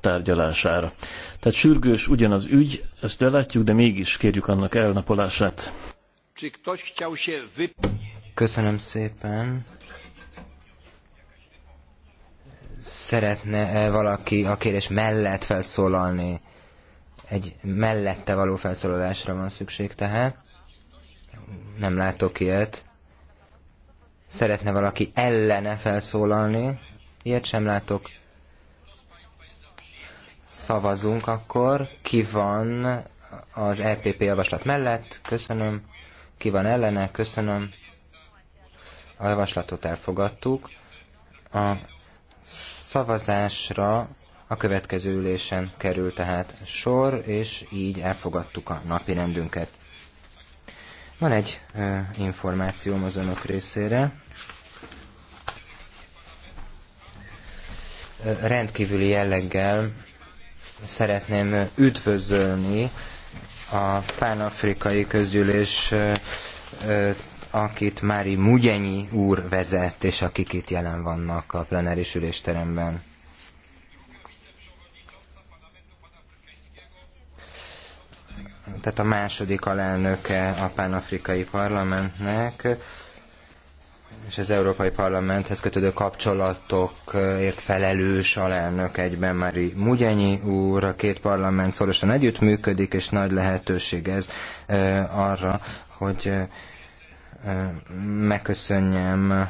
tárgyalására. Tehát sürgős ugyanaz ügy, ezt belátjuk, de mégis kérjük annak elnapolását. Köszönöm szépen. Szeretne -e valaki a kérés mellett felszólalni? Egy mellette való felszólalásra van szükség tehát. Nem látok ilyet. Szeretne valaki ellene felszólalni? Ilyet sem látok. Szavazunk akkor, ki van az EPP javaslat mellett, köszönöm, ki van ellene, köszönöm. A javaslatot elfogadtuk. A szavazásra a következő ülésen kerül tehát sor, és így elfogadtuk a napi rendünket. Van egy ö, információm az önök részére. Ö, rendkívüli jelleggel szeretném üdvözölni a pánafrikai közgyűlés, akit Mári Mugyenyi úr vezet, és akik itt jelen vannak a plenáris ülésteremben. Tehát a második alelnöke a pánafrikai parlamentnek, és az Európai Parlamenthez kötődő kapcsolatokért felelős alelnök egyben Mári Mugyenyi úr. A két parlament szorosan együttműködik, és nagy lehetőség ez eh, arra, hogy eh, eh, megköszönjem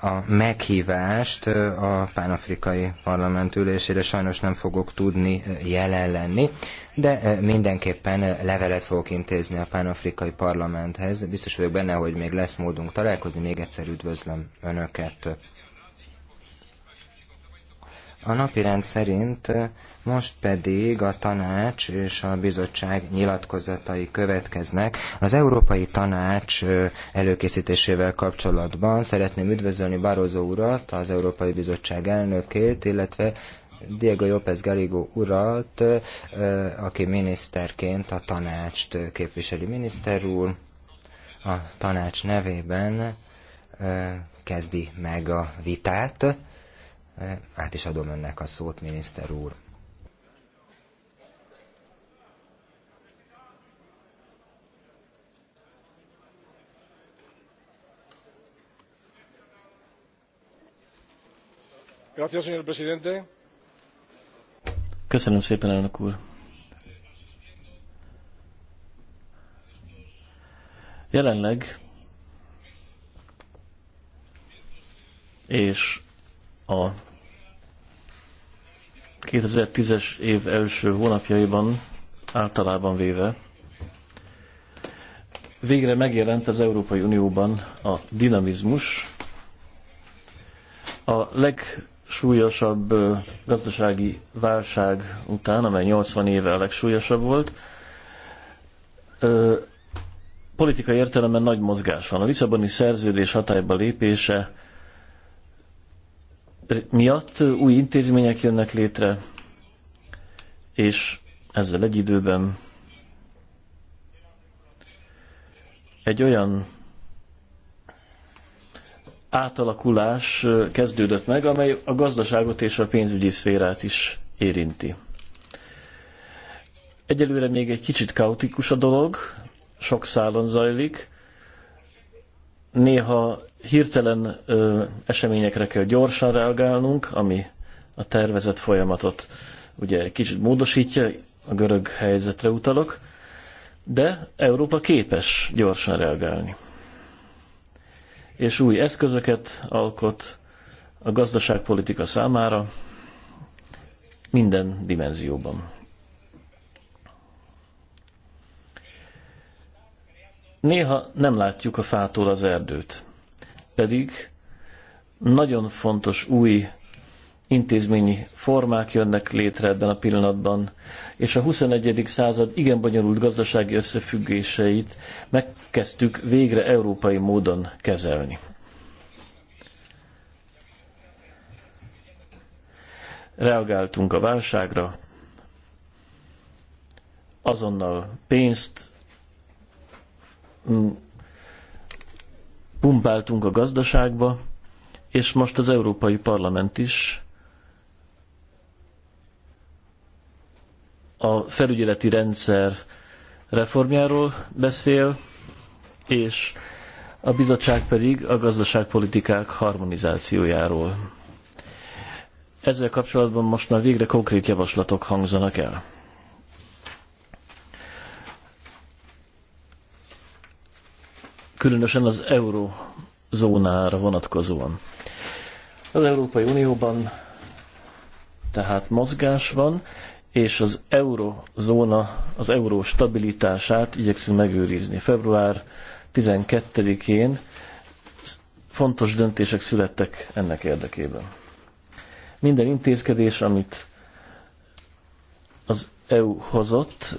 a meghívást a pánafrikai parlament ülésére sajnos nem fogok tudni jelen lenni, de mindenképpen levelet fogok intézni a pánafrikai parlamenthez. Biztos vagyok benne, hogy még lesz módunk találkozni. Még egyszer üdvözlöm Önöket. A napirend szerint most pedig a tanács és a bizottság nyilatkozatai következnek. Az Európai Tanács előkészítésével kapcsolatban szeretném üdvözölni Barozó urat, az Európai Bizottság elnökét, illetve Diego López Garrigo urat, aki miniszterként a tanácst képviseli. Miniszter úr a tanács nevében kezdi meg a vitát. Át is adom önnek a szót, miniszter úr. señor presidente. Köszönöm szépen, elnök úr. Jelenleg és a 2010-es év első hónapjaiban általában véve végre megjelent az Európai Unióban a dinamizmus, a leg legsúlyosabb gazdasági válság után, amely 80 éve a legsúlyosabb volt, politikai értelemben nagy mozgás van. A Lisszaboni szerződés hatályba lépése miatt új intézmények jönnek létre, és ezzel egy időben egy olyan átalakulás kezdődött meg, amely a gazdaságot és a pénzügyi szférát is érinti. Egyelőre még egy kicsit kaotikus a dolog, sok szálon zajlik, néha hirtelen ö, eseményekre kell gyorsan reagálnunk, ami a tervezett folyamatot ugye kicsit módosítja, a görög helyzetre utalok, de Európa képes gyorsan reagálni és új eszközöket alkot a gazdaságpolitika számára minden dimenzióban. Néha nem látjuk a fától az erdőt, pedig nagyon fontos új intézményi formák jönnek létre ebben a pillanatban, és a 21. század igen bonyolult gazdasági összefüggéseit megkezdtük végre európai módon kezelni. Reagáltunk a válságra, azonnal pénzt pumpáltunk a gazdaságba, és most az Európai Parlament is a felügyeleti rendszer reformjáról beszél, és a bizottság pedig a gazdaságpolitikák harmonizációjáról. Ezzel kapcsolatban most már végre konkrét javaslatok hangzanak el. Különösen az eurózónára vonatkozóan. Az Európai Unióban tehát mozgás van, és az eurozóna, az euró stabilitását igyekszünk megőrizni. Február 12-én fontos döntések születtek ennek érdekében. Minden intézkedés, amit az EU hozott,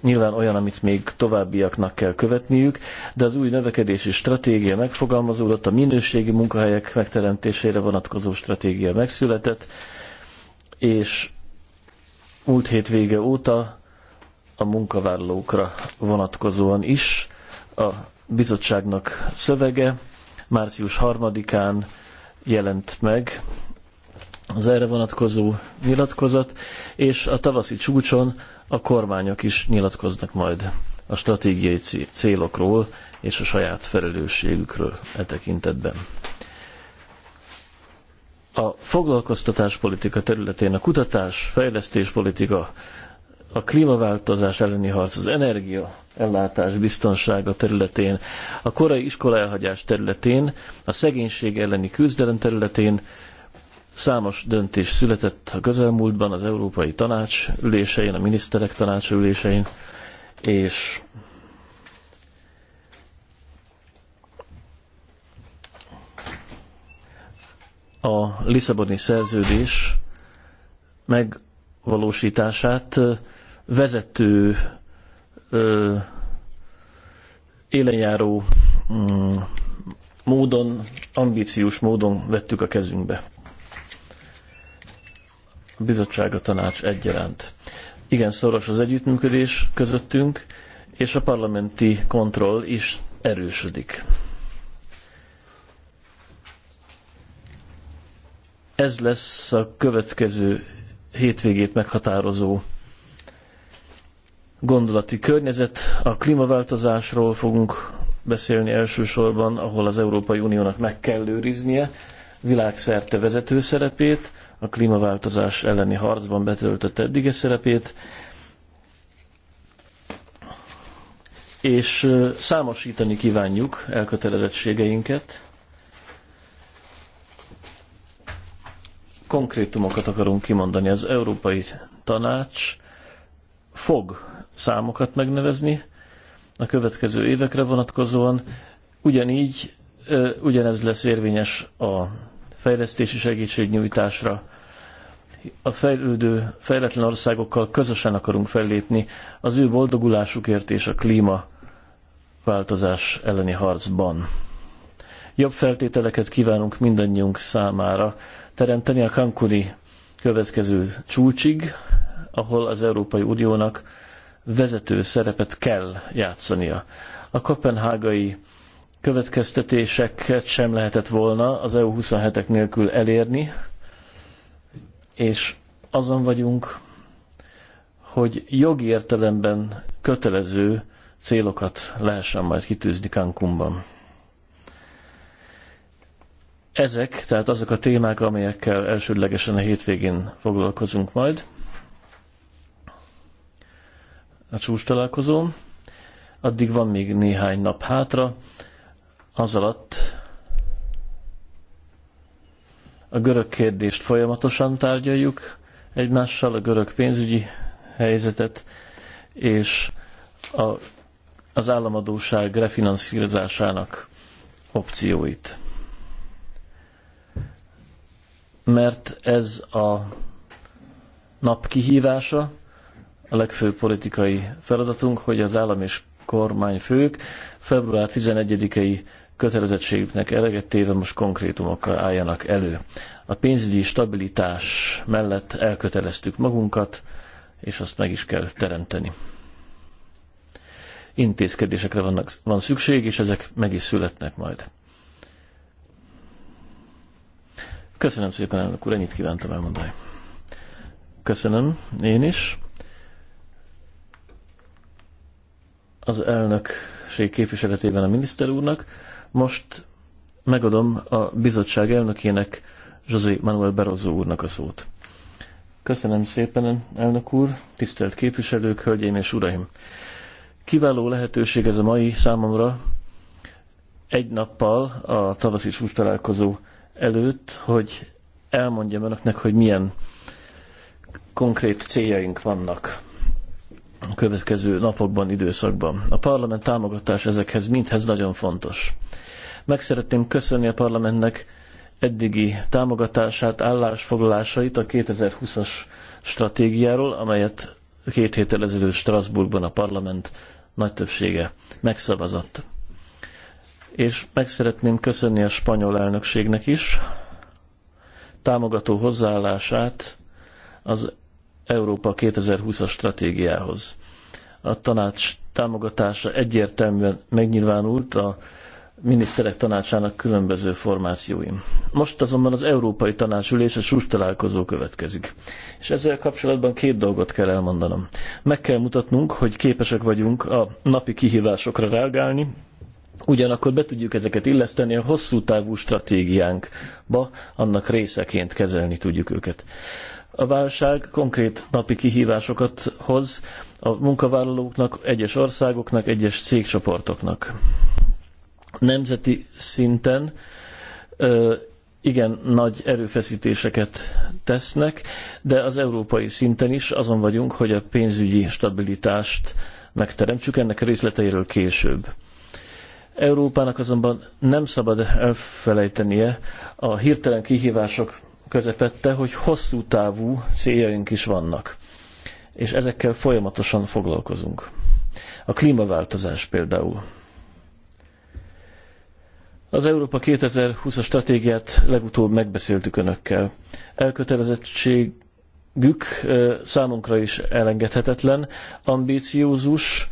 nyilván olyan, amit még továbbiaknak kell követniük, de az új növekedési stratégia megfogalmazódott, a minőségi munkahelyek megteremtésére vonatkozó stratégia megszületett, és múlt hét vége óta a munkavállalókra vonatkozóan is a bizottságnak szövege március 3-án jelent meg az erre vonatkozó nyilatkozat, és a tavaszi csúcson a kormányok is nyilatkoznak majd a stratégiai célokról és a saját felelősségükről e tekintetben a foglalkoztatáspolitika területén a kutatás, fejlesztéspolitika, a klímaváltozás elleni harc, az energia ellátás biztonsága területén, a korai iskola elhagyás területén, a szegénység elleni küzdelem területén számos döntés született a közelmúltban az Európai Tanács ülésein, a miniszterek tanács ülésein, és a Lisszaboni szerződés megvalósítását vezető élenjáró mm, módon, ambíciós módon vettük a kezünkbe. A bizottság, a tanács egyaránt. Igen, szoros az együttműködés közöttünk, és a parlamenti kontroll is erősödik. Ez lesz a következő hétvégét meghatározó gondolati környezet. A klímaváltozásról fogunk beszélni elsősorban, ahol az Európai Uniónak meg kell őriznie világszerte vezető szerepét, a klímaváltozás elleni harcban betöltött eddige szerepét, és számosítani kívánjuk elkötelezettségeinket konkrétumokat akarunk kimondani. Az Európai Tanács fog számokat megnevezni a következő évekre vonatkozóan. Ugyanígy ugyanez lesz érvényes a fejlesztési segítségnyújtásra. A fejlődő, fejletlen országokkal közösen akarunk fellépni az ő boldogulásukért és a klíma változás elleni harcban. Jobb feltételeket kívánunk mindannyiunk számára teremteni a Cancuni következő csúcsig, ahol az Európai Uniónak vezető szerepet kell játszania. A kopenhágai következtetéseket sem lehetett volna az EU27-ek nélkül elérni, és azon vagyunk, hogy jogi értelemben kötelező célokat lehessen majd kitűzni Cancunban. Ezek, tehát azok a témák, amelyekkel elsődlegesen a hétvégén foglalkozunk majd a csúcs találkozón. Addig van még néhány nap hátra. Az alatt a görög kérdést folyamatosan tárgyaljuk egymással, a görög pénzügyi helyzetet, és a, az államadóság refinanszírozásának opcióit mert ez a nap kihívása, a legfőbb politikai feladatunk, hogy az állam és kormányfők február 11-i kötelezettségüknek elegettéve most konkrétumokkal álljanak elő. A pénzügyi stabilitás mellett elköteleztük magunkat, és azt meg is kell teremteni. Intézkedésekre vannak, van szükség, és ezek meg is születnek majd. Köszönöm szépen, elnök úr, ennyit kívántam elmondani. Köszönöm, én is. Az elnökség képviseletében a miniszter úrnak. Most megadom a bizottság elnökének, José Manuel Berozó úrnak a szót. Köszönöm szépen, elnök úr, tisztelt képviselők, hölgyeim és uraim! Kiváló lehetőség ez a mai számomra egy nappal a tavaszi csúcs találkozó előtt, hogy elmondjam önöknek, hogy milyen konkrét céljaink vannak a következő napokban, időszakban. A parlament támogatás ezekhez mindhez nagyon fontos. Meg szeretném köszönni a parlamentnek eddigi támogatását, állásfoglalásait a 2020-as stratégiáról, amelyet két héttel ezelőtt Strasbourgban a parlament nagy többsége megszavazott és meg szeretném köszönni a spanyol elnökségnek is támogató hozzáállását az Európa 2020-as stratégiához. A tanács támogatása egyértelműen megnyilvánult a miniszterek tanácsának különböző formációim. Most azonban az Európai Tanácsülés a sus találkozó következik. És ezzel kapcsolatban két dolgot kell elmondanom. Meg kell mutatnunk, hogy képesek vagyunk a napi kihívásokra reagálni, ugyanakkor be tudjuk ezeket illeszteni a hosszú távú stratégiánkba, annak részeként kezelni tudjuk őket. A válság konkrét napi kihívásokat hoz a munkavállalóknak, egyes országoknak, egyes cégcsoportoknak. Nemzeti szinten igen nagy erőfeszítéseket tesznek, de az európai szinten is azon vagyunk, hogy a pénzügyi stabilitást megteremtsük, ennek részleteiről később. Európának azonban nem szabad elfelejtenie a hirtelen kihívások közepette, hogy hosszú távú céljaink is vannak, és ezekkel folyamatosan foglalkozunk. A klímaváltozás például. Az Európa 2020-as stratégiát legutóbb megbeszéltük önökkel. Elkötelezettségük számunkra is elengedhetetlen, ambíciózus,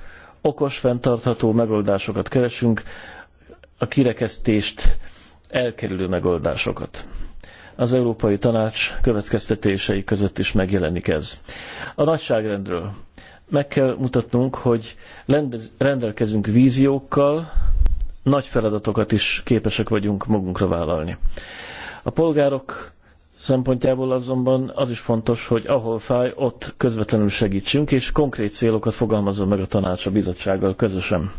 okos, fenntartható megoldásokat keresünk, a kirekesztést elkerülő megoldásokat. Az Európai Tanács következtetései között is megjelenik ez. A nagyságrendről meg kell mutatnunk, hogy rendelkezünk víziókkal, nagy feladatokat is képesek vagyunk magunkra vállalni. A polgárok szempontjából azonban az is fontos, hogy ahol fáj, ott közvetlenül segítsünk, és konkrét célokat fogalmazom meg a tanács a bizottsággal közösen.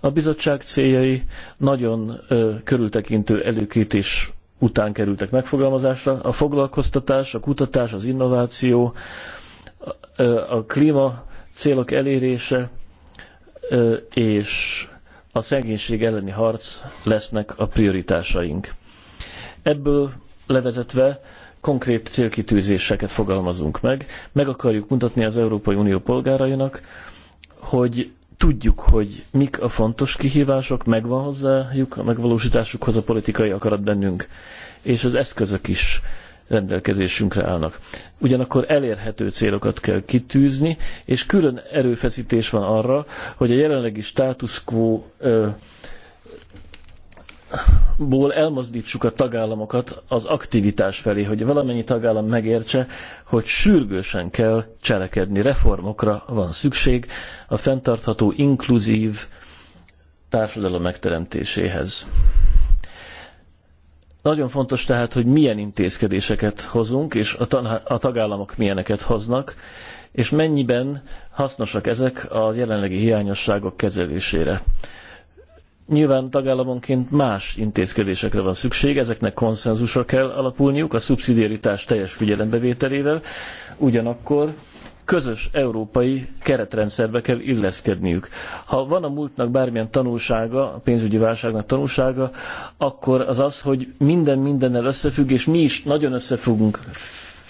A bizottság céljai nagyon ö, körültekintő előkítés után kerültek megfogalmazásra. A foglalkoztatás, a kutatás, az innováció, ö, a klíma célok elérése ö, és a szegénység elleni harc lesznek a prioritásaink. Ebből levezetve konkrét célkitűzéseket fogalmazunk meg. Meg akarjuk mutatni az Európai Unió polgárainak, hogy tudjuk, hogy mik a fontos kihívások, megvan hozzájuk, a megvalósításukhoz a politikai akarat bennünk, és az eszközök is rendelkezésünkre állnak. Ugyanakkor elérhető célokat kell kitűzni, és külön erőfeszítés van arra, hogy a jelenlegi status quo ból elmozdítsuk a tagállamokat az aktivitás felé, hogy valamennyi tagállam megértse, hogy sürgősen kell cselekedni, reformokra van szükség a fenntartható, inkluzív társadalom megteremtéséhez. Nagyon fontos tehát, hogy milyen intézkedéseket hozunk, és a, a tagállamok milyeneket hoznak, és mennyiben hasznosak ezek a jelenlegi hiányosságok kezelésére. Nyilván tagállamonként más intézkedésekre van szükség, ezeknek konszenzusra kell alapulniuk, a szubszidiaritás teljes figyelembevételével, ugyanakkor közös európai keretrendszerbe kell illeszkedniük. Ha van a múltnak bármilyen tanulsága, a pénzügyi válságnak tanulsága, akkor az az, hogy minden mindennel összefügg, és mi is nagyon összefüggünk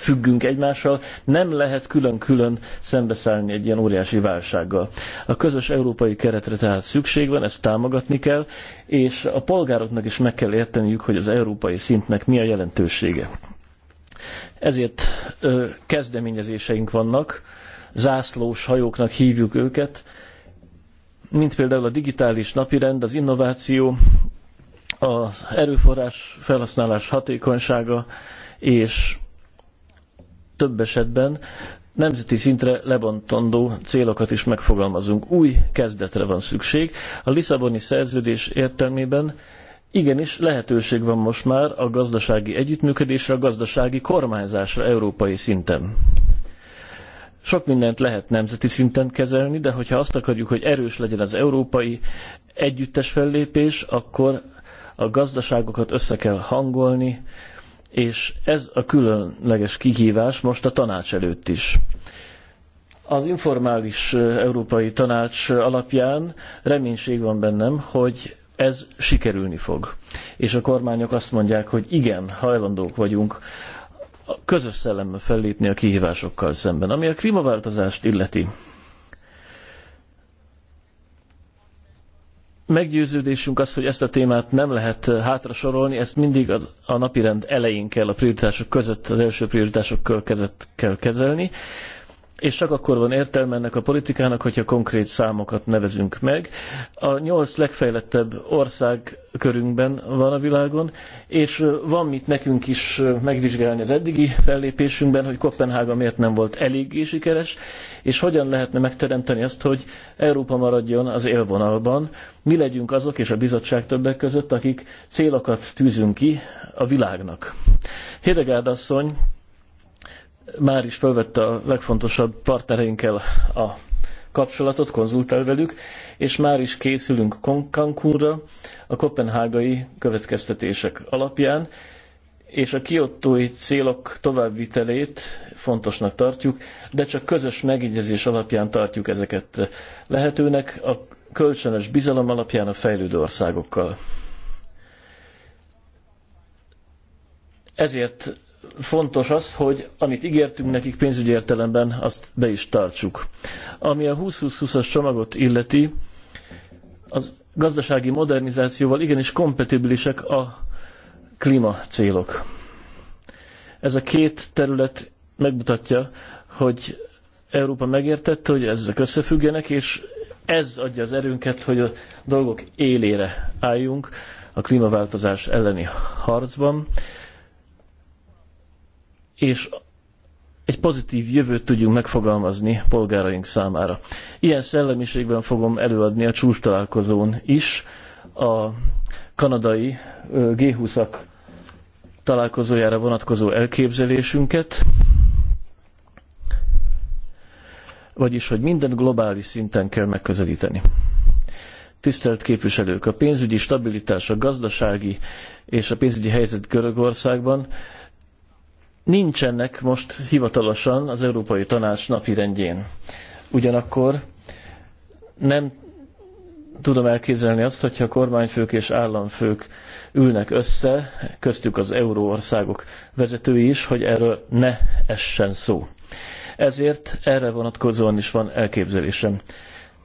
függünk egymással, nem lehet külön-külön szembeszállni egy ilyen óriási válsággal. A közös európai keretre tehát szükség van, ezt támogatni kell, és a polgároknak is meg kell érteniük, hogy az európai szintnek mi a jelentősége. Ezért ö, kezdeményezéseink vannak, zászlós hajóknak hívjuk őket, mint például a digitális napirend, az innováció, az erőforrás felhasználás hatékonysága és több esetben nemzeti szintre lebontandó célokat is megfogalmazunk. Új kezdetre van szükség. A Lisszaboni szerződés értelmében igenis lehetőség van most már a gazdasági együttműködésre, a gazdasági kormányzásra európai szinten. Sok mindent lehet nemzeti szinten kezelni, de hogyha azt akarjuk, hogy erős legyen az európai együttes fellépés, akkor a gazdaságokat össze kell hangolni, és ez a különleges kihívás most a tanács előtt is. Az informális európai tanács alapján reménység van bennem, hogy ez sikerülni fog. És a kormányok azt mondják, hogy igen, hajlandók vagyunk közös szellemben fellépni a kihívásokkal szemben. Ami a klímaváltozást illeti, Meggyőződésünk az, hogy ezt a témát nem lehet eh, hátrasorolni, ezt mindig az, a napirend elején kell a prioritások között, az első prioritások között kell kezelni és csak akkor van értelme ennek a politikának, hogyha konkrét számokat nevezünk meg. A nyolc legfejlettebb ország körünkben van a világon, és van mit nekünk is megvizsgálni az eddigi fellépésünkben, hogy Kopenhága miért nem volt eléggé sikeres, és hogyan lehetne megteremteni azt, hogy Európa maradjon az élvonalban, mi legyünk azok és a bizottság többek között, akik célokat tűzünk ki a világnak. Hidegárd asszony már is felvette a legfontosabb partnereinkkel a kapcsolatot, konzultál velük, és már is készülünk Cancúnra a kopenhágai következtetések alapján, és a kiottói célok továbbvitelét fontosnak tartjuk, de csak közös megegyezés alapján tartjuk ezeket lehetőnek, a kölcsönös bizalom alapján a fejlődő országokkal. Ezért fontos az, hogy amit ígértünk nekik pénzügyi értelemben, azt be is tartsuk. Ami a 20-20-20-as csomagot illeti, az gazdasági modernizációval igenis kompatibilisek a klímacélok. Ez a két terület megmutatja, hogy Európa megértette, hogy ezek összefüggenek, és ez adja az erőnket, hogy a dolgok élére álljunk a klímaváltozás elleni harcban és egy pozitív jövőt tudjunk megfogalmazni polgáraink számára. Ilyen szellemiségben fogom előadni a csúcs találkozón is a kanadai g 20 találkozójára vonatkozó elképzelésünket, vagyis, hogy mindent globális szinten kell megközelíteni. Tisztelt képviselők, a pénzügyi stabilitás, a gazdasági és a pénzügyi helyzet Görögországban nincsenek most hivatalosan az Európai Tanács napi rendjén. Ugyanakkor nem tudom elképzelni azt, hogyha kormányfők és államfők ülnek össze, köztük az euróországok vezetői is, hogy erről ne essen szó. Ezért erre vonatkozóan is van elképzelésem.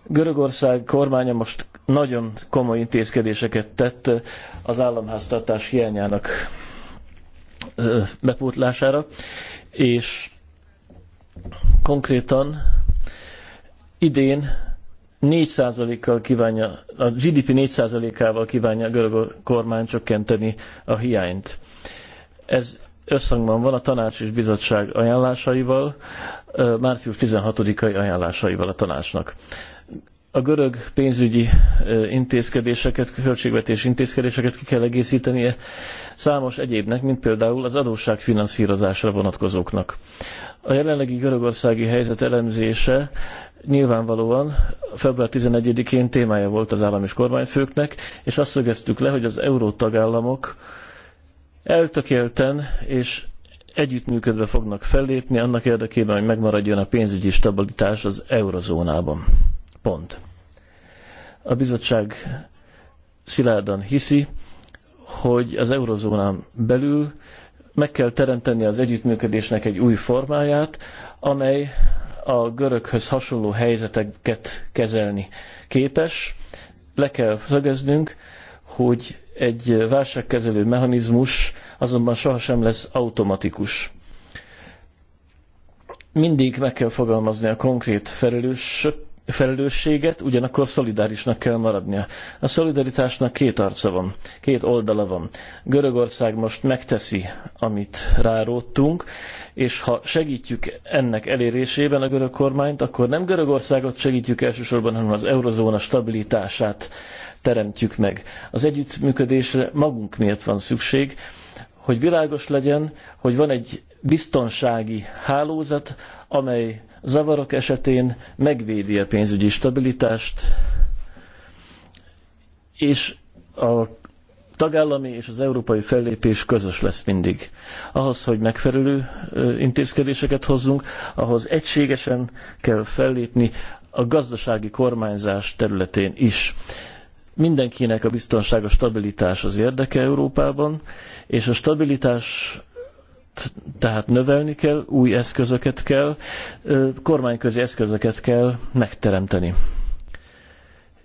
Görögország kormánya most nagyon komoly intézkedéseket tett az államháztartás hiányának bepótlására, és konkrétan idén 4%-kal kívánja, a GDP 4%-ával kívánja a görög kormány csökkenteni a hiányt. Ez összhangban van a tanács és bizottság ajánlásaival, március 16-ai ajánlásaival a tanácsnak a görög pénzügyi intézkedéseket, költségvetési intézkedéseket ki kell egészítenie számos egyébnek, mint például az adósság finanszírozásra vonatkozóknak. A jelenlegi görögországi helyzet elemzése nyilvánvalóan február 11-én témája volt az állam és kormányfőknek, és azt szögeztük le, hogy az euró tagállamok eltökélten és együttműködve fognak fellépni annak érdekében, hogy megmaradjon a pénzügyi stabilitás az eurozónában. Pont. A bizottság szilárdan hiszi, hogy az eurozónán belül meg kell teremteni az együttműködésnek egy új formáját, amely a görökhöz hasonló helyzeteket kezelni képes. Le kell szögeznünk, hogy egy válságkezelő mechanizmus azonban sohasem lesz automatikus. Mindig meg kell fogalmazni a konkrét felelősök felelősséget, ugyanakkor szolidárisnak kell maradnia. A szolidaritásnak két arca van, két oldala van. Görögország most megteszi, amit ráróttunk, és ha segítjük ennek elérésében a görög kormányt, akkor nem Görögországot segítjük elsősorban, hanem az eurozóna stabilitását teremtjük meg. Az együttműködésre magunk miért van szükség, hogy világos legyen, hogy van egy biztonsági hálózat, amely zavarok esetén megvédi a pénzügyi stabilitást, és a tagállami és az európai fellépés közös lesz mindig. Ahhoz, hogy megfelelő intézkedéseket hozzunk, ahhoz egységesen kell fellépni a gazdasági kormányzás területén is. Mindenkinek a biztonság, a stabilitás az érdeke Európában, és a stabilitás tehát növelni kell, új eszközöket kell, kormányközi eszközöket kell megteremteni.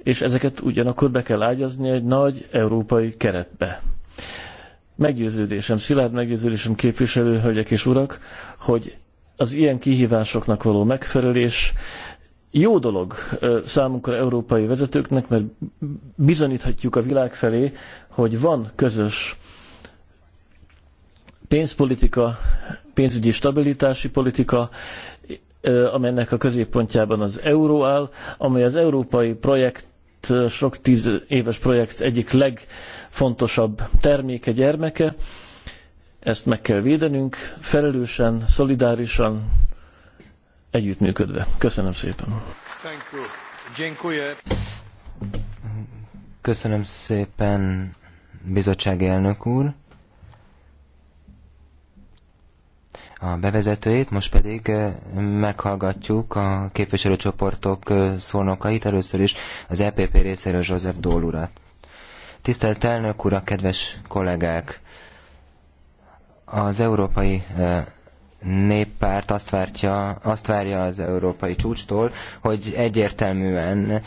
És ezeket ugyanakkor be kell ágyazni egy nagy európai keretbe. Meggyőződésem, szilárd meggyőződésem képviselő hölgyek és urak, hogy az ilyen kihívásoknak való megfelelés jó dolog számunkra európai vezetőknek, mert bizonyíthatjuk a világ felé, hogy van közös pénzpolitika, pénzügyi stabilitási politika, amelynek a középpontjában az euró áll, amely az európai projekt, sok tíz éves projekt egyik legfontosabb terméke, gyermeke. Ezt meg kell védenünk, felelősen, szolidárisan, együttműködve. Köszönöm szépen. Köszönöm szépen, bizottsági elnök úr. a bevezetőjét, most pedig meghallgatjuk a képviselőcsoportok szónokait, először is az EPP részéről József Dól urat. Tisztelt elnök ura, kedves kollégák! Az Európai néppárt azt, vártja, azt várja az európai csúcstól, hogy egyértelműen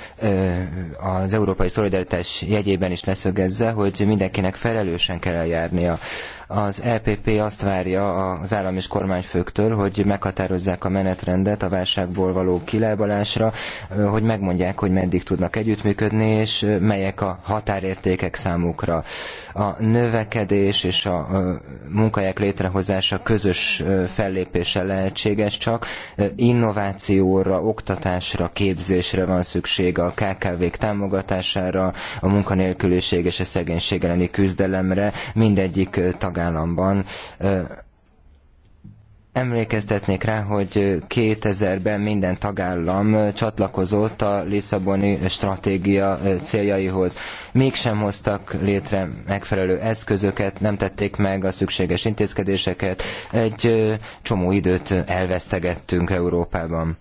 az európai szolidaritás jegyében is leszögezze, hogy mindenkinek felelősen kell eljárnia. Az EPP azt várja az állam és kormányfőktől, hogy meghatározzák a menetrendet a válságból való kilábalásra, hogy megmondják, hogy meddig tudnak együttműködni, és melyek a határértékek számukra. A növekedés és a munkahelyek létrehozása közös fellépéssel lehetséges csak. Innovációra, oktatásra, képzésre van szükség, a KKV-k támogatására, a munkanélküliség és a szegénység elleni küzdelemre mindegyik tag tagállamban Emlékeztetnék rá, hogy 2000-ben minden tagállam csatlakozott a Lisszaboni stratégia céljaihoz. Mégsem hoztak létre megfelelő eszközöket, nem tették meg a szükséges intézkedéseket, egy csomó időt elvesztegettünk Európában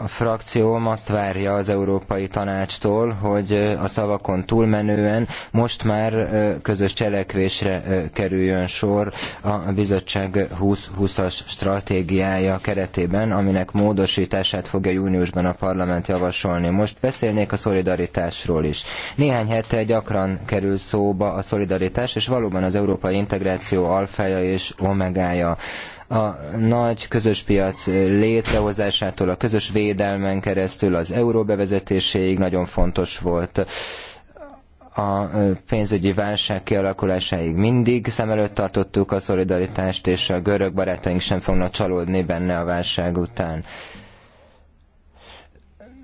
a frakcióm azt várja az Európai Tanácstól, hogy a szavakon túlmenően most már közös cselekvésre kerüljön sor a bizottság 2020-as stratégiája keretében, aminek módosítását fogja júniusban a parlament javasolni. Most beszélnék a szolidaritásról is. Néhány hete gyakran kerül szóba a szolidaritás, és valóban az európai integráció alfája és omegája. A nagy közös piac létrehozásától a közös vé védelmen keresztül az euró bevezetéséig nagyon fontos volt a pénzügyi válság kialakulásáig mindig szem előtt tartottuk a szolidaritást, és a görög barátaink sem fognak csalódni benne a válság után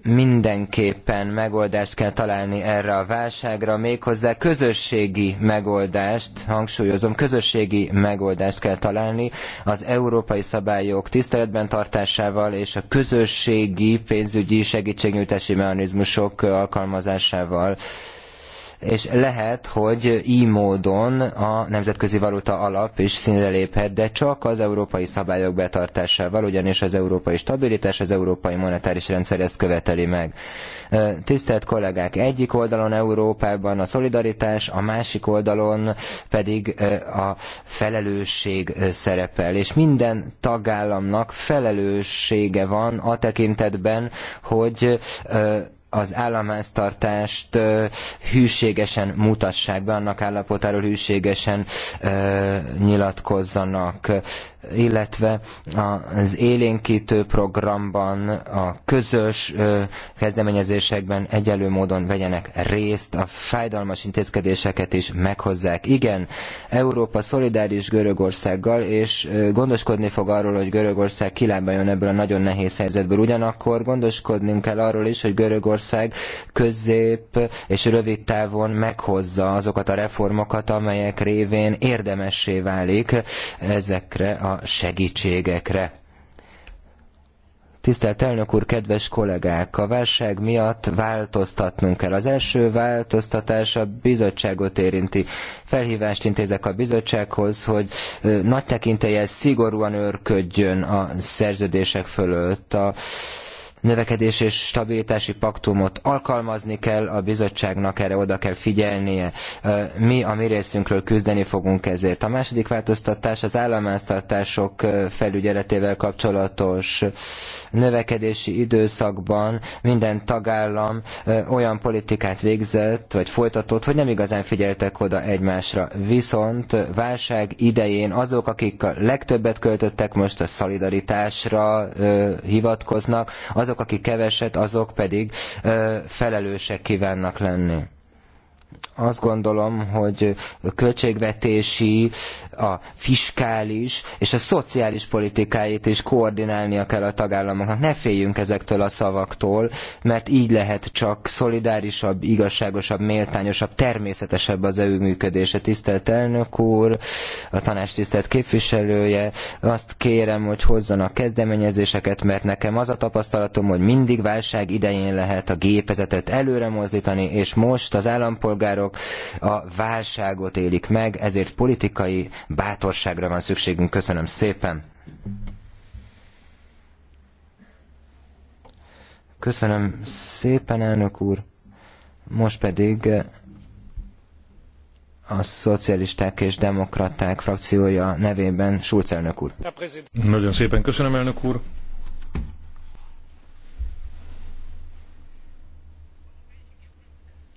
mindenképpen megoldást kell találni erre a válságra, méghozzá közösségi megoldást, hangsúlyozom, közösségi megoldást kell találni az európai szabályok tiszteletben tartásával és a közösségi pénzügyi segítségnyújtási mechanizmusok alkalmazásával és lehet, hogy így módon a Nemzetközi Valuta Alap is színre léphet, de csak az európai szabályok betartásával, ugyanis az európai stabilitás, az európai monetáris rendszer ezt követeli meg. Tisztelt kollégák, egyik oldalon Európában a szolidaritás, a másik oldalon pedig a felelősség szerepel, és minden tagállamnak felelőssége van a tekintetben, hogy az államháztartást hűségesen mutassák be, annak állapotáról hűségesen nyilatkozzanak illetve az élénkítő programban, a közös kezdeményezésekben egyelő módon vegyenek részt, a fájdalmas intézkedéseket is meghozzák. Igen, Európa szolidáris Görögországgal, és gondoskodni fog arról, hogy Görögország kilábaljon ebből a nagyon nehéz helyzetből. Ugyanakkor gondoskodnunk kell arról is, hogy Görögország közép és rövid távon meghozza azokat a reformokat, amelyek révén érdemessé válik ezekre a a segítségekre. Tisztelt elnök úr, kedves kollégák! A válság miatt változtatnunk kell. Az első változtatás a bizottságot érinti. Felhívást intézek a bizottsághoz, hogy nagy tekintélye szigorúan őrködjön a szerződések fölött. A növekedés és stabilitási paktumot alkalmazni kell, a bizottságnak erre oda kell figyelnie. Mi a mi részünkről küzdeni fogunk ezért. A második változtatás az államháztartások felügyeletével kapcsolatos növekedési időszakban minden tagállam olyan politikát végzett, vagy folytatott, hogy nem igazán figyeltek oda egymásra. Viszont válság idején azok, akik a legtöbbet költöttek most a szolidaritásra hivatkoznak, azok azok, akik keveset, azok pedig felelősek kívánnak lenni azt gondolom, hogy a költségvetési, a fiskális és a szociális politikáit is koordinálnia kell a tagállamoknak. Ne féljünk ezektől a szavaktól, mert így lehet csak szolidárisabb, igazságosabb, méltányosabb, természetesebb az EU működése. Tisztelt elnök úr, a tanács tisztelt képviselője, azt kérem, hogy hozzanak kezdeményezéseket, mert nekem az a tapasztalatom, hogy mindig válság idején lehet a gépezetet előre mozdítani, és most az állampolgárok polgárok a válságot élik meg, ezért politikai bátorságra van szükségünk. Köszönöm szépen! Köszönöm szépen, elnök úr! Most pedig eh, a szocialisták és demokraták frakciója nevében Schulz elnök úr. Nagyon szépen köszönöm, elnök úr.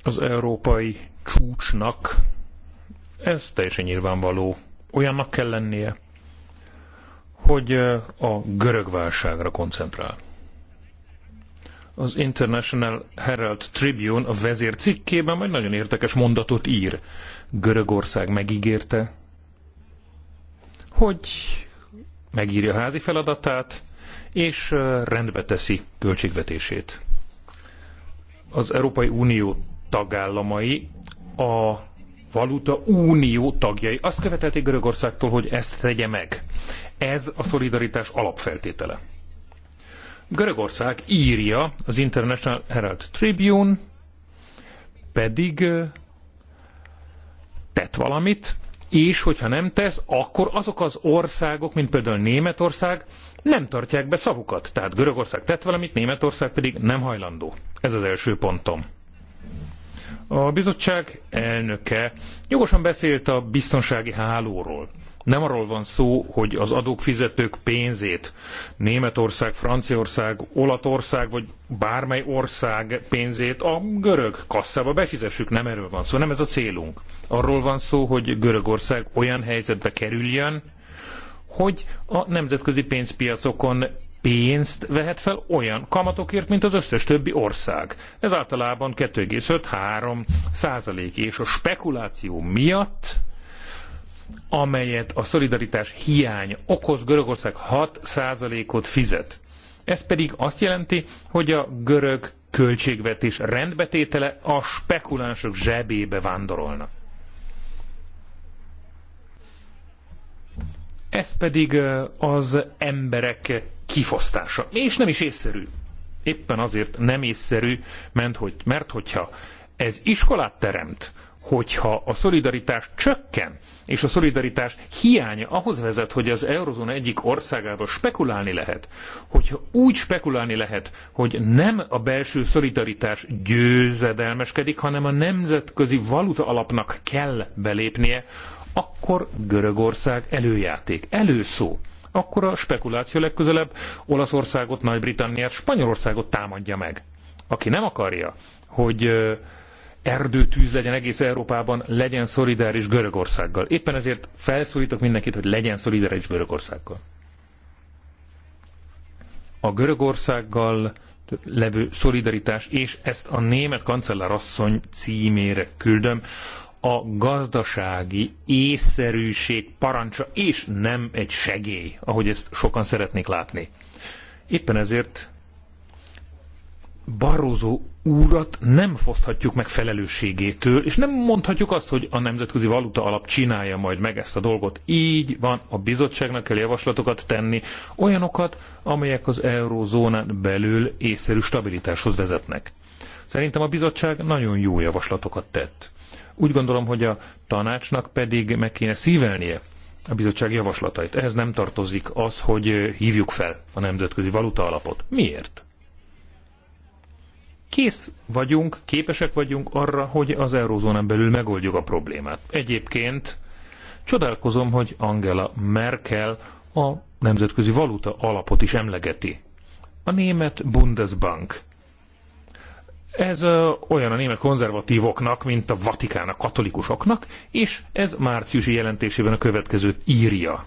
Az európai csúcsnak ez teljesen nyilvánvaló. Olyannak kell lennie, hogy a görög válságra koncentrál. Az International Herald Tribune a vezér cikkében majd nagyon érdekes mondatot ír. Görögország megígérte, hogy megírja a házi feladatát, és rendbe teszi költségvetését. Az Európai Unió tagállamai a valuta unió tagjai. Azt követelték Görögországtól, hogy ezt tegye meg. Ez a szolidaritás alapfeltétele. Görögország írja az International Herald Tribune, pedig tett valamit, és hogyha nem tesz, akkor azok az országok, mint például Németország, nem tartják be szavukat. Tehát Görögország tett valamit, Németország pedig nem hajlandó. Ez az első pontom. A bizottság elnöke jogosan beszélt a biztonsági hálóról. Nem arról van szó, hogy az adófizetők pénzét Németország, Franciaország, Olatország vagy bármely ország pénzét a görög kasszába befizessük. Nem erről van szó, nem ez a célunk. Arról van szó, hogy Görögország olyan helyzetbe kerüljön, hogy a nemzetközi pénzpiacokon pénzt vehet fel olyan kamatokért, mint az összes többi ország. Ez általában 2,5-3 százalék, és a spekuláció miatt amelyet a szolidaritás hiány okoz, Görögország 6 százalékot fizet. Ez pedig azt jelenti, hogy a görög költségvetés rendbetétele a spekulánsok zsebébe vándorolna. ez pedig az emberek kifosztása. És nem is észszerű. Éppen azért nem észszerű, mert, hogy, mert hogyha ez iskolát teremt, hogyha a szolidaritás csökken, és a szolidaritás hiánya ahhoz vezet, hogy az eurozóna egyik országával spekulálni lehet, hogyha úgy spekulálni lehet, hogy nem a belső szolidaritás győzedelmeskedik, hanem a nemzetközi valuta alapnak kell belépnie, akkor Görögország előjáték, előszó. Akkor a spekuláció legközelebb Olaszországot, Nagy-Britanniát, Spanyolországot támadja meg. Aki nem akarja, hogy erdőtűz legyen egész Európában, legyen szolidáris Görögországgal. Éppen ezért felszólítok mindenkit, hogy legyen szolidáris Görögországgal. A Görögországgal levő szolidaritás, és ezt a német kancellárasszony címére küldöm, a gazdasági észszerűség parancsa, és nem egy segély, ahogy ezt sokan szeretnék látni. Éppen ezért Barózó úrat nem foszthatjuk meg felelősségétől, és nem mondhatjuk azt, hogy a Nemzetközi Valuta Alap csinálja majd meg ezt a dolgot. Így van, a bizottságnak kell javaslatokat tenni, olyanokat, amelyek az eurózónán belül észszerű stabilitáshoz vezetnek. Szerintem a bizottság nagyon jó javaslatokat tett. Úgy gondolom, hogy a tanácsnak pedig meg kéne szívelnie a bizottság javaslatait. Ehhez nem tartozik az, hogy hívjuk fel a nemzetközi valuta alapot. Miért? Kész vagyunk, képesek vagyunk arra, hogy az eurózónán belül megoldjuk a problémát. Egyébként csodálkozom, hogy Angela Merkel a nemzetközi valuta alapot is emlegeti. A német Bundesbank ez olyan a német konzervatívoknak, mint a Vatikán a katolikusoknak, és ez márciusi jelentésében a következőt írja.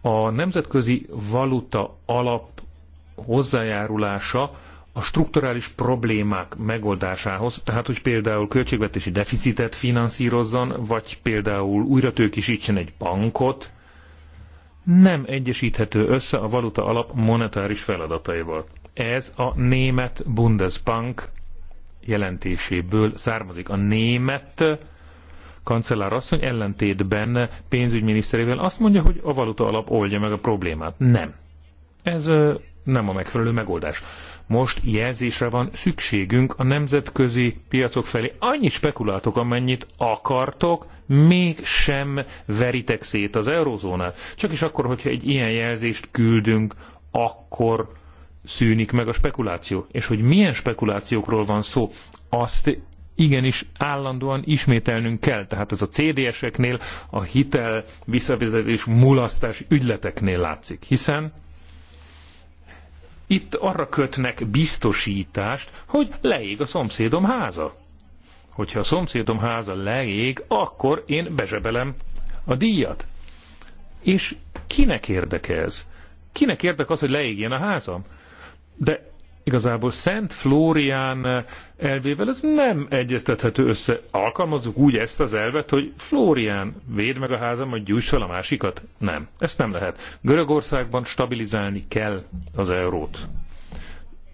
A nemzetközi valuta alap hozzájárulása a strukturális problémák megoldásához, tehát hogy például költségvetési deficitet finanszírozzon, vagy például újra tőkisítsen egy bankot, nem egyesíthető össze a valuta alap monetáris feladataival. Ez a német Bundesbank jelentéséből származik. A német kancellár asszony ellentétben pénzügyminiszterével azt mondja, hogy a valuta alap oldja meg a problémát. Nem. Ez nem a megfelelő megoldás. Most jelzésre van szükségünk a nemzetközi piacok felé. Annyi spekuláltok, amennyit akartok, mégsem veritek szét az eurozónát. Csak is akkor, hogyha egy ilyen jelzést küldünk, akkor szűnik meg a spekuláció. És hogy milyen spekulációkról van szó, azt igenis állandóan ismételnünk kell. Tehát ez a CDS-eknél, a hitel, visszavezetés, mulasztás ügyleteknél látszik. Hiszen itt arra kötnek biztosítást, hogy leég a szomszédom háza. Hogyha a szomszédom háza leég, akkor én bezsebelem a díjat. És kinek érdeke ez? Kinek érdek az, hogy leégjen a házam? De igazából Szent Flórián eh, elvével ez nem egyeztethető össze. Alkalmazzuk úgy ezt az elvet, hogy Flórián, véd meg a házam, hogy gyújts fel a másikat? Nem, ezt nem lehet. Görögországban stabilizálni kell az eurót.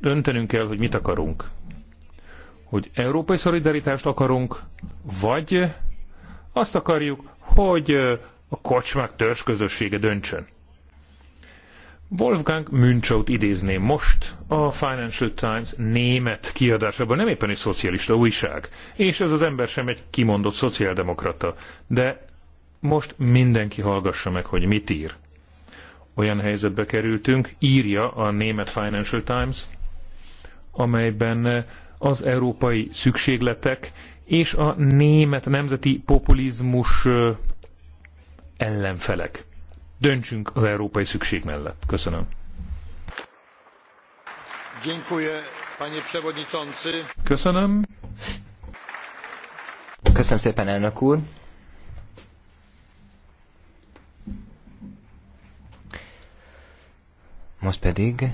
Döntenünk kell, hogy mit akarunk. Hogy európai szolidaritást akarunk, vagy azt akarjuk, hogy eh, a kocsmák törzsközössége döntsön. Wolfgang Münchout idézném most a Financial Times német kiadásában, nem éppen egy szocialista újság, és ez az ember sem egy kimondott szociáldemokrata, de most mindenki hallgassa meg, hogy mit ír. Olyan helyzetbe kerültünk, írja a német Financial Times, amelyben az európai szükségletek és a német nemzeti populizmus ellenfelek döntsünk az európai szükség mellett. Köszönöm. Köszönöm. Köszönöm szépen, elnök úr. Most pedig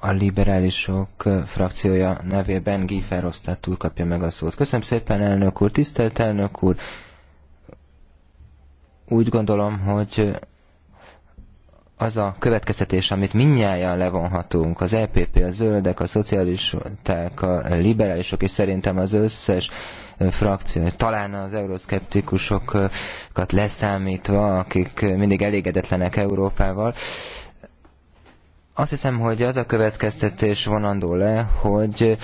a liberálisok frakciója nevében Guy Verhofstadt úr kapja meg a szót. Köszönöm szépen, elnök úr, tisztelt elnök úr, úgy gondolom, hogy az a következtetés, amit minnyáján levonhatunk, az EPP, a zöldek, a szocialisták, a liberálisok, és szerintem az összes frakció, talán az euroszkeptikusokat leszámítva, akik mindig elégedetlenek Európával, azt hiszem, hogy az a következtetés vonandó le, hogy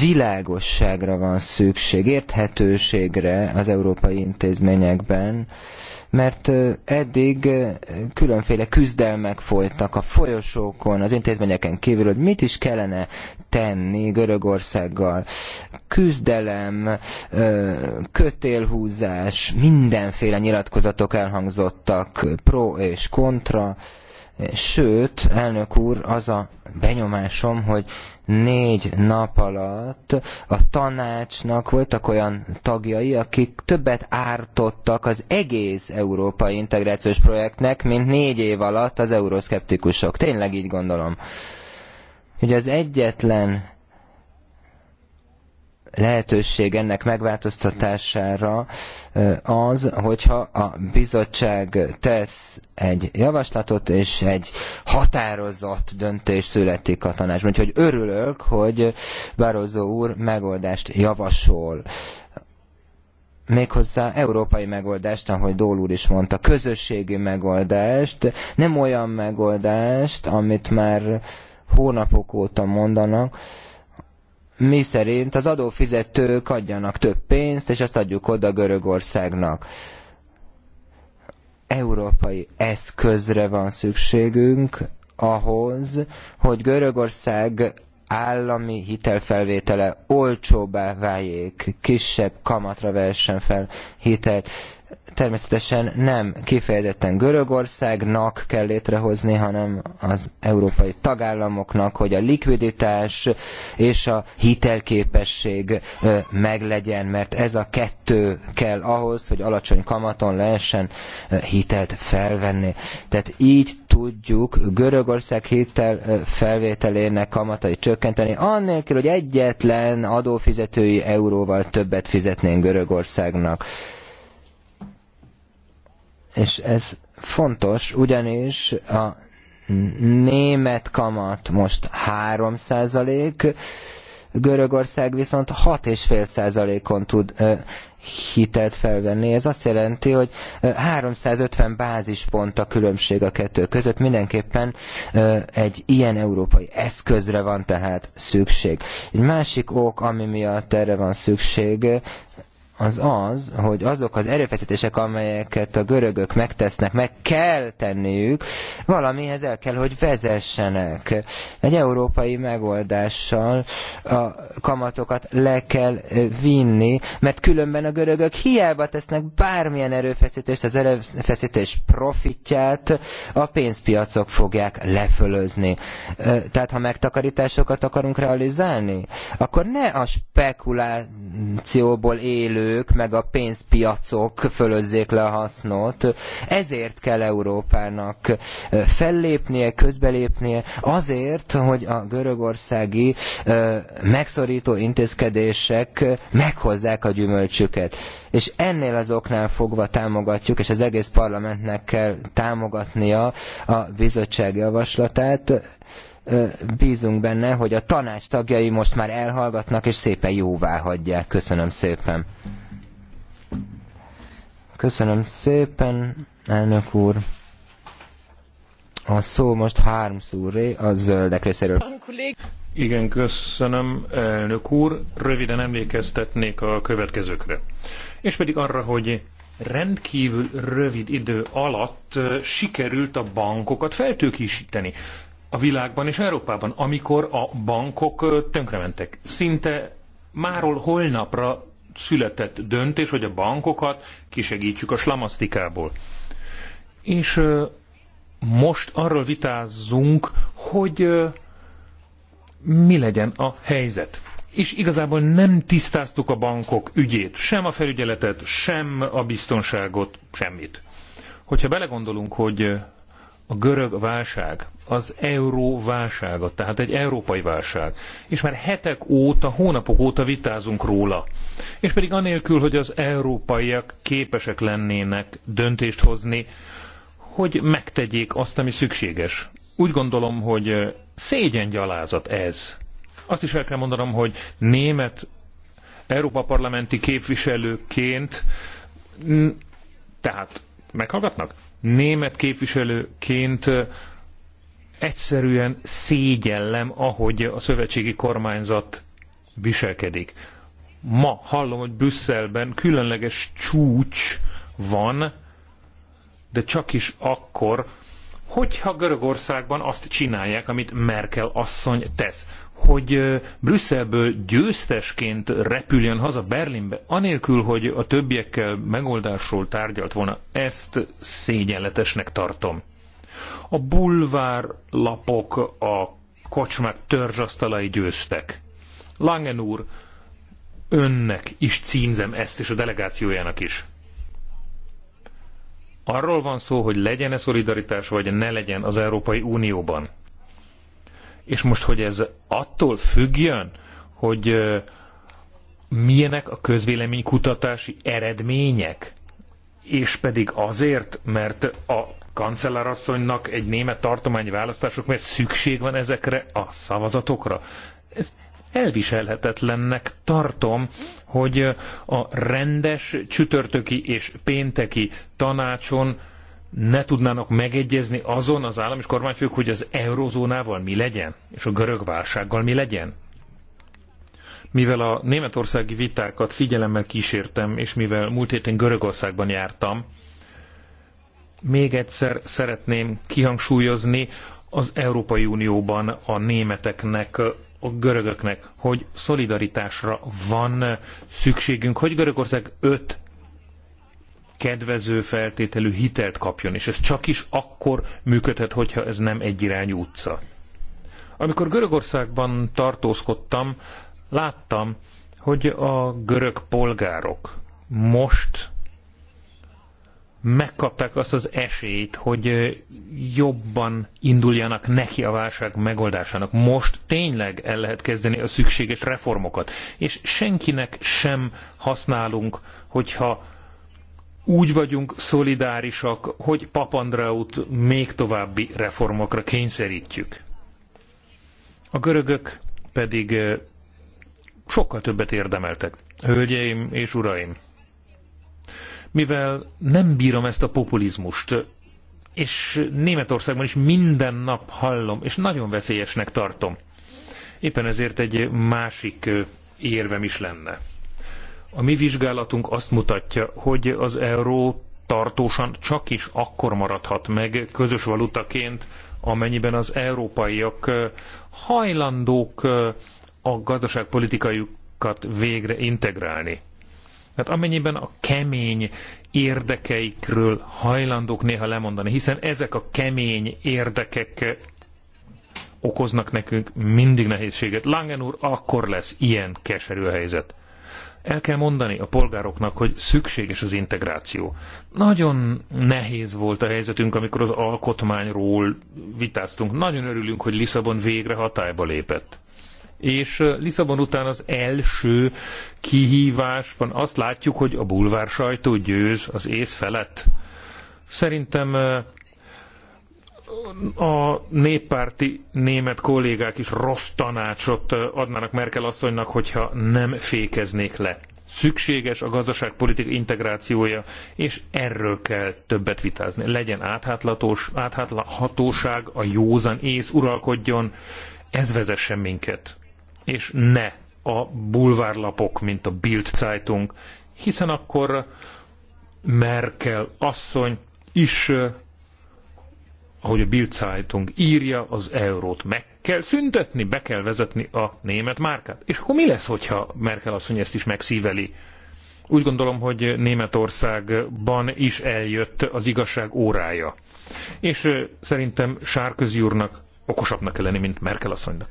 világosságra van szükség, érthetőségre az európai intézményekben, mert eddig különféle küzdelmek folytak a folyosókon, az intézményeken kívül, hogy mit is kellene tenni Görögországgal. Küzdelem, kötélhúzás, mindenféle nyilatkozatok elhangzottak, pro és kontra, sőt, elnök úr, az a benyomásom, hogy négy nap alatt a tanácsnak voltak olyan tagjai, akik többet ártottak az egész európai integrációs projektnek, mint négy év alatt az euroszkeptikusok. Tényleg így gondolom. Ugye az egyetlen lehetőség ennek megváltoztatására az, hogyha a bizottság tesz egy javaslatot, és egy határozott döntés születik a tanácsban. Úgyhogy örülök, hogy Barozó úr megoldást javasol méghozzá európai megoldást, ahogy Dól úr is mondta, közösségi megoldást, nem olyan megoldást, amit már hónapok óta mondanak, mi szerint az adófizetők adjanak több pénzt, és azt adjuk oda Görögországnak. Európai eszközre van szükségünk ahhoz, hogy Görögország állami hitelfelvétele olcsóbbá váljék, kisebb kamatra vehessen fel hitelt természetesen nem kifejezetten Görögországnak kell létrehozni, hanem az európai tagállamoknak, hogy a likviditás és a hitelképesség meglegyen, mert ez a kettő kell ahhoz, hogy alacsony kamaton lehessen hitelt felvenni. Tehát így tudjuk Görögország hitel felvételének kamatai csökkenteni, annélkül, hogy egyetlen adófizetői euróval többet fizetnénk Görögországnak. És ez fontos, ugyanis a német kamat most 3 százalék, Görögország viszont 6,5 százalékon tud hitelt felvenni. Ez azt jelenti, hogy 350 bázispont a különbség a kettő között. Mindenképpen egy ilyen európai eszközre van tehát szükség. Egy másik ok, ami miatt erre van szükség, az az, hogy azok az erőfeszítések, amelyeket a görögök megtesznek, meg kell tenniük, valamihez el kell, hogy vezessenek. Egy európai megoldással a kamatokat le kell vinni, mert különben a görögök hiába tesznek bármilyen erőfeszítést, az erőfeszítés profitját a pénzpiacok fogják lefölözni. Tehát ha megtakarításokat akarunk realizálni, akkor ne a spekulációból élő szereplők meg a pénzpiacok fölözzék le a hasznot. Ezért kell Európának fellépnie, közbelépnie, azért, hogy a görögországi megszorító intézkedések meghozzák a gyümölcsüket. És ennél az oknál fogva támogatjuk, és az egész parlamentnek kell támogatnia a bizottság javaslatát, bízunk benne, hogy a tanács tagjai most már elhallgatnak és szépen jóvá hagyják. Köszönöm szépen. Köszönöm szépen, elnök úr. A szó most Harms úré, a zöldek részéről. Igen, köszönöm, elnök úr. Röviden emlékeztetnék a következőkre. És pedig arra, hogy rendkívül rövid idő alatt eh, sikerült a bankokat feltőkésíteni a világban és Európában, amikor a bankok eh, tönkrementek. Szinte máról holnapra született döntés, hogy a bankokat kisegítsük a slamasztikából. És most arról vitázzunk, hogy mi legyen a helyzet. És igazából nem tisztáztuk a bankok ügyét, sem a felügyeletet, sem a biztonságot, semmit. Hogyha belegondolunk, hogy a görög válság az euró válsága, tehát egy európai válság. És már hetek óta, hónapok óta vitázunk róla. És pedig anélkül, hogy az európaiak képesek lennének döntést hozni, hogy megtegyék azt, ami szükséges. Úgy gondolom, hogy szégyen gyalázat ez. Azt is el kell mondanom, hogy német Európa parlamenti képviselőként tehát meghallgatnak? német képviselőként egyszerűen szégyellem, ahogy a szövetségi kormányzat viselkedik. Ma hallom, hogy Brüsszelben különleges csúcs van, de csak is akkor, hogyha Görögországban azt csinálják, amit Merkel asszony tesz hogy Brüsszelből győztesként repüljön haza Berlinbe, anélkül, hogy a többiekkel megoldásról tárgyalt volna, ezt szégyenletesnek tartom. A bulvárlapok, a kocsmák törzsasztalai győztek. Langen úr, önnek is címzem ezt, és a delegációjának is. Arról van szó, hogy legyen-e szolidaritás, vagy ne legyen az Európai Unióban. És most, hogy ez attól függjön, hogy milyenek a közvéleménykutatási eredmények, és pedig azért, mert a kancellárasszonynak egy német tartományi választások, mert szükség van ezekre a szavazatokra. Ez elviselhetetlennek tartom, hogy a rendes csütörtöki és pénteki tanácson ne tudnának megegyezni azon az állam és kormányfők, hogy az eurozónával mi legyen, és a görög válsággal mi legyen? Mivel a németországi vitákat figyelemmel kísértem, és mivel múlt héten Görögországban jártam, még egyszer szeretném kihangsúlyozni az Európai Unióban a németeknek a görögöknek, hogy szolidaritásra van szükségünk, hogy Görögország öt kedvező feltételű hitelt kapjon, és ez csak is akkor működhet, hogyha ez nem egyirányú utca. Amikor Görögországban tartózkodtam, láttam, hogy a görög polgárok most megkapták azt az esélyt, hogy jobban induljanak neki a válság megoldásának. Most tényleg el lehet kezdeni a szükséges reformokat, és senkinek sem használunk, hogyha úgy vagyunk szolidárisak, hogy Papandraut még további reformokra kényszerítjük. A görögök pedig sokkal többet érdemeltek. Hölgyeim és uraim, mivel nem bírom ezt a populizmust, és Németországban is minden nap hallom, és nagyon veszélyesnek tartom. Éppen ezért egy másik érvem is lenne. A mi vizsgálatunk azt mutatja, hogy az euró tartósan csak is akkor maradhat meg közös valutaként, amennyiben az európaiak hajlandók a gazdaságpolitikájukat végre integrálni. Tehát amennyiben a kemény érdekeikről hajlandók néha lemondani, hiszen ezek a kemény érdekek okoznak nekünk mindig nehézséget. Langen úr, akkor lesz ilyen keserű a helyzet el kell mondani a polgároknak, hogy szükséges az integráció. Nagyon nehéz volt a helyzetünk, amikor az alkotmányról vitáztunk. Nagyon örülünk, hogy Lisszabon végre hatályba lépett. És Lisszabon után az első kihívásban azt látjuk, hogy a bulvár sajtó győz az ész felett. Szerintem a néppárti német kollégák is rossz tanácsot adnának Merkel asszonynak, hogyha nem fékeznék le. Szükséges a gazdaságpolitik integrációja, és erről kell többet vitázni. Legyen áthátlatos, átháthatóság, a józan ész uralkodjon, ez vezessen minket. És ne a bulvárlapok, mint a Bild Zeitung, hiszen akkor Merkel asszony is ahogy a Bild Zeitung írja, az eurót meg kell szüntetni, be kell vezetni a német márkát. És akkor mi lesz, hogyha Merkel asszony ezt is megszíveli? Úgy gondolom, hogy Németországban is eljött az igazság órája. És szerintem Sárközi úrnak okosabbnak kell lenni, mint Merkel asszonynak.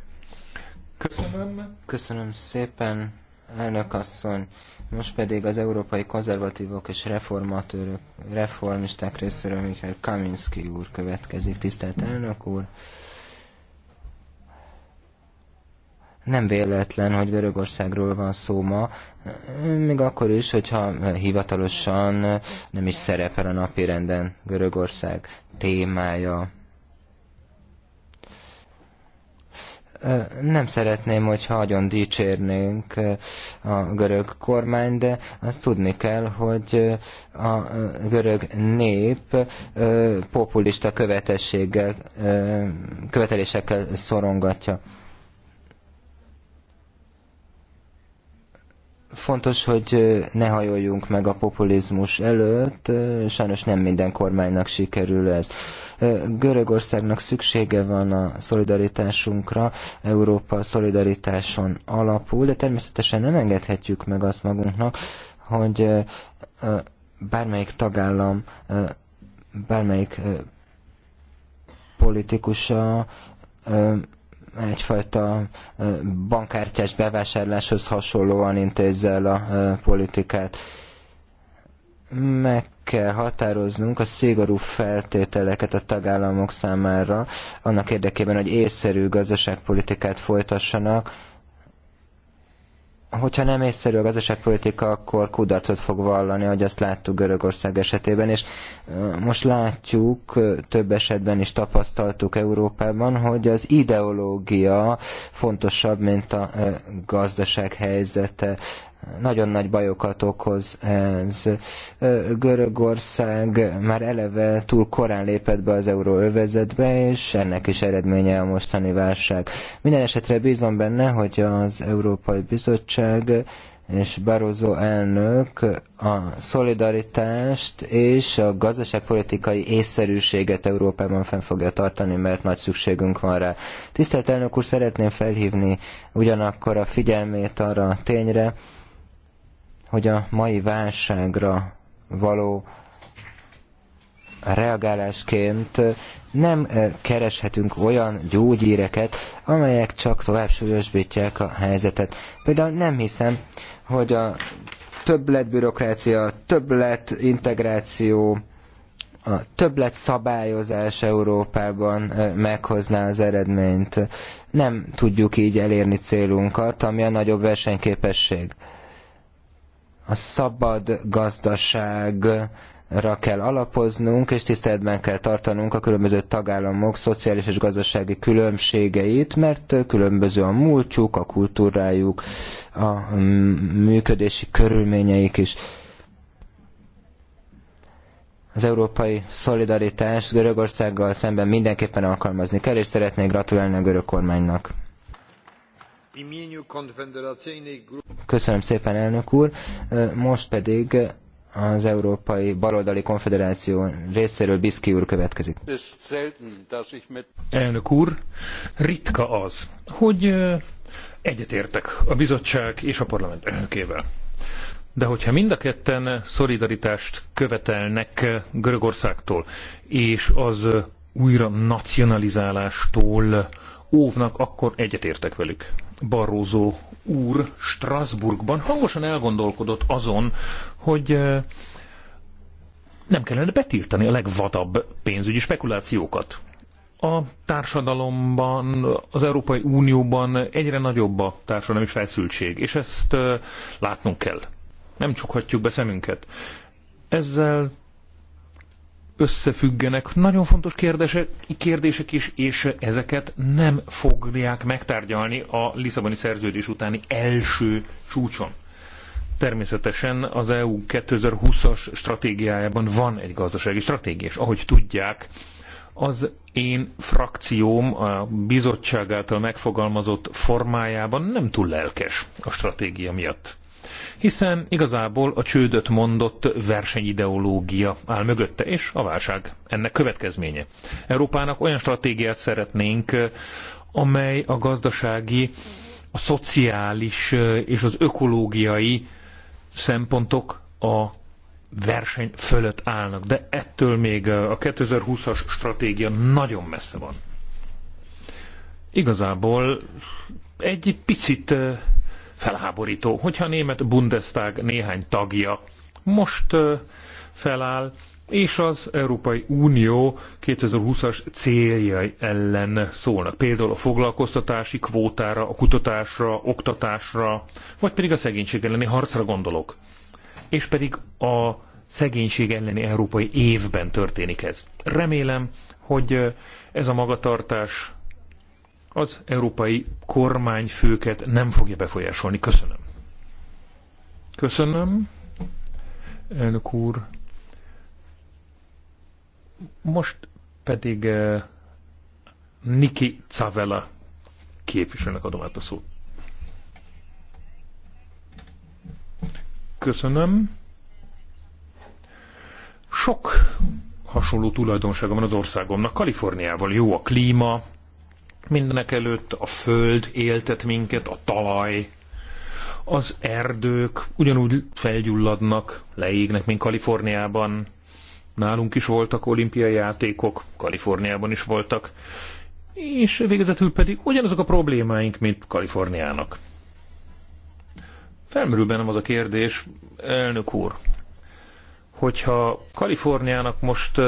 Köszönöm. Köszönöm szépen, elnök asszony. Most pedig az európai konzervatívok és reformatőrök, reformisták részéről Mikhail Kaminski úr következik. Tisztelt elnök úr! Nem véletlen, hogy Görögországról van szó ma, még akkor is, hogyha hivatalosan nem is szerepel a napirenden Görögország témája Nem szeretném, hogyha nagyon dicsérnénk a görög kormány, de azt tudni kell, hogy a görög nép populista követelésekkel szorongatja Fontos, hogy ne hajoljunk meg a populizmus előtt, sajnos nem minden kormánynak sikerül ez. Görögországnak szüksége van a szolidaritásunkra, Európa a szolidaritáson alapul, de természetesen nem engedhetjük meg azt magunknak, hogy bármelyik tagállam, bármelyik politikusa egyfajta bankkártyás bevásárláshoz hasonlóan intézze el a politikát. Meg kell határoznunk a szigorú feltételeket a tagállamok számára, annak érdekében, hogy észszerű gazdaságpolitikát folytassanak, hogyha nem észszerű a gazdaságpolitika, akkor kudarcot fog vallani, hogy azt láttuk Görögország esetében, és most látjuk, több esetben is tapasztaltuk Európában, hogy az ideológia fontosabb, mint a gazdaság helyzete nagyon nagy bajokat okoz ez. Görögország már eleve túl korán lépett be az euróövezetbe, és ennek is eredménye a mostani válság. Minden esetre bízom benne, hogy az Európai Bizottság és Barozó elnök a szolidaritást és a gazdaságpolitikai észszerűséget Európában fenn fogja tartani, mert nagy szükségünk van rá. Tisztelt elnök úr, szeretném felhívni ugyanakkor a figyelmét arra a tényre, hogy a mai válságra való reagálásként nem eh, kereshetünk olyan gyógyíreket, amelyek csak tovább súlyosbítják a helyzetet. Például nem hiszem, hogy a többlet bürokrácia, többlet integráció, a többlet szabályozás Európában eh, meghozná az eredményt. Nem tudjuk így elérni célunkat, ami a nagyobb versenyképesség a szabad gazdaságra kell alapoznunk, és tiszteletben kell tartanunk a különböző tagállamok szociális és gazdasági különbségeit, mert különböző a múltjuk, a kultúrájuk, a működési körülményeik is. Az európai szolidaritás Görögországgal szemben mindenképpen alkalmazni kell, és szeretnék gratulálni a görög kormánynak. Köszönöm szépen, elnök úr. Most pedig az Európai Baloldali Konfederáció részéről Biszki úr következik. Elnök úr, ritka az, hogy egyetértek a bizottság és a parlament elnökével. De hogyha mind a ketten szolidaritást követelnek Görögországtól és az újra nacionalizálástól óvnak, akkor egyetértek velük. Barroso úr Strasbourgban hangosan elgondolkodott azon, hogy nem kellene betiltani a legvadabb pénzügyi spekulációkat. A társadalomban, az Európai Unióban egyre nagyobb a társadalmi feszültség, és ezt látnunk kell. Nem csukhatjuk be szemünket. Ezzel összefüggenek nagyon fontos kérdések, kérdések is, és ezeket nem fogják megtárgyalni a Lisszaboni szerződés utáni első csúcson. Természetesen az EU 2020-as stratégiájában van egy gazdasági stratégia, és ahogy tudják, az én frakcióm a bizottság által megfogalmazott formájában nem túl lelkes a stratégia miatt hiszen igazából a csődöt mondott versenyideológia áll mögötte, és a válság ennek következménye. Európának olyan stratégiát szeretnénk, amely a gazdasági, a szociális és az ökológiai szempontok a verseny fölött állnak, de ettől még a 2020-as stratégia nagyon messze van. Igazából egy picit felháborító, hogyha a német Bundestag néhány tagja most feláll, és az Európai Unió 2020-as céljai ellen szólnak. Például a foglalkoztatási kvótára, a kutatásra, oktatásra, vagy pedig a szegénység elleni harcra gondolok. És pedig a szegénység elleni európai évben történik ez. Remélem, hogy ez a magatartás az európai kormányfőket nem fogja befolyásolni. Köszönöm. Köszönöm, elnök úr. Most pedig uh, Niki Cavella képviselőnek adom át a szót. Köszönöm. Sok hasonló tulajdonsága van az országomnak. Kaliforniával jó a klíma, Mindenek előtt a föld éltet minket, a talaj, az erdők ugyanúgy felgyulladnak, leégnek, mint Kaliforniában. Nálunk is voltak olimpiai játékok, Kaliforniában is voltak, és végezetül pedig ugyanazok a problémáink, mint Kaliforniának. Felmerül bennem az a kérdés, elnök úr, hogyha Kaliforniának most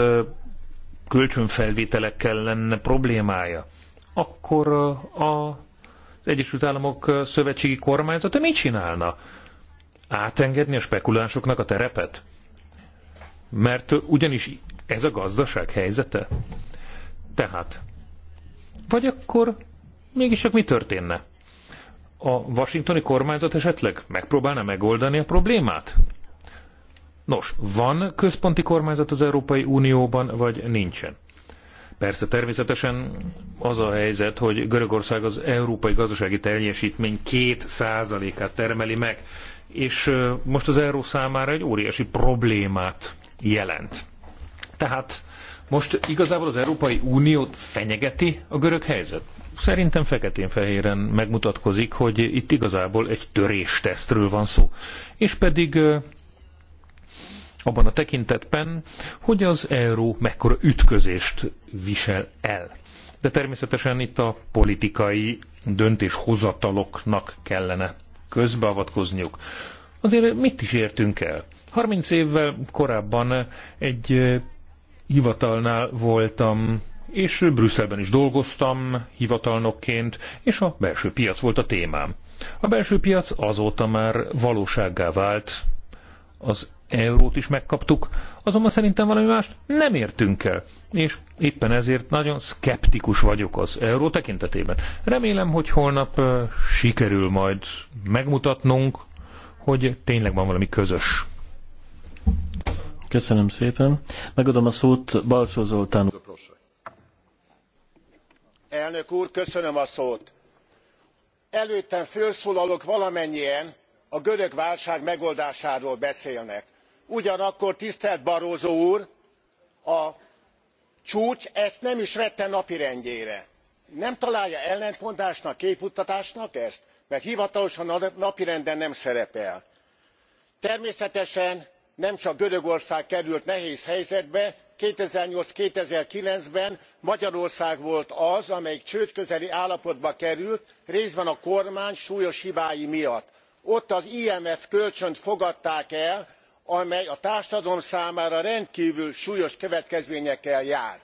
kölcsönfelvételekkel lenne problémája, akkor a az Egyesült Államok szövetségi kormányzata mit csinálna? Átengedni a spekulánsoknak a terepet? Mert ugyanis ez a gazdaság helyzete. Tehát, vagy akkor mégiscsak mi történne? A washingtoni kormányzat esetleg megpróbálna megoldani a problémát? Nos, van központi kormányzat az Európai Unióban, vagy nincsen? Persze természetesen az a helyzet, hogy Görögország az európai gazdasági teljesítmény két százalékát termeli meg, és most az euró számára egy óriási problémát jelent. Tehát most igazából az Európai Uniót fenyegeti a görög helyzet? Szerintem feketén-fehéren megmutatkozik, hogy itt igazából egy töréstesztről van szó. És pedig abban a tekintetben, hogy az euró mekkora ütközést visel el. De természetesen itt a politikai döntéshozataloknak kellene közbeavatkozniuk. Azért mit is értünk el? 30 évvel korábban egy hivatalnál voltam, és Brüsszelben is dolgoztam hivatalnokként, és a belső piac volt a témám. A belső piac azóta már valósággá vált az eurót is megkaptuk, azonban szerintem valami mást nem értünk el. És éppen ezért nagyon szkeptikus vagyok az euró tekintetében. Remélem, hogy holnap sikerül majd megmutatnunk, hogy tényleg van valami közös. Köszönöm szépen. Megadom a szót Balcsó Zoltán. Elnök úr, köszönöm a szót. Előttem fölszólalok valamennyien a görög válság megoldásáról beszélnek ugyanakkor tisztelt barroso úr a csúcs ezt nem is vette napirendjére. nem találja ellentmondásnak képmutatásnak ezt? mert hivatalosan a napirenden nem szerepel. természetesen nem csak görögország került nehéz helyzetbe two thousand and eight two thousand and nine ben magyarország volt az amelyik csődközeli állapotba került részben a kormány súlyos hibái miatt. ott az imf kölcsönt fogadták el amely a társadalom számára rendkvül súlyos következményekkel jár.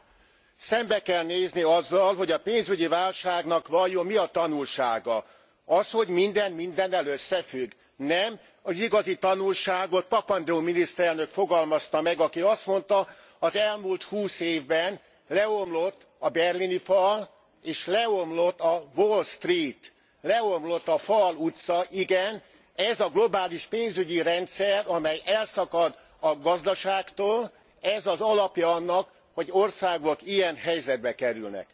szembe kell nézni azzal hogy a pénzügyi válságnak vajon mi a tanulsága. az hogy minden mindennel összefügg? nem az igazi tanulságot papandreou miniszterelnök fogalmazta meg aki azt mondta az elmúlt húsz évben leomlott a berlini fal és leomlott a wall street leomlott a fal utca igen ez a globális pénzügyi rendszer amely elszakad a gazdaságtól ez az alapja annak hogy országok ilyen helyzetbe kerülnek.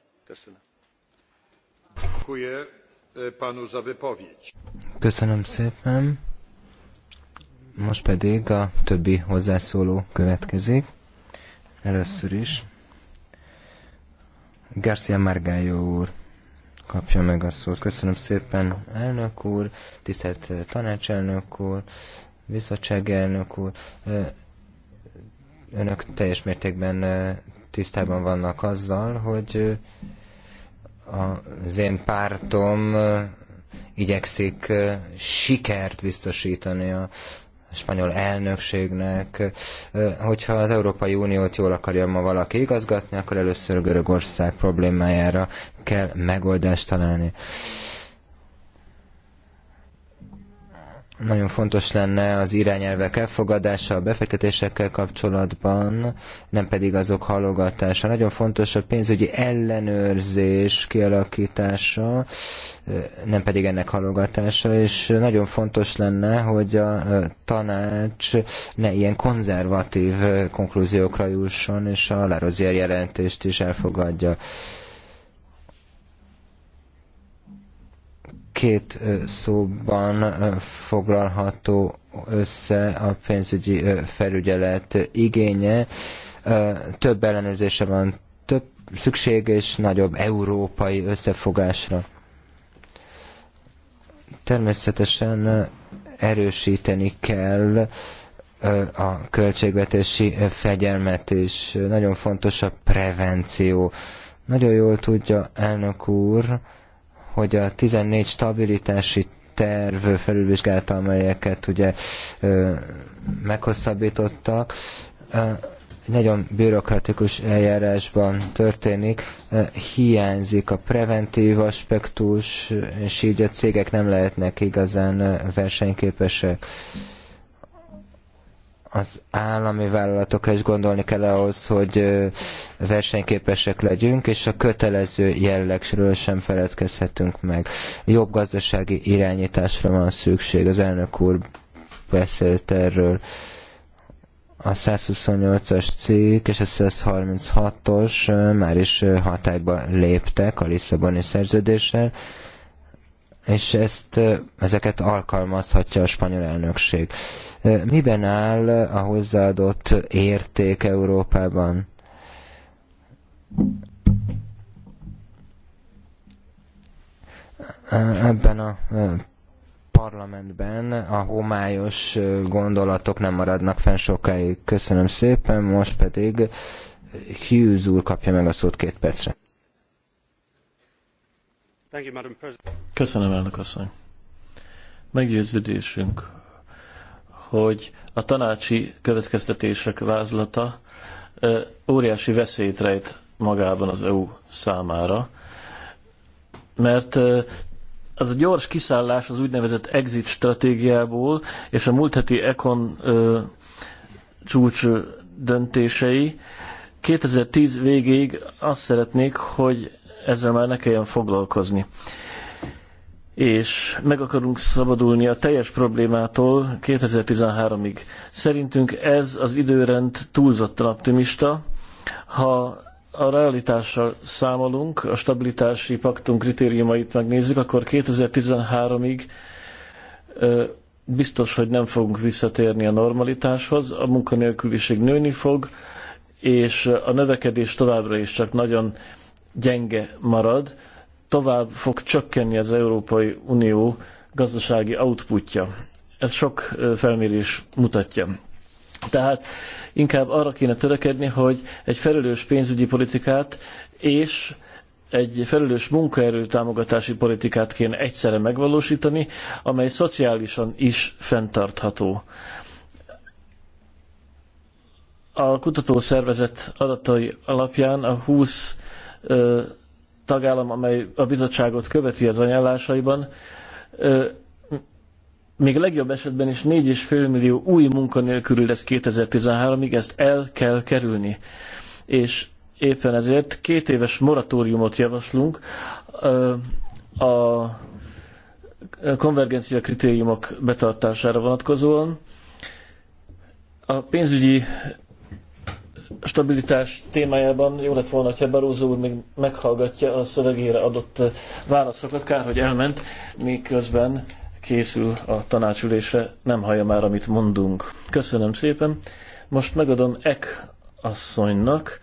köszönöm e, szépen. Most pedig a többi hozzászóló következik. Először is García Margallo úr kapja meg a szót. Köszönöm szépen, elnök úr, tisztelt tanácselnök úr, elnök úr. Önök teljes mértékben tisztában vannak azzal, hogy az én pártom igyekszik sikert biztosítani a spanyol elnökségnek, hogyha az Európai Uniót jól akarja ma valaki igazgatni, akkor először Görögország problémájára kell megoldást találni. nagyon fontos lenne az irányelvek elfogadása a befektetésekkel kapcsolatban, nem pedig azok halogatása. Nagyon fontos a pénzügyi ellenőrzés kialakítása, nem pedig ennek halogatása, és nagyon fontos lenne, hogy a tanács ne ilyen konzervatív konklúziókra jusson, és a Larozier jelentést is elfogadja. két szóban foglalható össze a pénzügyi felügyelet igénye. Több ellenőrzése van több szükség és nagyobb európai összefogásra. Természetesen erősíteni kell a költségvetési fegyelmet, és nagyon fontos a prevenció. Nagyon jól tudja elnök úr, hogy a 14 stabilitási terv felülvizsgálta, amelyeket ugye meghosszabbítottak, nagyon bürokratikus eljárásban történik, hiányzik a preventív aspektus, és így a cégek nem lehetnek igazán versenyképesek az állami vállalatokra is gondolni kell ahhoz, hogy versenyképesek legyünk, és a kötelező jellegről sem feledkezhetünk meg. Jobb gazdasági irányításra van szükség, az elnök úr beszélt erről. A 128-as cikk és a 136-os már is hatályba léptek a Lisszaboni szerződéssel, és ezt, ezeket alkalmazhatja a spanyol elnökség. Miben áll a hozzáadott érték Európában? Ebben a parlamentben a homályos gondolatok nem maradnak fenn sokáig. Köszönöm szépen, most pedig Hughes úr kapja meg a szót két percre. Köszönöm, elnök asszony. Meggyőződésünk, hogy a tanácsi következtetések vázlata óriási veszélyt rejt magában az EU számára, mert az a gyors kiszállás az úgynevezett exit stratégiából, és a múlt heti Econ ö, csúcs döntései 2010 végéig azt szeretnék, hogy ezzel már ne kelljen foglalkozni és meg akarunk szabadulni a teljes problémától 2013-ig. Szerintünk ez az időrend túlzottan optimista. Ha a realitással számolunk, a stabilitási paktum kritériumait megnézzük, akkor 2013-ig biztos, hogy nem fogunk visszatérni a normalitáshoz, a munkanélküliség nőni fog, és a növekedés továbbra is csak nagyon gyenge marad tovább fog csökkenni az Európai Unió gazdasági outputja. Ez sok felmérés mutatja. Tehát inkább arra kéne törekedni, hogy egy felelős pénzügyi politikát és egy felelős munkaerő támogatási politikát kéne egyszerre megvalósítani, amely szociálisan is fenntartható. A kutatószervezet adatai alapján a 20 tagállam, amely a bizottságot követi az ajánlásaiban, még legjobb esetben is 4,5 millió új munkanélkülű lesz 2013-ig, ezt el kell kerülni. És éppen ezért két éves moratóriumot javaslunk a konvergencia kritériumok betartására vonatkozóan. A pénzügyi stabilitás témájában jó lett volna, ha Barózó úr még meghallgatja a szövegére adott eh, válaszokat. Kár, hogy elment, még közben készül a tanácsülésre, nem hallja már, amit mondunk. Köszönöm szépen. Most megadom Ek asszonynak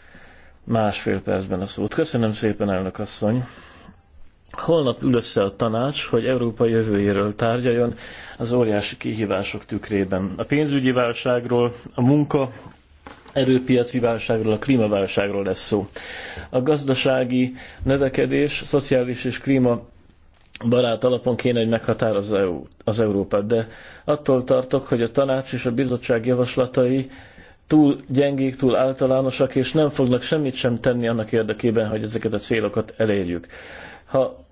másfél percben a szót. Köszönöm szépen, elnök asszony. Holnap ül össze a tanács, hogy Európa jövőjéről tárgyaljon az óriási kihívások tükrében. A pénzügyi válságról, a munka erőpiaci válságról, a klímaválságról lesz szó. A gazdasági növekedés, szociális és klíma barát alapon kéne, hogy meghatározza az Európát, de attól tartok, hogy a tanács és a bizottság javaslatai túl gyengék, túl általánosak, és nem fognak semmit sem tenni annak érdekében, hogy ezeket a célokat elérjük. Ha,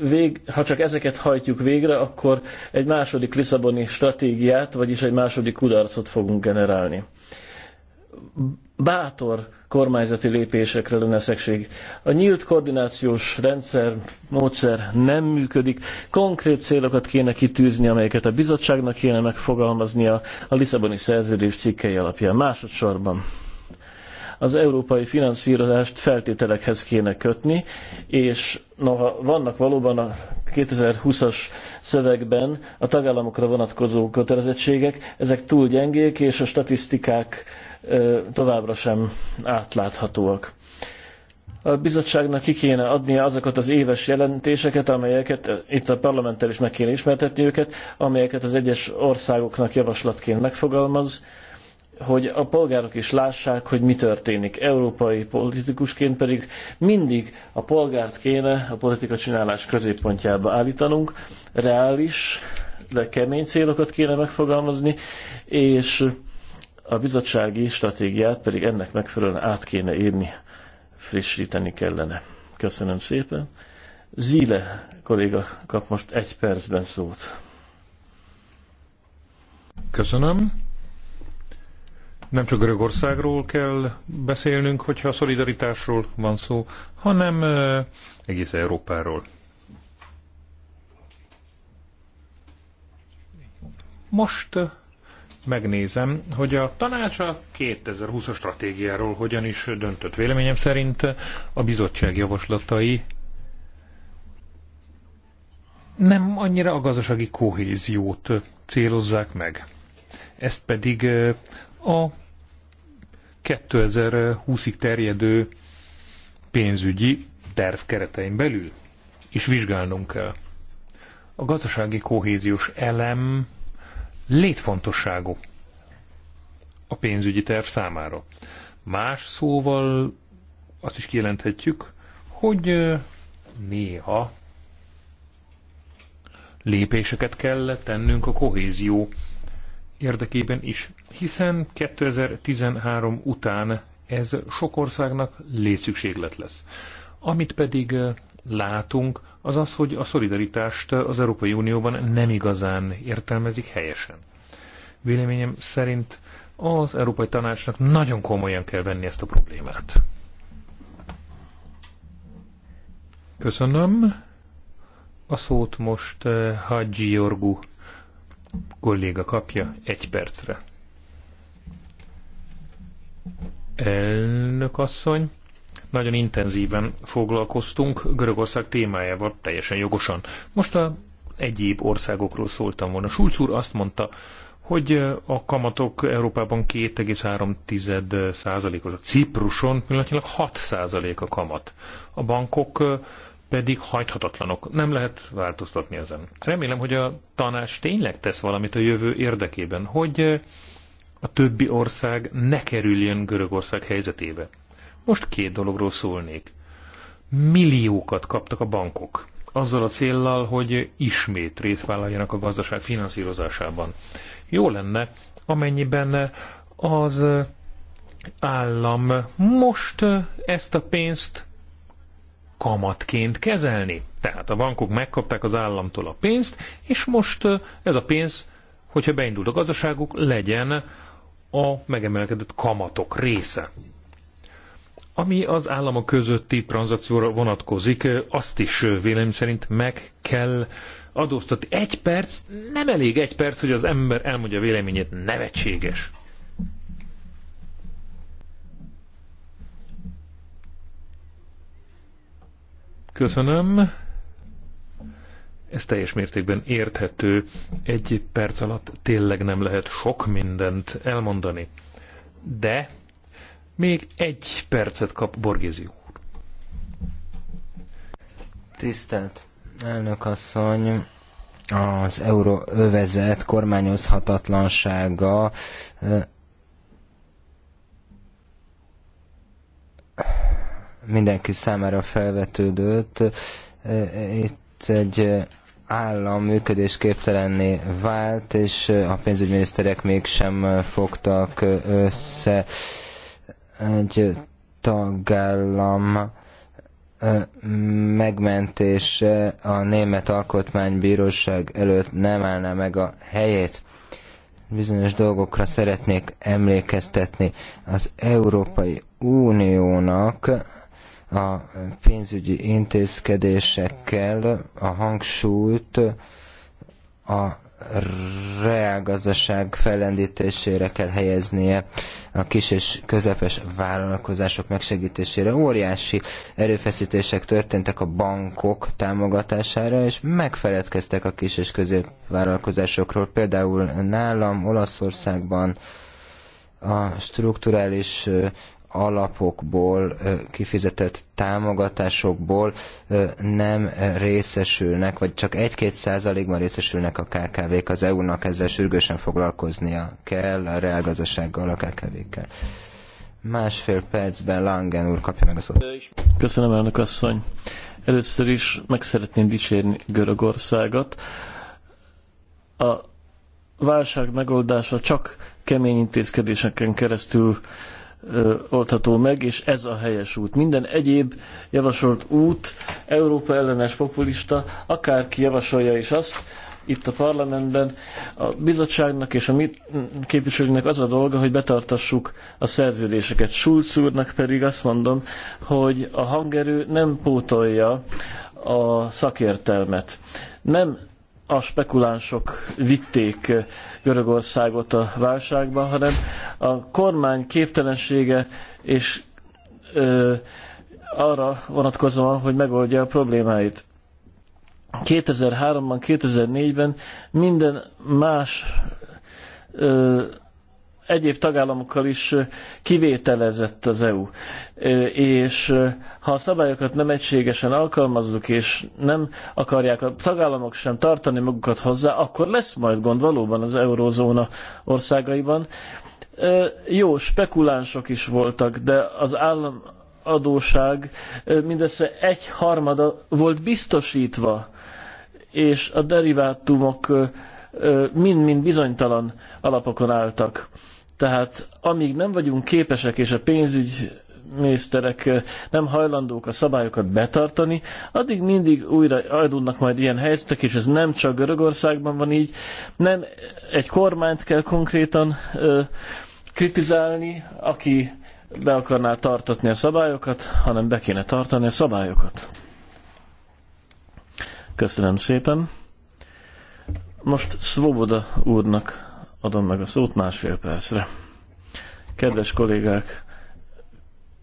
vég, ha csak ezeket hajtjuk végre, akkor egy második Lisszaboni stratégiát, vagyis egy második kudarcot fogunk generálni bátor kormányzati lépésekre lenne szükség. A nyílt koordinációs rendszer, módszer nem működik. Konkrét célokat kéne kitűzni, amelyeket a bizottságnak kéne megfogalmaznia a Lisszaboni szerződés cikkei alapján. Másodszorban az európai finanszírozást feltételekhez kéne kötni, és noha vannak valóban a 2020-as szövegben a tagállamokra vonatkozó kötelezettségek, ezek túl gyengék, és a statisztikák továbbra sem átláthatóak. A bizottságnak ki kéne adnia azokat az éves jelentéseket, amelyeket itt a parlamenttel is meg kéne ismertetni őket, amelyeket az egyes országoknak javaslatként megfogalmaz, hogy a polgárok is lássák, hogy mi történik. Európai politikusként pedig mindig a polgárt kéne a politika csinálás középpontjába állítanunk, reális, de kemény célokat kéne megfogalmazni, és a bizottsági stratégiát pedig ennek megfelelően át kéne írni, frissíteni kellene. Köszönöm szépen. Zíle kolléga kap most egy percben szót. Köszönöm. Nem csak Görögországról kell beszélnünk, hogyha a szolidaritásról van szó, hanem egész Európáról. Most megnézem, hogy a tanács a 2020-as stratégiáról hogyan is döntött. Véleményem szerint a bizottság javaslatai nem annyira a gazdasági kohéziót célozzák meg. Ezt pedig a 2020-ig terjedő pénzügyi terv keretein belül is vizsgálnunk kell. A gazdasági kohéziós elem létfontosságú a pénzügyi terv számára. Más szóval azt is kijelenthetjük, hogy néha lépéseket kell tennünk a kohézió érdekében is, hiszen 2013 után ez sok országnak létszükséglet lesz. Amit pedig látunk, az az, hogy a szolidaritást az Európai Unióban nem igazán értelmezik helyesen. Véleményem szerint az Európai Tanácsnak nagyon komolyan kell venni ezt a problémát. Köszönöm. A szót most eh, Hadzsi Jorgu kolléga kapja egy percre. Elnök asszony, nagyon intenzíven foglalkoztunk Görögország témájával, teljesen jogosan. Most a egyéb országokról szóltam volna. Schulz úr azt mondta, hogy a kamatok Európában 2,3 százalékos, a Cipruson pillanatnyilag 6 százalék a kamat. A bankok pedig hajthatatlanok. Nem lehet változtatni ezen. Remélem, hogy a tanács tényleg tesz valamit a jövő érdekében, hogy a többi ország ne kerüljön Görögország helyzetébe. Most két dologról szólnék. Milliókat kaptak a bankok, azzal a céllal, hogy ismét részt vállaljanak a gazdaság finanszírozásában. Jó lenne, amennyiben az állam most ezt a pénzt kamatként kezelni. Tehát a bankok megkapták az államtól a pénzt, és most ez a pénz, hogyha beindult a gazdaságuk, legyen a megemelkedett kamatok része. Ami az államok közötti tranzakcióra vonatkozik, azt is vélemény szerint meg kell adóztatni. Egy perc, nem elég egy perc, hogy az ember elmondja véleményét, nevetséges. Köszönöm. Ez teljes mértékben érthető. Egy perc alatt tényleg nem lehet sok mindent elmondani. De még egy percet kap Borgézi úr. Tisztelt elnök asszony, az euróövezet kormányozhatatlansága eh, mindenki számára felvetődött. Eh, itt egy állam működésképtelenné vált, és a pénzügyminiszterek mégsem fogtak eh, össze egy tagállam megmentése a Német Alkotmánybíróság előtt nem állná meg a helyét. Bizonyos dolgokra szeretnék emlékeztetni. Az Európai Uniónak a pénzügyi intézkedésekkel a hangsúlyt a reálgazdaság fellendítésére kell helyeznie a kis és közepes vállalkozások megsegítésére. Óriási erőfeszítések történtek a bankok támogatására, és megfeledkeztek a kis és középvállalkozásokról. Például nálam, Olaszországban a strukturális alapokból kifizetett támogatásokból nem részesülnek, vagy csak 1-2 százalékban részesülnek a KKV-k. Az EU-nak ezzel sürgősen foglalkoznia kell, a reálgazdasággal, a KKV-kkel. Másfél percben Langen úr kapja meg a szót. Köszönöm, elnök asszony. Először is meg szeretném dicsérni Görögországot. A válság megoldása csak kemény intézkedéseken keresztül oldható meg, és ez a helyes út. Minden egyéb javasolt út, Európa ellenes populista, akárki javasolja is azt, itt a parlamentben a bizottságnak és a mi képviselőknek az a dolga, hogy betartassuk a szerződéseket. Schulz úrnak pedig azt mondom, hogy a hangerő nem pótolja a szakértelmet. Nem a spekulánsok vitték Görögországot a válságba, hanem a kormány képtelensége és ö, arra vonatkozóan, hogy megoldja a problémáit. 2003-ban, 2004-ben minden más ö, egyéb tagállamokkal is kivételezett az EU. És ha a szabályokat nem egységesen alkalmazzuk, és nem akarják a tagállamok sem tartani magukat hozzá, akkor lesz majd gond valóban az eurózóna országaiban. Jó, spekulánsok is voltak, de az állam adóság mindössze egy harmada volt biztosítva, és a derivátumok mind-mind bizonytalan alapokon álltak. Tehát amíg nem vagyunk képesek, és a pénzügy miniszterek eh, nem hajlandók a szabályokat betartani, addig mindig újra adódnak majd ilyen helyzetek, és ez nem csak Görögországban van így, nem egy kormányt kell konkrétan ö, eh, kritizálni, aki be akarná tartatni a szabályokat, hanem be kéne tartani a szabályokat. Köszönöm szépen. Most Svoboda úrnak adom meg a szót másfél percre. Kedves kollégák,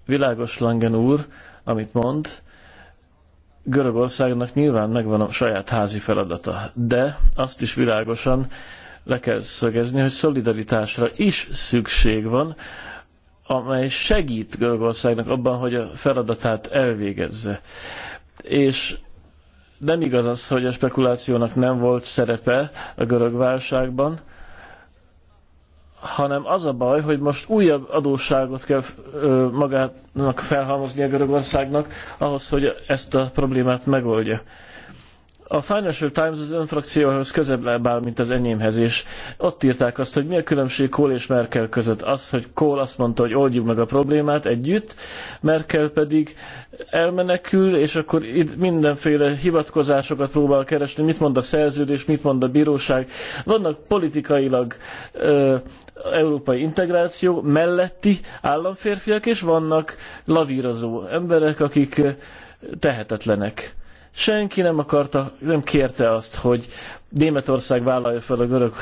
világos Langen úr, amit mond, Görögországnak nyilván megvan a saját házi feladata, de azt is világosan le kell szögezni, hogy szolidaritásra is szükség van, amely segít Görögországnak abban, hogy a feladatát elvégezze. És nem igaz az, hogy a spekulációnak nem volt szerepe a görög válságban, hanem az a baj, hogy most újabb adósságot kell magának felhalmozni a Görögországnak ahhoz, hogy ezt a problémát megoldja. A Financial Times az önfrakcióhoz közebb áll, mint az enyémhez, és ott írták azt, hogy mi a különbség Kohl és Merkel között. Az, hogy Kohl azt mondta, hogy oldjuk meg a problémát együtt, Merkel pedig elmenekül, és akkor itt mindenféle hivatkozásokat próbál keresni, mit mond a szerződés, mit mond a bíróság. Vannak politikailag ö, európai integráció melletti államférfiak, és vannak lavírozó emberek, akik tehetetlenek Senki nem akarta, nem kérte azt, hogy Németország vállalja fel a görög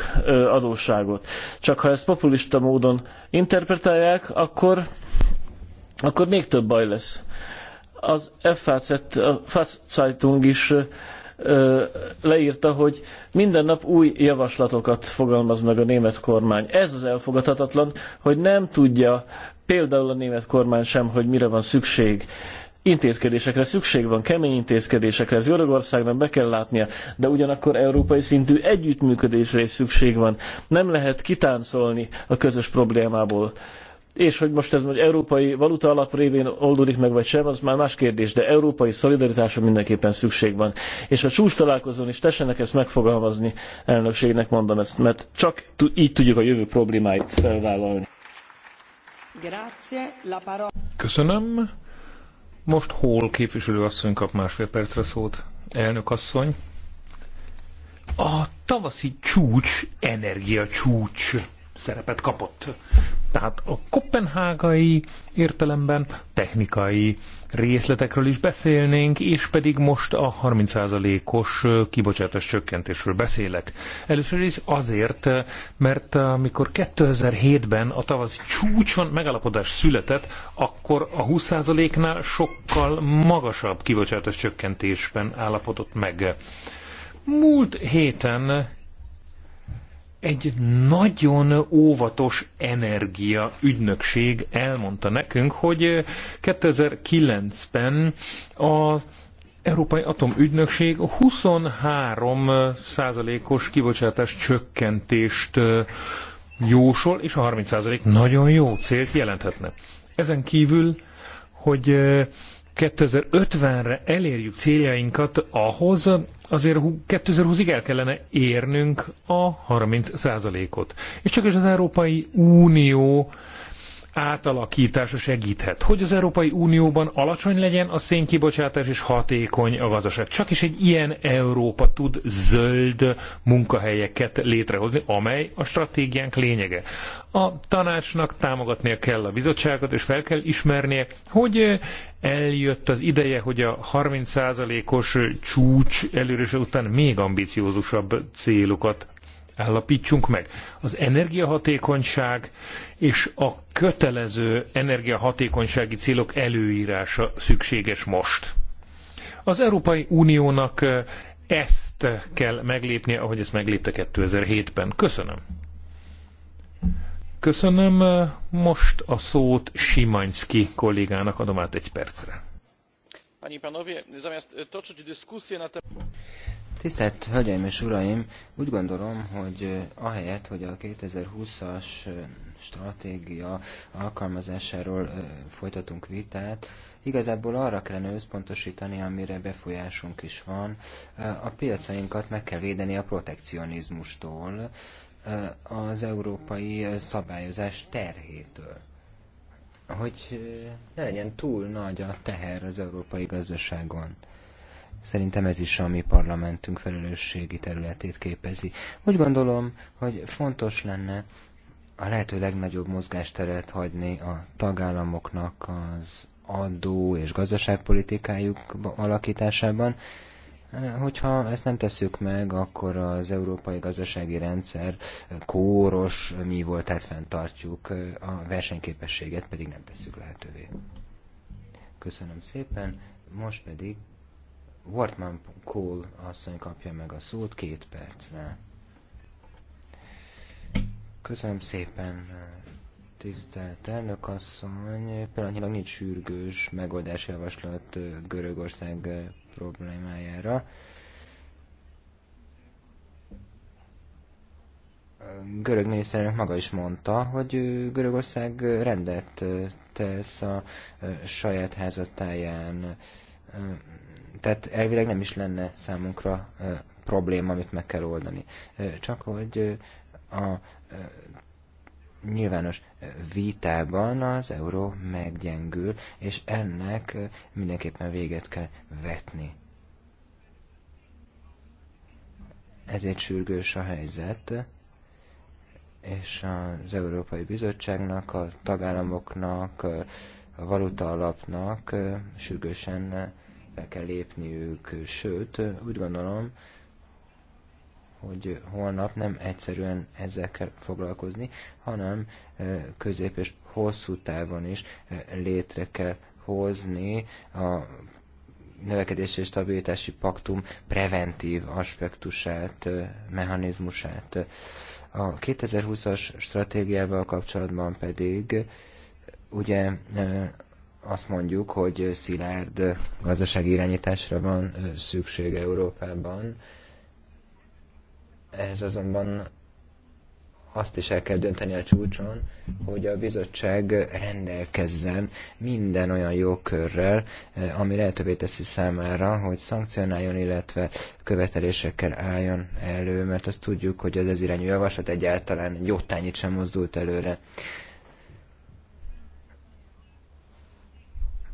adósságot. Csak ha ezt populista módon interpretálják, akkor, akkor még több baj lesz. Az FAZ, a e FAZ Zeitung is leírta, hogy minden nap új javaslatokat fogalmaz meg a német kormány. Ez az elfogadhatatlan, hogy nem tudja például a német kormány sem, hogy mire van szükség intézkedésekre szükség van, kemény intézkedésekre, ez Görögországnak be kell látnia, de ugyanakkor európai szintű együttműködésre is szükség van. Nem lehet kitáncolni a közös problémából. És hogy most ez hogy európai valuta alap révén oldódik meg, vagy sem, az már más kérdés, de európai szolidaritásra mindenképpen szükség van. És a csúcs találkozón is tessenek ezt megfogalmazni, elnökségnek mondom ezt, mert csak így tudjuk a jövő problémáit felvállalni. Köszönöm. Most hol képviselőasszony kap másfél percre szót? Elnök asszony. A tavaszi csúcs, energia csúcs szerepet kapott. Tehát a kopenhágai értelemben technikai részletekről is beszélnénk, és pedig most a 30%-os kibocsátás csökkentésről beszélek. Először is azért, mert amikor 2007-ben a tavaszi csúcson megalapodás született, akkor a 20%-nál sokkal magasabb kibocsátás csökkentésben állapodott meg. Múlt héten egy nagyon óvatos energia ügynökség elmondta nekünk, hogy 2009-ben az Európai Atomügynökség 23 százalékos kibocsátás csökkentést jósol, és a 30 százalék nagyon jó célt jelenthetne. Ezen kívül, hogy 2050-re elérjük céljainkat, ahhoz azért 2020-ig el kellene érnünk a 30%-ot. És csak is az Európai Unió átalakítása segíthet, hogy az Európai Unióban alacsony legyen a szénkibocsátás és hatékony a gazdaság. Csak is egy ilyen Európa tud zöld munkahelyeket létrehozni, amely a stratégiánk lényege. A tanácsnak támogatnia kell a bizottságot, és fel kell ismernie, hogy eljött az ideje, hogy a 30%-os csúcs előrése után még ambiciózusabb célokat állapítsunk meg. Az energiahatékonyság és a kötelező energiahatékonysági célok előírása szükséges most. Az Európai Uniónak ezt kell meglépnie, ahogy ezt meglépte 2007-ben. Köszönöm. Köszönöm. Most a szót Simanski kollégának adom át egy percre. E, Tisztelt Hölgyeim és Uraim! Úgy gondolom, hogy e, ahelyett, hogy a 2020-as e, stratégia alkalmazásáról folytatunk vitát, igazából arra kellene összpontosítani, amire befolyásunk is van. A piacainkat meg kell védeni a protekcionizmustól, az európai szabályozás terhétől hogy ne legyen túl nagy a teher az európai gazdaságon. Szerintem ez is a mi parlamentünk felelősségi területét képezi. Úgy gondolom, hogy fontos lenne a lehető legnagyobb mozgásteret hagyni a tagállamoknak az adó és gazdaságpolitikájuk alakításában, Hogyha ezt nem tesszük meg, akkor az európai gazdasági rendszer kóros mi volt, tehát fenntartjuk a versenyképességet, pedig nem tesszük lehetővé. Köszönöm szépen, most pedig Wortman Kohl asszony kapja meg a szót két percre. Köszönöm szépen, tisztelt elnök asszony. Pillanatnyilag nincs sürgős javaslat Görögország problémájára. görög miniszterelnök maga is mondta, hogy Görögország rendet tesz a saját házatáján. Tehát elvileg nem is lenne számunkra probléma, amit meg kell oldani. Csak hogy a nyilvános vitában az euró meggyengül, és ennek mindenképpen véget kell vetni. Ezért sürgős a helyzet, és az Európai Bizottságnak, a tagállamoknak, a valuta alapnak sürgősen fel kell lépniük, sőt, úgy gondolom, hogy holnap nem egyszerűen ezzel kell foglalkozni, hanem közép és hosszú távon is létre kell hozni a növekedési és stabilitási paktum preventív aspektusát, mechanizmusát. A 2020-as stratégiával kapcsolatban pedig ugye azt mondjuk, hogy szilárd gazdasági irányításra van szükség Európában, ehhez azonban azt is el kell dönteni a csúcson, hogy a bizottság rendelkezzen minden olyan jogkörrel, eh, ami lehetővé teszi számára, hogy szankcionáljon, illetve követelésekkel álljon elő, mert azt tudjuk, hogy az ezirányú irányú javaslat egyáltalán egy jótányit sem mozdult előre.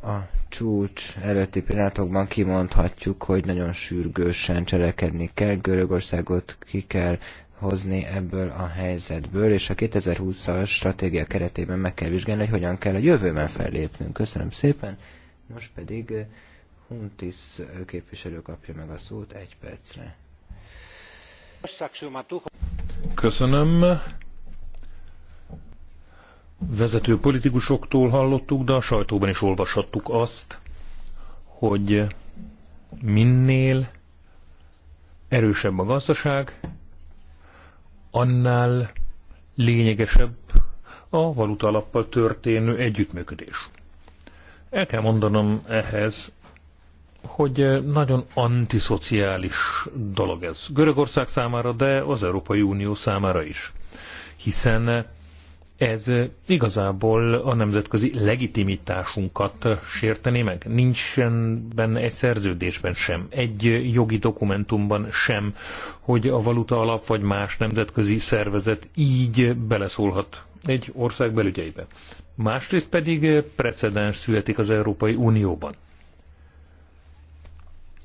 A csúcs előtti pillanatokban kimondhatjuk, hogy nagyon sürgősen cselekedni kell, Görögországot ki kell hozni ebből a helyzetből, és a 2020-as stratégia keretében meg kell vizsgálni, hogy hogyan kell a jövőben fellépnünk. Köszönöm szépen, most pedig eh, Huntis eh, képviselő kapja meg a szót egy percre. Köszönöm vezető politikusoktól hallottuk, de a sajtóban is olvashattuk azt, hogy minél erősebb a gazdaság, annál lényegesebb a valuta alappal történő együttműködés. El kell mondanom ehhez, hogy nagyon antiszociális dolog ez. Görögország számára, de az Európai Unió számára is. Hiszen ez igazából a nemzetközi legitimitásunkat sértené meg. Nincsen benne egy szerződésben sem, egy jogi dokumentumban sem, hogy a valuta alap vagy más nemzetközi szervezet így beleszólhat egy ország belügyeibe. Másrészt pedig precedens születik az Európai Unióban.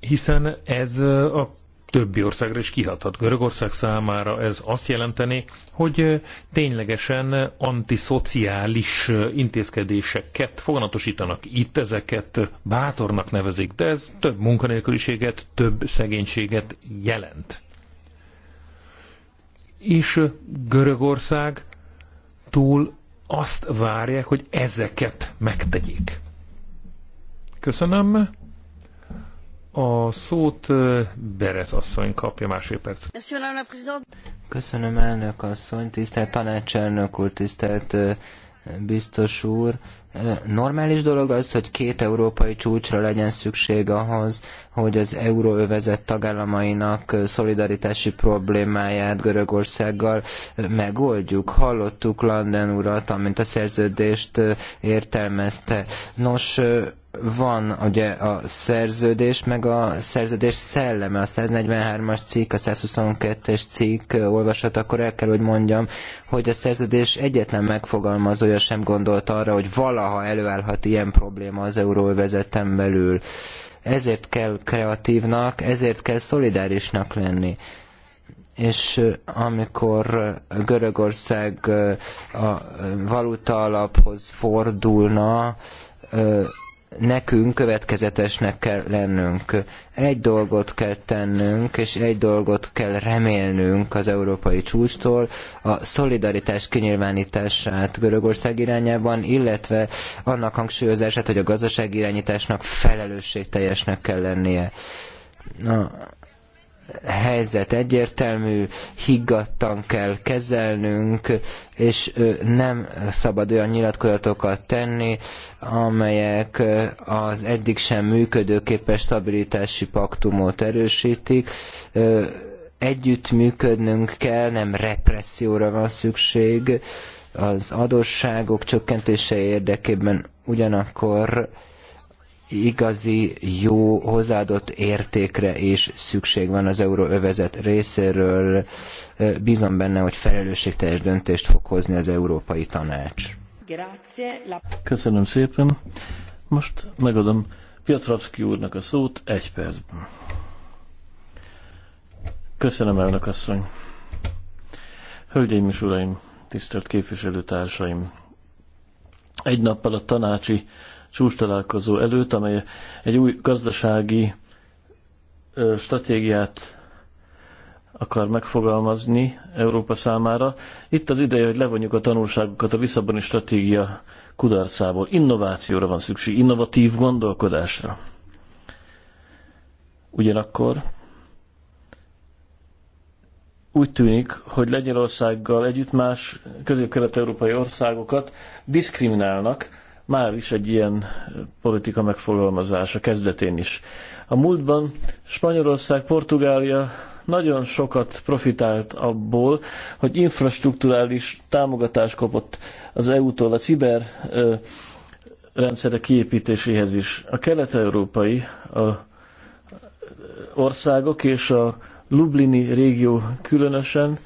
Hiszen ez a többi országra is kihathat. Görögország számára ez azt jelenteni, hogy ténylegesen antiszociális intézkedéseket foganatosítanak. Itt ezeket bátornak nevezik, de ez több munkanélküliséget, több szegénységet jelent. És Görögország túl azt várják, hogy ezeket megtegyék. Köszönöm. A szót Berez asszony kapja másfél perc. Köszönöm elnök asszony, tisztelt tanácselnök úr, tisztelt biztos úr. Normális dolog az, hogy két európai csúcsra legyen szükség ahhoz, hogy az euróövezet tagállamainak szolidaritási problémáját Görögországgal megoldjuk. Hallottuk Landen urat, amint a szerződést értelmezte. Nos, van ugye a szerződés, meg a szerződés szelleme, a 143-as cikk, a 122-es cikk olvasat, akkor el kell, hogy mondjam, hogy a szerződés egyetlen megfogalmazója sem gondolt arra, hogy valaha előállhat ilyen probléma az euróvezeten belül. Ezért kell kreatívnak, ezért kell szolidárisnak lenni és amikor Görögország a valuta alaphoz fordulna, nekünk következetesnek kell lennünk. Egy dolgot kell tennünk, és egy dolgot kell remélnünk az európai csúcstól, a szolidaritás kinyilvánítását Görögország irányában, illetve annak hangsúlyozását, hogy a gazdaság irányításnak felelősségteljesnek kell lennie. Na, helyzet egyértelmű, higgadtan kell kezelnünk, és nem szabad olyan nyilatkozatokat tenni, amelyek az eddig sem működőképes stabilitási paktumot erősítik. Együttműködnünk kell, nem represszióra van szükség az adósságok csökkentése érdekében, ugyanakkor igazi jó hozzáadott értékre is szükség van az euróövezet részéről. Bízom benne, hogy felelősségteljes döntést fog hozni az Európai Tanács. Köszönöm szépen. Most megadom Piotrowski úrnak a szót egy percben. Köszönöm, elnök asszony. Hölgyeim és uraim, tisztelt képviselőtársaim! Egy nappal a tanácsi csúcs találkozó előtt, amely egy új gazdasági stratégiát akar megfogalmazni Európa számára. Itt az ideje, hogy levonjuk a tanulságokat a Lisszaboni stratégia kudarcából. Innovációra van szükség, innovatív gondolkodásra. Ugyanakkor úgy tűnik, hogy Lengyelországgal együtt más közép-kelet-európai országokat diszkriminálnak, már is egy ilyen politika megfogalmazása kezdetén is. A múltban Spanyolország, Portugália nagyon sokat profitált abból, hogy infrastruktúrális támogatást kapott az EU-tól a ciber rendszerek kiépítéséhez is. A kelet-európai a országok és a Lublini régió különösen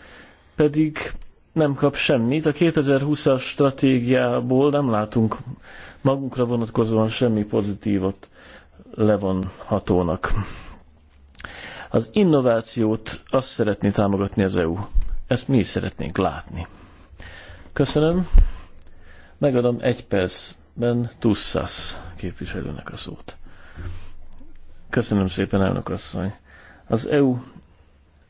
pedig nem kap semmit. A 2020-as stratégiából nem látunk magunkra vonatkozóan semmi pozitívot levonhatónak. Az innovációt azt szeretné támogatni az EU. Ezt mi is szeretnénk látni. Köszönöm. Megadom egy percben Tussas képviselőnek a szót. Köszönöm szépen, elnök asszony. Az EU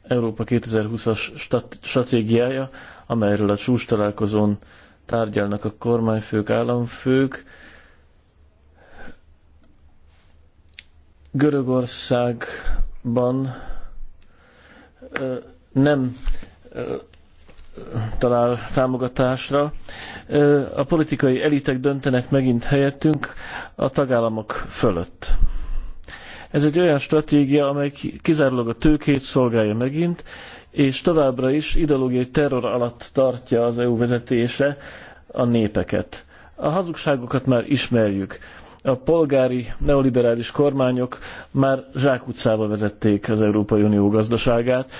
Európa 2020-as stratégiája amelyről a csúcs találkozón tárgyalnak a kormányfők, államfők. Görögországban nem talál támogatásra. A politikai elitek döntenek megint helyettünk a tagállamok fölött. Ez egy olyan stratégia, amely kizárólag a tőkét szolgálja megint, és továbbra is ideológiai terror alatt tartja az EU vezetése a népeket. A hazugságokat már ismerjük. A polgári neoliberális kormányok már zsákutcába vezették az Európai Unió gazdaságát.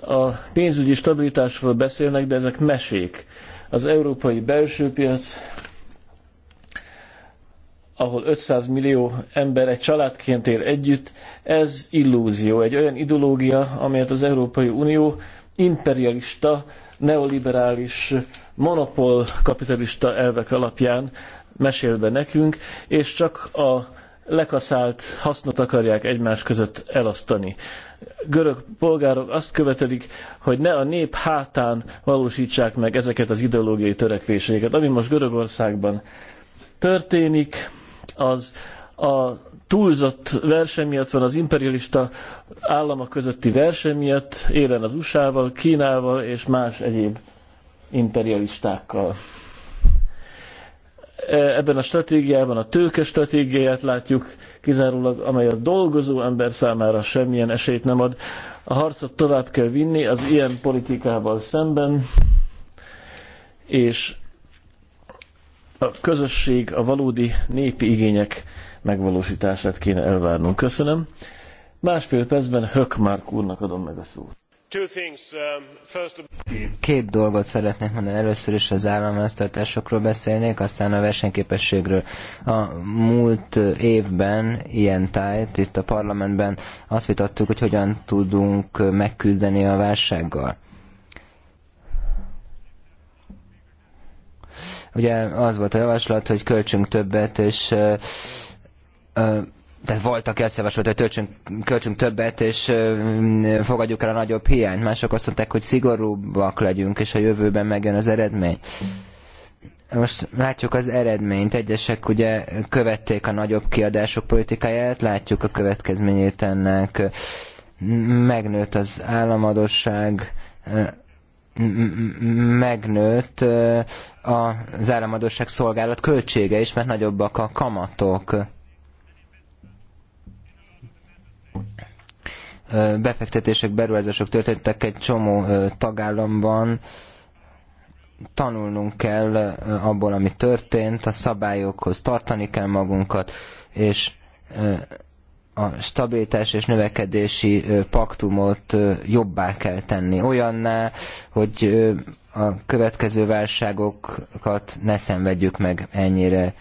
A pénzügyi stabilitásról beszélnek, de ezek mesék. Az európai belső piac ahol 500 millió ember egy családként él együtt, ez illúzió, egy olyan ideológia, amelyet az Európai Unió imperialista, neoliberális, monopol kapitalista elvek alapján mesél be nekünk, és csak a lekaszált hasznot akarják egymás között elasztani. Görög polgárok azt követelik, hogy ne a nép hátán valósítsák meg ezeket az ideológiai törekvéseiket, ami most Görögországban történik, az a túlzott verseny miatt van az imperialista államok közötti verseny miatt, élen az USA-val, Kínával és más egyéb imperialistákkal. E, ebben a stratégiában a tőke stratégiáját látjuk kizárólag, amely a dolgozó ember számára semmilyen esélyt nem ad. A harcot tovább kell vinni az ilyen politikával szemben, és a közösség, a valódi népi igények megvalósítását kéne elvárnunk. Köszönöm. Másfél percben Hökmark úrnak adom meg a szót. Um, Két dolgot szeretnék mondani. Először is az államháztartásokról beszélnék, aztán a versenyképességről. A múlt évben ilyen tájt itt a parlamentben azt vitattuk, hogy hogyan tudunk megküzdeni a válsággal Ugye az volt a javaslat, hogy költsünk többet, és tehát voltak ezt javasolt, hogy töltsünk, költsünk többet, és fogadjuk el a nagyobb hiányt. Mások azt mondták, hogy szigorúbbak legyünk, és a jövőben megjön az eredmény. Most látjuk az eredményt. Egyesek ugye követték a nagyobb kiadások politikáját, látjuk a következményét ennek. Megnőtt az államadosság, megnőtt az államadóság szolgálat költsége is, mert nagyobbak a kamatok. Befektetések, beruházások történtek egy csomó tagállamban, tanulnunk kell abból, ami történt, a szabályokhoz tartani kell magunkat, és a stabilitás és növekedési paktumot jobbá kell tenni. Olyanná, hogy a következő válságokat ne szenvedjük meg ennyire.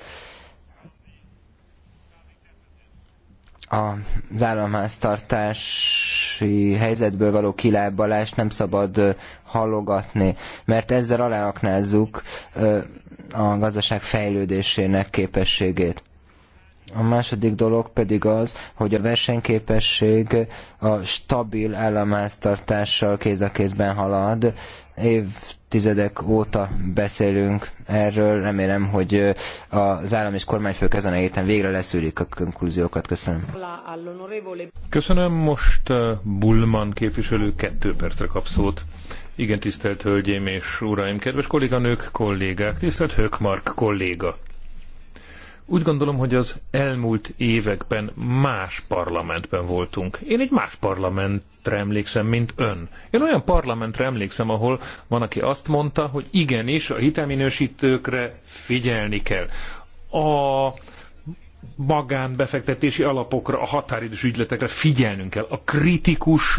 Az államháztartási helyzetből való kilábalást nem szabad halogatni, mert ezzel aláaknázzuk a gazdaság fejlődésének képességét a második dolog pedig az, hogy a versenyképesség a stabil államháztartással kéz a kézben halad. Évtizedek óta beszélünk erről, remélem, hogy az állam és kormányfők ezen a héten végre leszűrik a konklúziókat. Köszönöm. Köszönöm, most Bulman képviselő kettő percre kap szót. Igen, tisztelt Hölgyeim és Uraim, kedves kolléganők, kollégák, tisztelt Hökmark kolléga úgy gondolom, hogy az elmúlt években más parlamentben voltunk. Én egy más parlamentre emlékszem, mint ön. Én olyan parlamentre emlékszem, ahol van, aki azt mondta, hogy igenis, a hitelminősítőkre figyelni kell. A magánbefektetési alapokra, a határidős ügyletekre figyelnünk kell. A kritikus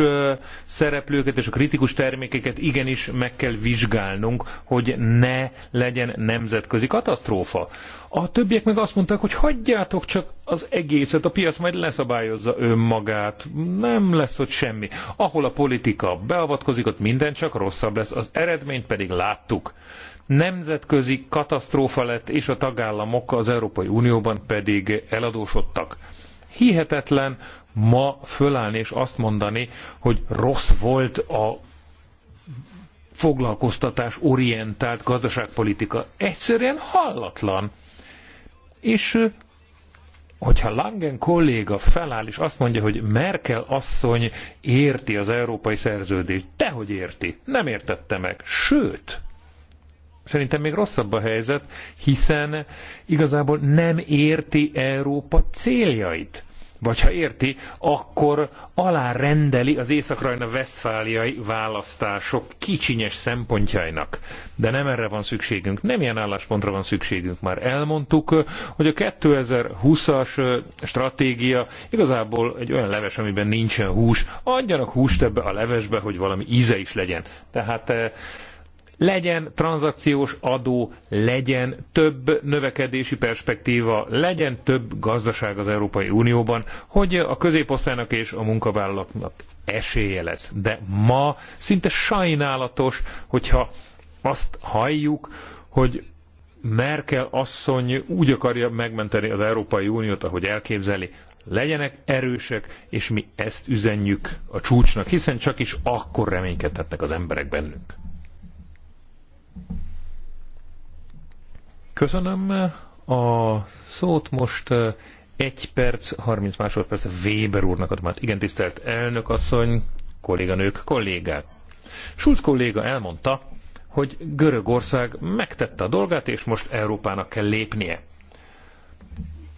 szereplőket és a kritikus termékeket igenis meg kell vizsgálnunk, hogy ne legyen nemzetközi katasztrófa. A többiek meg azt mondták, hogy hagyjátok csak az egészet, a piac majd leszabályozza önmagát, nem lesz ott semmi. Ahol a politika beavatkozik, ott minden csak rosszabb lesz, az eredményt pedig láttuk nemzetközi katasztrófa lett, és a tagállamok az Európai Unióban pedig eladósodtak. Hihetetlen ma fölállni és azt mondani, hogy rossz volt a foglalkoztatás orientált gazdaságpolitika. Egyszerűen hallatlan. És hogyha Langen kolléga feláll és azt mondja, hogy Merkel asszony érti az európai szerződést, dehogy érti, nem értette meg. Sőt, Szerintem még rosszabb a helyzet, hiszen igazából nem érti Európa céljait. Vagy ha érti, akkor alárendeli az észak rajna Veszfáliai választások kicsinyes szempontjainak. De nem erre van szükségünk, nem ilyen álláspontra van szükségünk. Már elmondtuk, hogy a 2020-as stratégia igazából egy olyan leves, amiben nincsen hús. Adjanak húst ebbe a levesbe, hogy valami íze is legyen. Tehát legyen tranzakciós adó, legyen több növekedési perspektíva, legyen több gazdaság az Európai Unióban, hogy a középosztálynak és a munkavállalóknak esélye lesz. De ma szinte sajnálatos, hogyha azt halljuk, hogy Merkel asszony úgy akarja megmenteni az Európai Uniót, ahogy elképzeli, legyenek erősek, és mi ezt üzenjük a csúcsnak, hiszen csak is akkor reménykedhetnek az emberek bennünk. Köszönöm a szót. Most egy perc, 30 másodperc Weber úrnak adom át. Igen, tisztelt elnök asszony, kolléganők, kollégák. Schulz kolléga elmondta, hogy Görögország megtette a dolgát, és most Európának kell lépnie.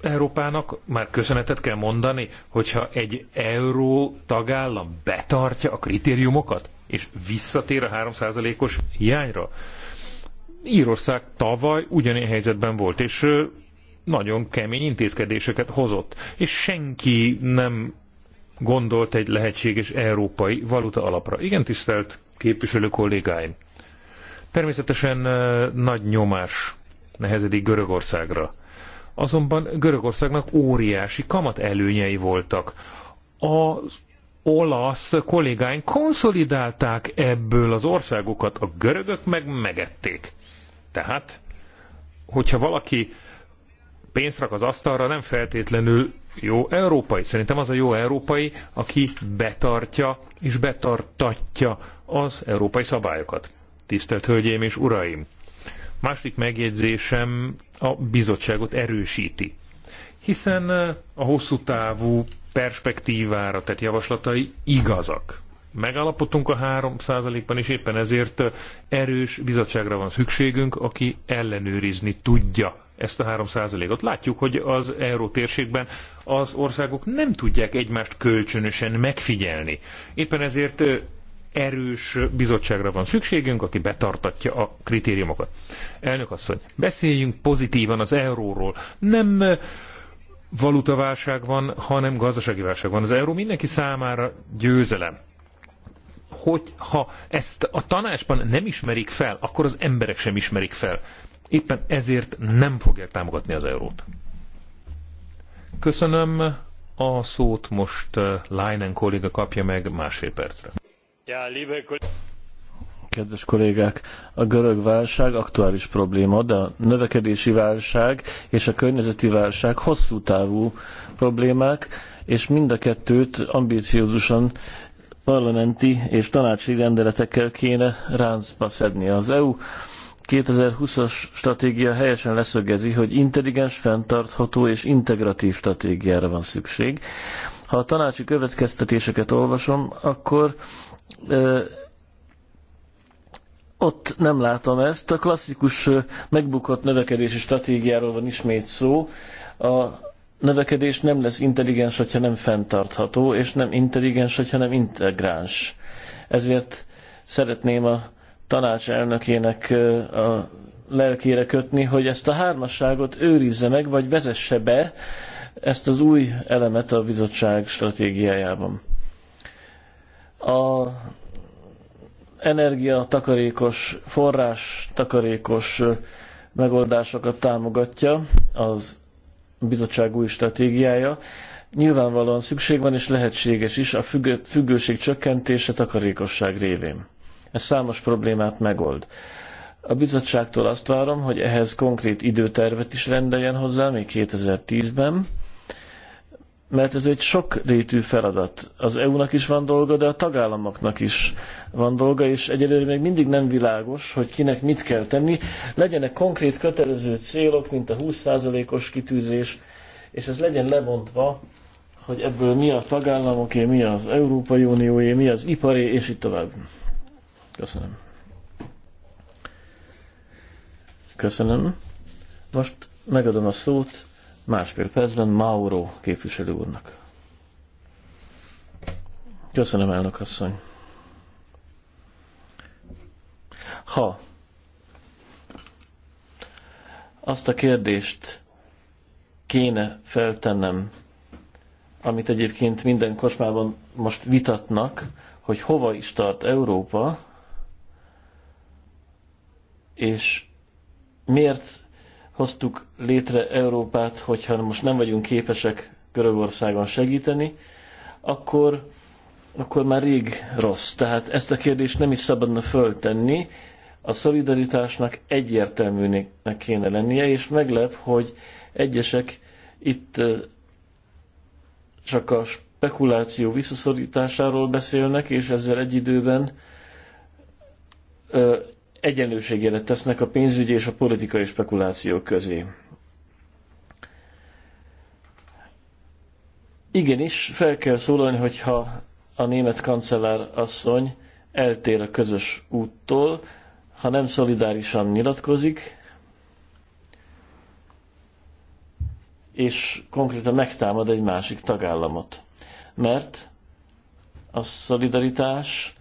Európának már köszönetet kell mondani, hogyha egy euró tagállam betartja a kritériumokat, és visszatér a 3%-os hiányra, Írország tavaly ugyanilyen helyzetben volt, és nagyon kemény intézkedéseket hozott, és senki nem gondolt egy lehetséges európai valuta alapra. Igen, tisztelt képviselő kollégáim! Természetesen nagy nyomás nehezedik Görögországra. Azonban Görögországnak óriási kamat előnyei voltak. Az olasz kollégáink konszolidálták ebből az országokat, a görögök meg megették. Tehát, hogyha valaki pénzt rak az asztalra, nem feltétlenül jó európai. Szerintem az a jó európai, aki betartja és betartatja az európai szabályokat. Tisztelt Hölgyeim és Uraim! Második megjegyzésem a bizottságot erősíti. Hiszen eh, a hosszú távú perspektívára tett javaslatai igazak megállapodtunk a 3%-ban, és éppen ezért erős bizottságra van szükségünk, aki ellenőrizni tudja ezt a 3%-ot. Látjuk, hogy az euró térségben az országok nem tudják egymást kölcsönösen megfigyelni. Éppen ezért erős bizottságra van szükségünk, aki betartatja a kritériumokat. Elnök asszony, beszéljünk pozitívan az euróról. Nem valutaválság van, hanem gazdasági válság van. Az euró mindenki számára győzelem hogy ha ezt a tanácsban nem ismerik fel, akkor az emberek sem ismerik fel. Éppen ezért nem fogják támogatni az eurót. Köszönöm a szót most eh, Leinen kolléga kapja meg másfél percre. Kedves kollégák, a görög válság aktuális probléma, de a növekedési válság és a környezeti válság hosszú távú problémák, és mind a kettőt ambíciózusan parlamenti és tanácsi rendeletekkel kéne ráncba szedni. Az EU 2020-as stratégia helyesen leszögezi, hogy intelligens, fenntartható és integratív stratégiára van szükség. Ha a tanácsi következtetéseket olvasom, akkor ö, ott nem látom ezt. A klasszikus megbukott növekedési stratégiáról van ismét szó. A növekedés nem lesz intelligens, hogyha nem fenntartható, és nem intelligens, hogyha nem integráns. Ezért szeretném a tanács elnökének a lelkére kötni, hogy ezt a hármasságot őrizze meg, vagy vezesse be ezt az új elemet a bizottság stratégiájában. A energia takarékos, forrás takarékos megoldásokat támogatja az bizottság új stratégiája. Nyilvánvalóan szükség van és lehetséges is a függő, függőség csökkentése takarékosság révén. Ez számos problémát megold. A bizottságtól azt várom, hogy ehhez konkrét időtervet is rendeljen hozzá, még 2010-ben, mert ez egy sok rétű feladat. Az EU-nak is van dolga, de a tagállamoknak is van dolga, és egyelőre még mindig nem világos, hogy kinek mit kell tenni. Legyenek konkrét kötelező célok, mint a 20%-os kitűzés, és ez legyen levontva, hogy ebből mi a tagállamoké, mi az Európai Unióé, mi az iparé, és így tovább. Köszönöm. Köszönöm. Most megadom a szót másfél percben Mauro képviselő úrnak. Köszönöm, elnök asszony. Ha azt a kérdést kéne feltennem, amit egyébként minden kocsmában most vitatnak, hogy hova is tart Európa, és miért hoztuk létre Európát, hogyha most nem vagyunk képesek Görögországon segíteni, akkor, akkor már rég rossz. Tehát ezt a kérdést nem is szabadna föltenni. A szolidaritásnak egyértelműnek kéne lennie, és meglep, hogy egyesek itt csak a spekuláció visszaszorításáról beszélnek, és ezzel egy időben egyenlőségére tesznek a pénzügyi és a politikai spekulációk közé. Igenis, fel kell szólalni, hogyha a német kancellár asszony eltér a közös úttól, ha nem szolidárisan nyilatkozik, és konkrétan megtámad egy másik tagállamot. Mert a szolidaritás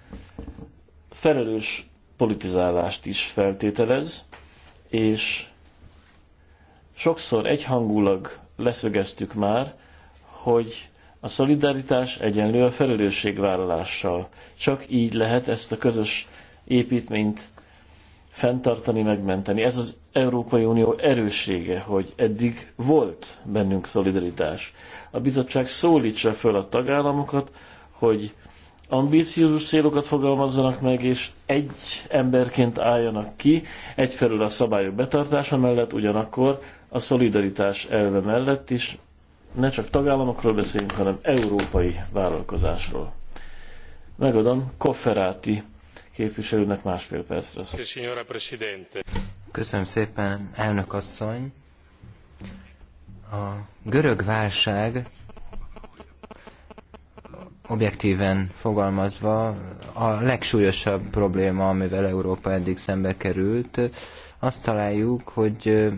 felelős politizálást is feltételez, és sokszor egyhangulag leszögeztük már, hogy a szolidaritás egyenlő a felelősségvállalással. Csak így lehet ezt a közös építményt fenntartani, megmenteni. Ez az Európai Unió erőssége, hogy eddig volt bennünk szolidaritás. A bizottság szólítsa föl a tagállamokat, hogy ambíciózus célokat fogalmazzanak meg, és egy emberként álljanak ki, egyfelől a szabályok betartása mellett, ugyanakkor a szolidaritás elve mellett is, ne csak tagállamokról beszéljünk, hanem európai vállalkozásról. Megadom Kofferáti képviselőnek másfél percre. Köszönöm szépen, elnök asszony. A görög válság objektíven fogalmazva a legsúlyosabb probléma, amivel Európa eddig szembe került, azt találjuk, hogy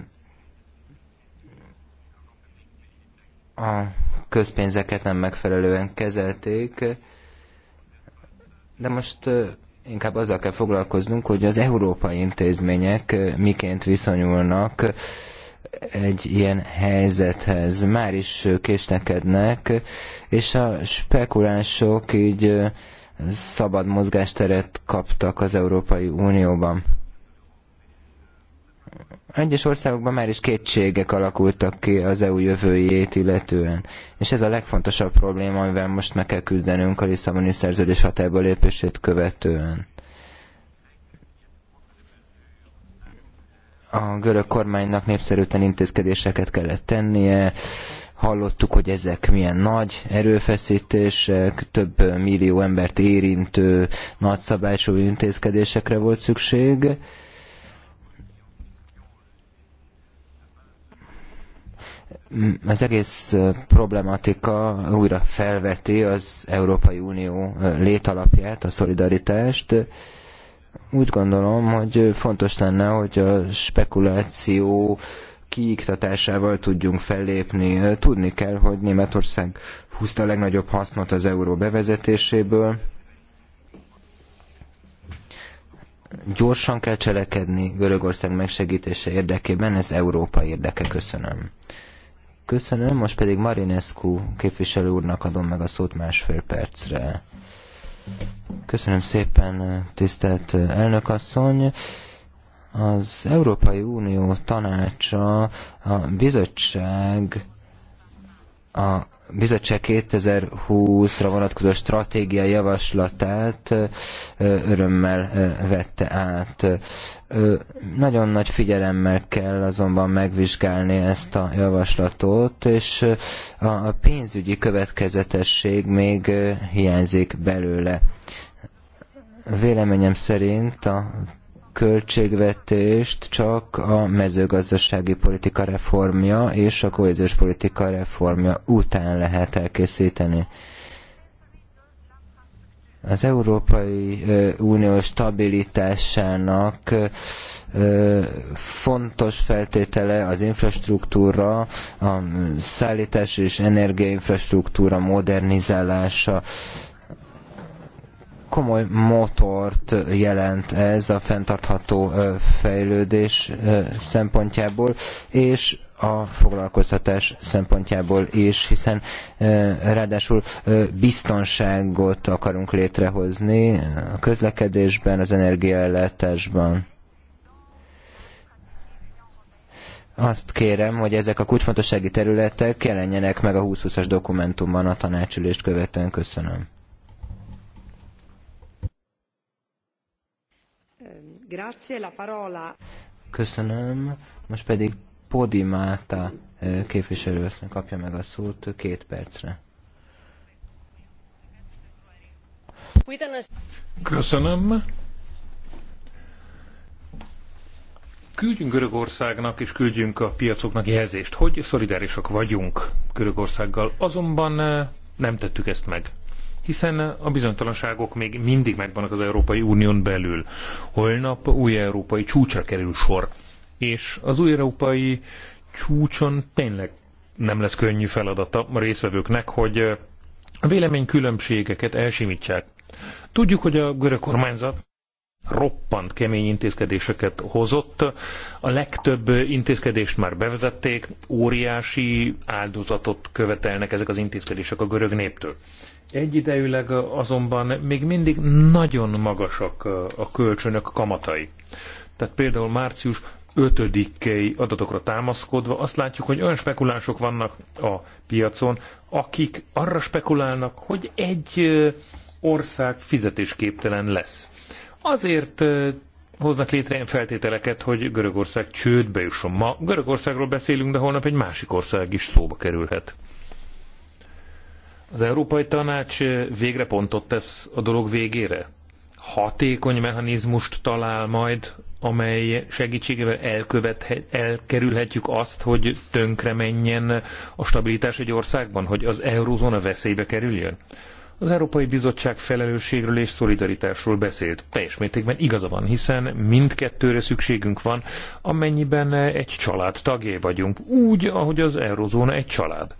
a közpénzeket nem megfelelően kezelték, de most inkább azzal kell foglalkoznunk, hogy az európai intézmények miként viszonyulnak egy ilyen helyzethez. Már is késnekednek, és a spekulánsok így szabad mozgásteret kaptak az Európai Unióban. Egyes országokban már is kétségek alakultak ki az EU jövőjét illetően, és ez a legfontosabb probléma, amivel most meg kell küzdenünk a Lisszaboni szerződés hatályba lépését követően. a görög kormánynak népszerűtlen intézkedéseket kellett tennie, hallottuk, hogy ezek milyen nagy erőfeszítések, több millió embert érintő nagyszabású intézkedésekre volt szükség. az egész problematika újra felveti az Európai Unió létalapját, a szolidaritást, úgy gondolom, hogy fontos lenne, hogy a spekuláció kiiktatásával tudjunk fellépni. Tudni kell, hogy Németország húzta a legnagyobb hasznot az euró bevezetéséből. Gyorsan kell cselekedni Görögország megsegítése érdekében, ez Európa érdeke, köszönöm. Köszönöm, most pedig Marinescu képviselő úrnak adom meg a szót másfél percre. Köszönöm szépen, tisztelt elnökasszony. Az Európai Unió tanácsa, a bizottság a bizottság 2020-ra vonatkozó stratégia javaslatát örömmel vette át. Nagyon nagy figyelemmel kell azonban megvizsgálni ezt a javaslatot, és a pénzügyi következetesség még hiányzik belőle. Véleményem szerint a költségvetést csak a mezőgazdasági politika reformja és a kohéziós politika reformja után lehet elkészíteni. Az Európai Unió stabilitásának fontos feltétele az infrastruktúra, a szállítás és energiainfrastruktúra modernizálása komoly motort jelent ez a fenntartható fejlődés szempontjából, és a foglalkoztatás szempontjából is, hiszen ráadásul biztonságot akarunk létrehozni a közlekedésben, az energiaellátásban. Azt kérem, hogy ezek a kulcsfontossági területek jelenjenek meg a 2020-as dokumentumban a tanácsülést követően. Köszönöm. Grazie la parola. Köszönöm. Most pedig Podimáta eh, képviselősznek kapja meg a szót két percre. Köszönöm. Küldjünk Görögországnak és küldjünk a piacoknak jelzést, hogy szolidárisak vagyunk Görögországgal, azonban eh, nem tettük ezt meg hiszen a bizonytalanságok még mindig megvannak az Európai Unión belül. Holnap új európai csúcsra kerül sor, és az új európai csúcson tényleg nem lesz könnyű feladata a részvevőknek, hogy a véleménykülönbségeket elsimítsák. Tudjuk, hogy a görög kormányzat roppant kemény intézkedéseket hozott. A legtöbb intézkedést már bevezették, óriási áldozatot követelnek ezek az intézkedések a görög néptől. Egyidejűleg azonban még mindig nagyon magasak a kölcsönök kamatai. Tehát például március 5-i adatokra támaszkodva azt látjuk, hogy olyan spekulánsok vannak a piacon, akik arra spekulálnak, hogy egy ország fizetésképtelen lesz. Azért hoznak létre ilyen feltételeket, hogy Görögország csődbe jusson. Ma Görögországról beszélünk, de holnap egy másik ország is szóba kerülhet. Az Európai Tanács végre pontot tesz a dolog végére? Hatékony mechanizmust talál majd, amely segítségével elkerülhetjük azt, hogy tönkre menjen a stabilitás egy országban, hogy az eurózóna veszélybe kerüljön? Az Európai Bizottság felelősségről és szolidaritásról beszélt. Teljes mértékben igaza van, hiszen mindkettőre szükségünk van, amennyiben egy család tagjai vagyunk, úgy, ahogy az eurozóna egy család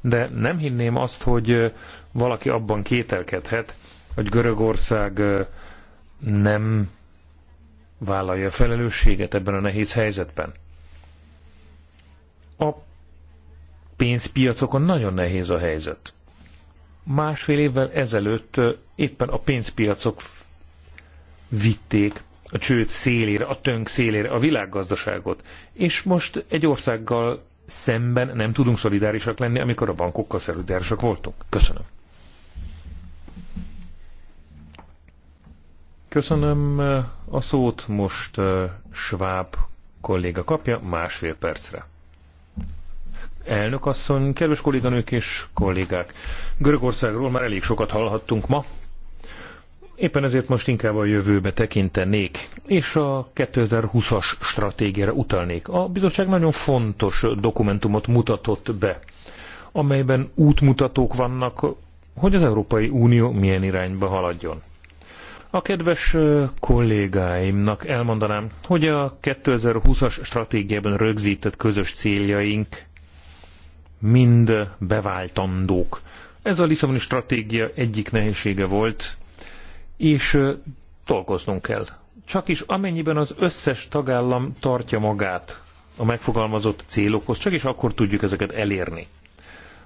de nem hinném azt, hogy valaki abban kételkedhet, hogy Görögország nem vállalja a felelősséget ebben a nehéz helyzetben. A pénzpiacokon nagyon nehéz a helyzet. Másfél évvel ezelőtt éppen a pénzpiacok vitték a csőd szélére, a tönk szélére a világgazdaságot. És most egy országgal szemben nem tudunk szolidárisak lenni, amikor a bankokkal szolidárisak voltunk. Köszönöm. Köszönöm eh, a szót, most eh, Schwab kolléga kapja másfél percre. Elnök asszony, kedves kolléganők és kollégák! Görögországról már elég sokat hallhattunk ma, Éppen ezért most inkább a jövőbe tekintenék, és a 2020-as stratégiára utalnék. A bizottság nagyon fontos dokumentumot mutatott be, amelyben útmutatók vannak, hogy az Európai Unió milyen irányba haladjon. A kedves kollégáimnak elmondanám, hogy a 2020-as stratégiában rögzített közös céljaink mind beváltandók. Ez a Lisszaboni stratégia egyik nehézsége volt, és dolgoznunk kell. Csak is amennyiben az összes tagállam tartja magát a megfogalmazott célokhoz, csak is akkor tudjuk ezeket elérni.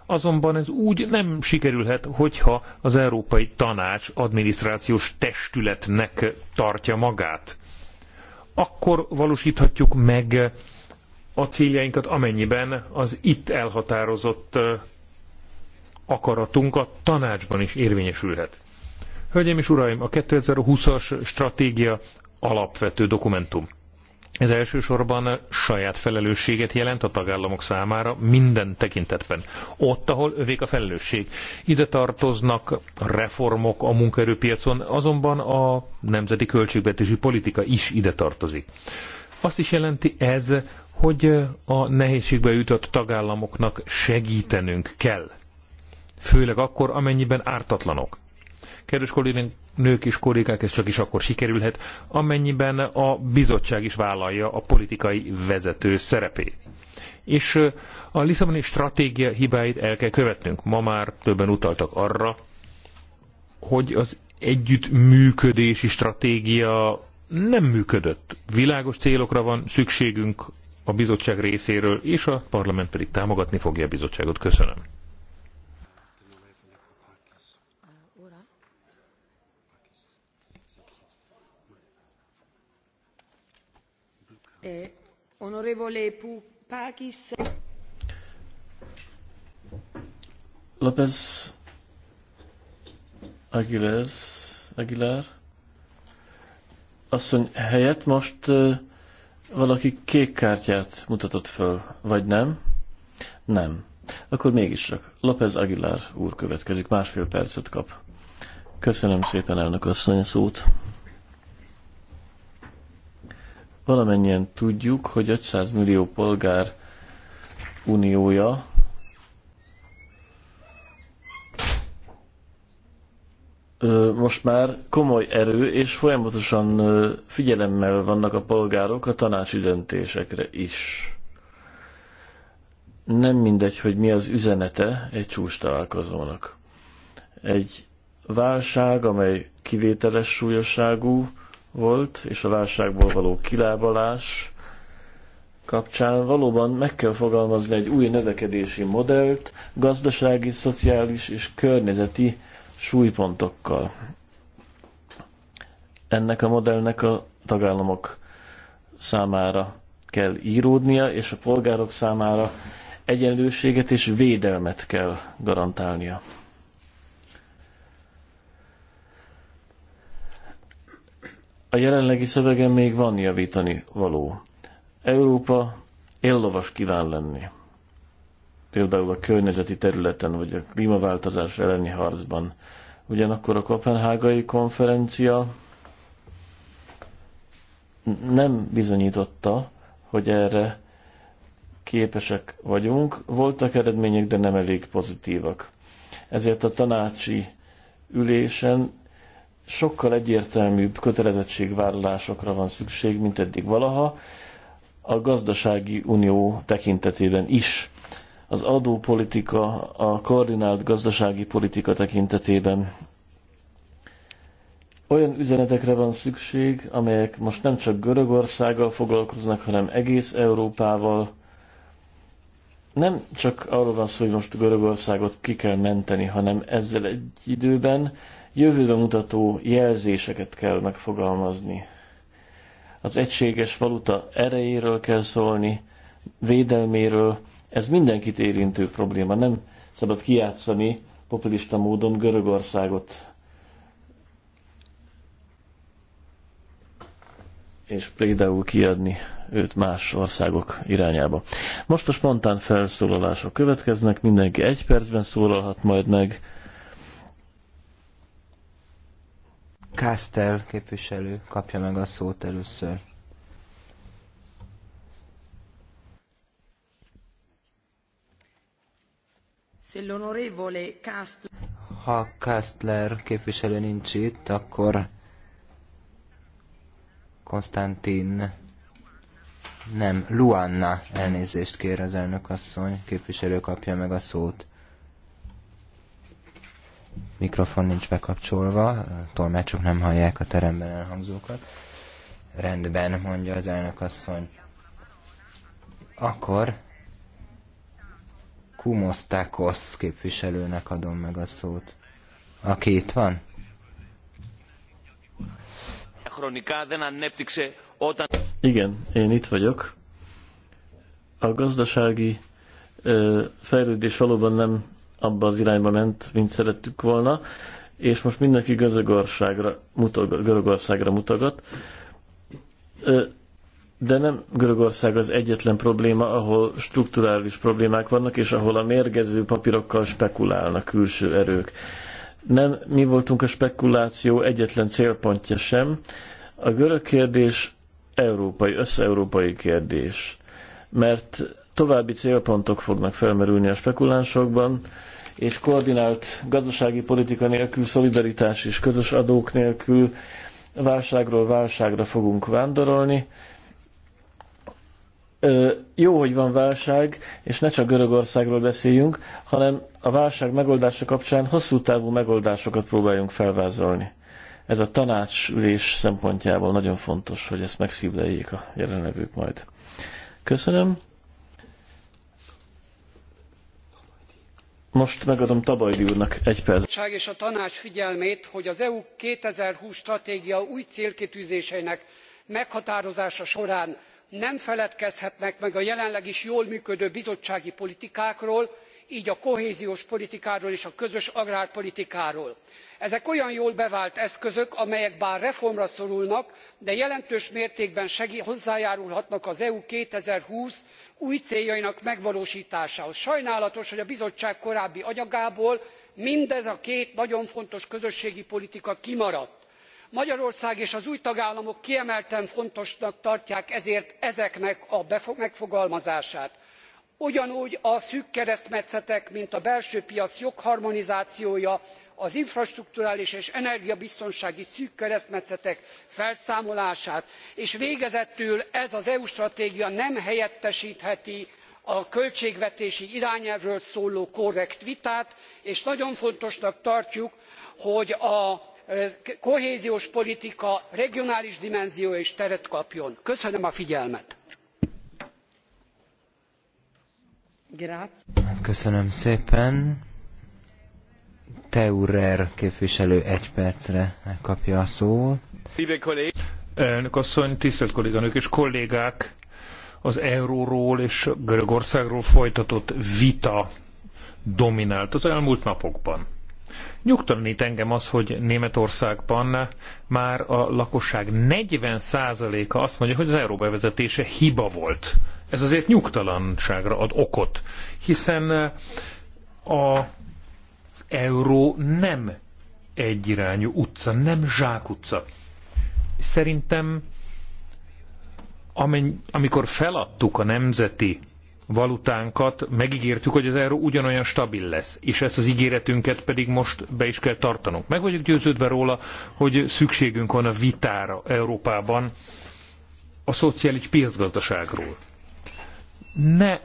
Azonban ez úgy nem sikerülhet, hogyha az Európai Tanács adminisztrációs testületnek tartja magát. Akkor valósíthatjuk meg a céljainkat, amennyiben az itt elhatározott akaratunk a tanácsban is érvényesülhet. Hölgyeim és uraim, a 2020-as stratégia alapvető dokumentum. Ez elsősorban saját felelősséget jelent a tagállamok számára minden tekintetben. Ott, ahol övék a felelősség. Ide tartoznak reformok a munkaerőpiacon, azonban a nemzeti költségvetési politika is ide tartozik. Azt is jelenti ez, hogy a nehézségbe jutott tagállamoknak segítenünk kell. Főleg akkor, amennyiben ártatlanok. Kedves kollégák, nők és kollégák, ez csak is akkor sikerülhet, amennyiben a bizottság is vállalja a politikai vezető szerepét. És a Lisszaboni stratégia hibáit el kell követnünk. Ma már többen utaltak arra, hogy az együttműködési stratégia nem működött. Világos célokra van szükségünk a bizottság részéről, és a parlament pedig támogatni fogja a bizottságot. Köszönöm. López Aguilers, Aguilar asszony helyett most valaki kék kártyát mutatott föl, vagy nem? Nem. Akkor mégis csak. López Aguilar úr következik, másfél percet kap. Köszönöm szépen elnök asszony a szót. Valamennyien tudjuk, hogy 500 millió polgár uniója most már komoly erő, és folyamatosan figyelemmel vannak a polgárok a tanácsi döntésekre is. Nem mindegy, hogy mi az üzenete egy csúcs találkozónak. Egy válság, amely kivételes súlyosságú, volt, és a válságból való kilábalás kapcsán valóban meg kell fogalmazni egy új növekedési modellt, gazdasági, szociális és környezeti súlypontokkal. Ennek a modellnek a tagállamok számára kell íródnia, és a polgárok számára egyenlőséget és védelmet kell garantálnia. A jelenlegi szövegen még van javítani való. Európa éllovas kíván lenni. Például a környezeti területen, vagy a klímaváltozás elleni harcban. Ugyanakkor a Kopenhágai konferencia nem bizonyította, hogy erre képesek vagyunk. Voltak eredmények, de nem elég pozitívak. Ezért a tanácsi ülésen sokkal egyértelműbb kötelezettségvállalásokra van szükség, mint eddig valaha, a gazdasági unió tekintetében is. Az adópolitika, a koordinált gazdasági politika tekintetében olyan üzenetekre van szükség, amelyek most nem csak Görögországgal foglalkoznak, hanem egész Európával. Nem csak arról van szó, hogy most Görögországot ki kell menteni, hanem ezzel egy időben jövőbe mutató jelzéseket kell megfogalmazni. Az egységes valuta erejéről kell szólni, védelméről. Ez mindenkit érintő probléma. Nem szabad kiátszani populista módon Görögországot és például kiadni őt más országok irányába. Most a spontán felszólalások következnek, mindenki egy percben szólalhat majd meg Kastel képviselő kapja meg a szót először. Ha Kastler képviselő nincs itt, akkor Konstantin nem, Luanna elnézést kér az elnök asszony, képviselő kapja meg a szót mikrofon nincs bekapcsolva, a tolmácsok nem hallják a teremben elhangzókat. Rendben, mondja az asszony. Akkor Kumosztákosz képviselőnek adom meg a szót. a két van? Igen, én itt vagyok. A gazdasági ö, fejlődés valóban nem abba az irányba ment, mint szerettük volna, és most mindenki Görögországra, mutog, Görögországra mutogat. De nem Görögország az egyetlen probléma, ahol strukturális problémák vannak, és ahol a mérgező papírokkal spekulálnak külső erők. Nem mi voltunk a spekuláció egyetlen célpontja sem. A görög kérdés európai, összeurópai kérdés. Mert További célpontok fognak felmerülni a spekulánsokban, és koordinált gazdasági politika nélkül, szolidaritás és közös adók nélkül válságról válságra fogunk vándorolni. Jó, hogy van válság, és ne csak Görögországról beszéljünk, hanem a válság megoldása kapcsán hosszú távú megoldásokat próbáljunk felvázolni. Ez a tanácsülés szempontjából nagyon fontos, hogy ezt megszívleljék a jelenlevők majd. Köszönöm. Most megadom Tabajdi úrnak egy perc. és a tanács figyelmét, hogy az EU 2020 stratégia új célkitűzéseinek meghatározása során nem feledkezhetnek meg a jelenleg is jól működő bizottsági politikákról gy a kohéziós politikáról és a közös agrárpolitikáról. ezek olyan jól bevált eszközök amelyek bár reformra szorulnak de jelentős mértékben hozzájárulhatnak az eu two thousand and twenty új céljainak megvalóstásához. sajnálatos hogy a bizottság korábbi anyagából mindez a két nagyon fontos közösségi politika kimaradt. magyarország és az új tagállamok kiemelten fontosnak tartják ezért ezeknek a megfogalmazását ugyanúgy a szűk keresztmetszetek mint a belső piac jogharmonizációja az infrastrukturális és energiabiztonsági szűk keresztmetszetek felszámolását és végezetül ez az eu stratégia nem helyettestheti a költségvetési irányelvről szóló korrekt vitát és nagyon fontosnak tartjuk hogy a eh, kohéziós politika regionális dimenziója is teret kapjon. köszönöm a figyelmet. Köszönöm szépen. Teurer képviselő egy percre kapja a szót. Elnök asszony, tisztelt kolléganők és kollégák! Az euróról és Görögországról folytatott vita dominált az elmúlt napokban. Nyugtalanít engem az, hogy Németországban már a lakosság 40%-a azt mondja, hogy az euró bevezetése hiba volt. Ez azért nyugtalanságra ad okot, hiszen a, eh, az euró nem egyirányú utca, nem zsákutca. Szerintem amen, amikor feladtuk a nemzeti valutánkat, megígértük, hogy az euró ugyanolyan stabil lesz, és ezt az ígéretünket pedig most be is kell tartanunk. Meg vagyok győződve róla, hogy szükségünk van a vitára Európában a szociális piacgazdaságról ne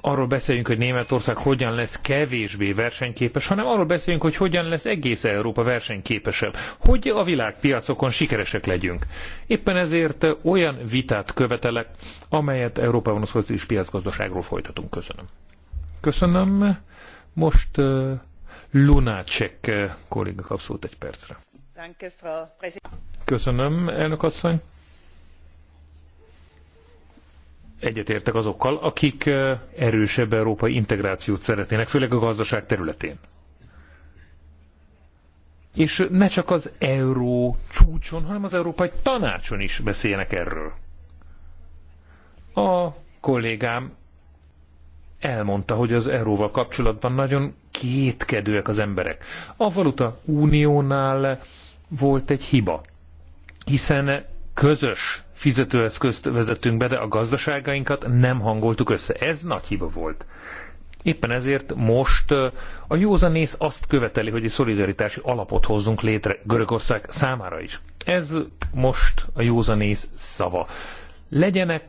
arról beszéljünk, hogy Németország hogyan lesz kevésbé versenyképes, hanem arról beszéljünk, hogy hogyan lesz egész Európa versenyképesebb, hogy a világpiacokon sikeresek legyünk. Éppen ezért olyan vitát követelek, amelyet Európában a szociális piacgazdaságról folytatunk. Köszönöm. Köszönöm. Most uh, Lunácsek uh, kolléga kap egy percre. Köszönöm, elnök asszony. egyetértek azokkal, akik erősebb európai integrációt szeretnének, főleg a gazdaság területén. És ne csak az euró csúcson, hanem az európai tanácson is beszélnek erről. A kollégám elmondta, hogy az euróval kapcsolatban nagyon kétkedőek az emberek. A valuta uniónál volt egy hiba, hiszen közös fizetőeszközt vezetünk be, de a gazdaságainkat nem hangoltuk össze. Ez nagy hiba volt. Éppen ezért most a józanész azt követeli, hogy egy szolidaritási alapot hozzunk létre Görögország számára is. Ez most a józanész szava. Legyenek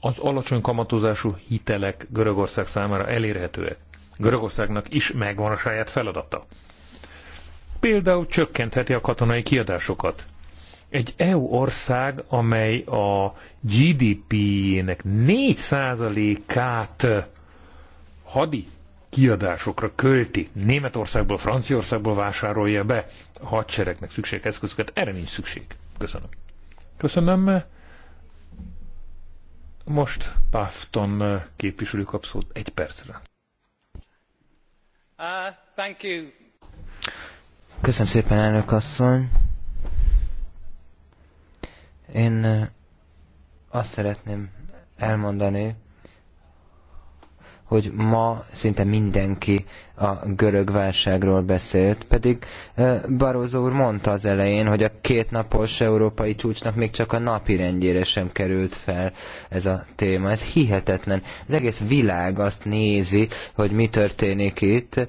az alacsony kamatozású hitelek Görögország számára elérhetőek. Görögországnak is megvan a saját feladata. Például csökkentheti a katonai kiadásokat. Egy EU ország, amely a GDP-jének 4%-át hadi kiadásokra költi, Németországból, Franciaországból vásárolja be a hadseregnek szükséges eszközöket, erre nincs szükség. Köszönöm. Köszönöm. Most Pafton képviselő kap szót egy percre. Uh, thank you. Köszönöm szépen, elnök asszony. Én azt szeretném elmondani, hogy ma szinte mindenki a görög válságról beszélt, pedig Barózó úr mondta az elején, hogy a kétnapos európai csúcsnak még csak a rendjére sem került fel ez a téma. Ez hihetetlen. Az egész világ azt nézi, hogy mi történik itt,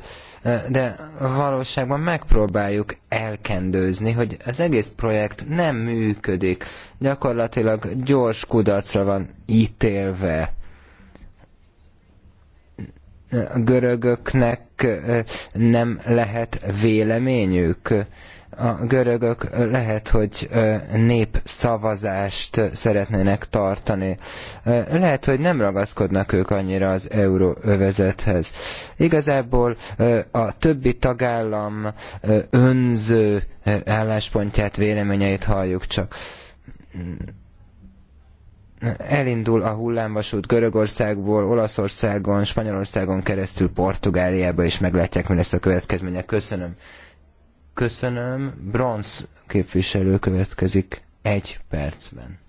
de valóságban megpróbáljuk elkendőzni, hogy az egész projekt nem működik. Gyakorlatilag gyors kudarcra van ítélve a görögöknek nem lehet véleményük. A görögök lehet, hogy népszavazást szeretnének tartani. Lehet, hogy nem ragaszkodnak ők annyira az euróövezethez. Igazából a többi tagállam önző álláspontját, véleményeit halljuk csak elindul a hullámvasút Görögországból, Olaszországon, Spanyolországon keresztül Portugáliába, és meglátják, mi lesz a következménye. Köszönöm. Köszönöm. Bronz képviselő következik egy percben.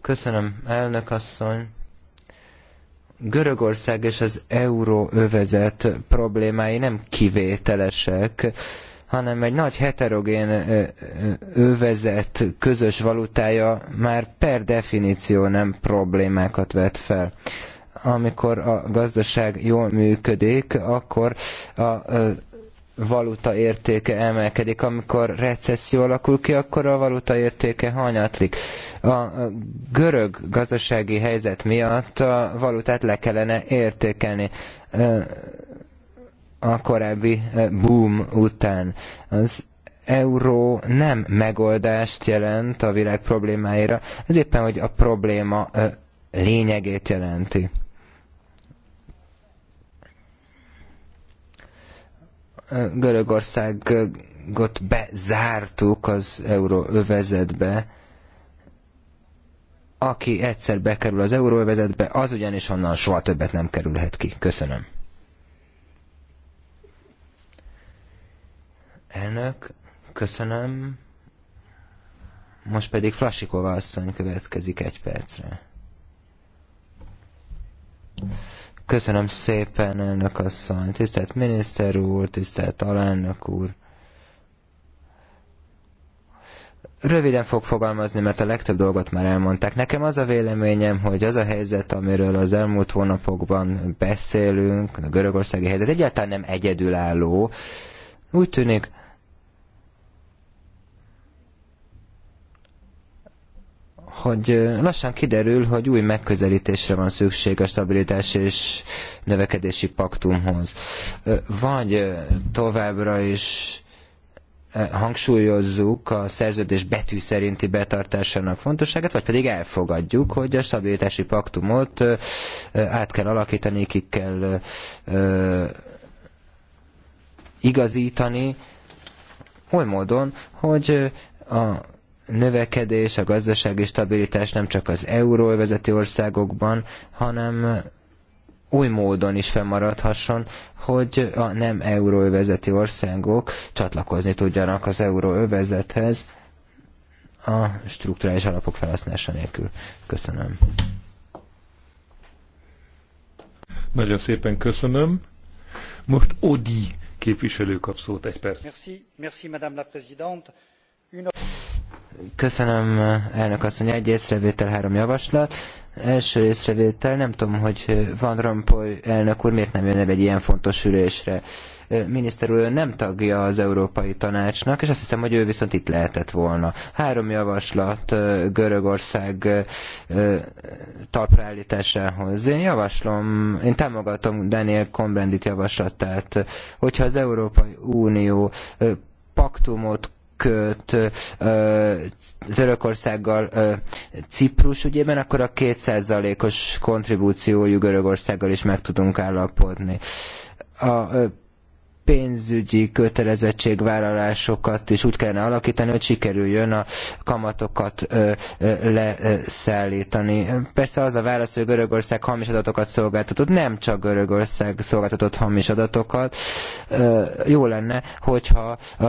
Köszönöm, elnök asszony. Görögország és az euróövezet problémái nem kivételesek hanem egy nagy heterogén övezet közös valutája már per definíció nem problémákat vet fel amikor a gazdaság jól működik, akkor a valuta értéke emelkedik, amikor recesszió alakul ki, akkor a valuta értéke hanyatlik. A görög gazdasági helyzet miatt a valutát le kellene értékelni a korábbi eh, boom után. Az euró nem megoldást jelent a világ problémáira, ez éppen, hogy a probléma eh, lényegét jelenti. Eh, Görögországot bezártuk az euróövezetbe. Aki egyszer bekerül az euróövezetbe, az ugyanis onnan soha többet nem kerülhet ki. Köszönöm. Elnök, köszönöm. Most pedig Flasikova asszony következik egy percre. Köszönöm szépen, elnök asszony, tisztelt miniszter úr, tisztelt alelnök úr. Röviden fog fogalmazni, mert a legtöbb dolgot már elmondták. Nekem az a véleményem, hogy az a helyzet, amiről az elmúlt hónapokban beszélünk, a görögországi helyzet egyáltalán nem egyedülálló. Úgy tűnik, hogy lassan kiderül, hogy új megközelítésre van szükség a stabilitás és növekedési paktumhoz. Vagy továbbra is hangsúlyozzuk a szerződés betű szerinti betartásának fontosságát, vagy pedig elfogadjuk, hogy a stabilitási paktumot át kell alakítani, ki kell igazítani oly módon, hogy a növekedés, a gazdasági stabilitás nem csak az euróvezeti országokban, hanem új módon is fennmaradhasson, hogy a nem euróövezeti országok csatlakozni tudjanak az euróövezethez a strukturális alapok felhasználása nélkül. Köszönöm. Nagyon szépen köszönöm. Most Odi képviselő kap szót egy perc. Merci, merci, madame la présidente. Köszönöm, elnök asszony. Egy észrevétel, három javaslat. Első észrevétel, nem tudom, hogy Van Rompuy elnök úr miért nem jön el egy ilyen fontos ülésre. Miniszter úr nem tagja az Európai Tanácsnak, és azt hiszem, hogy ő viszont itt lehetett volna. Három javaslat Görögország talpraállításához. Én javaslom, én támogatom Daniel Combrandit javaslatát, hogyha az Európai Unió paktumot köt Törökországgal Ciprus ügyében, akkor a kétszázalékos kontribúciójú Görögországgal is meg tudunk állapodni. A pénzügyi kötelezettségvállalásokat is úgy kellene alakítani, hogy sikerüljön a kamatokat leszállítani. Persze az a válasz, hogy Görögország hamis adatokat szolgáltatott, nem csak Görögország szolgáltatott hamis adatokat. Jó lenne, hogyha a,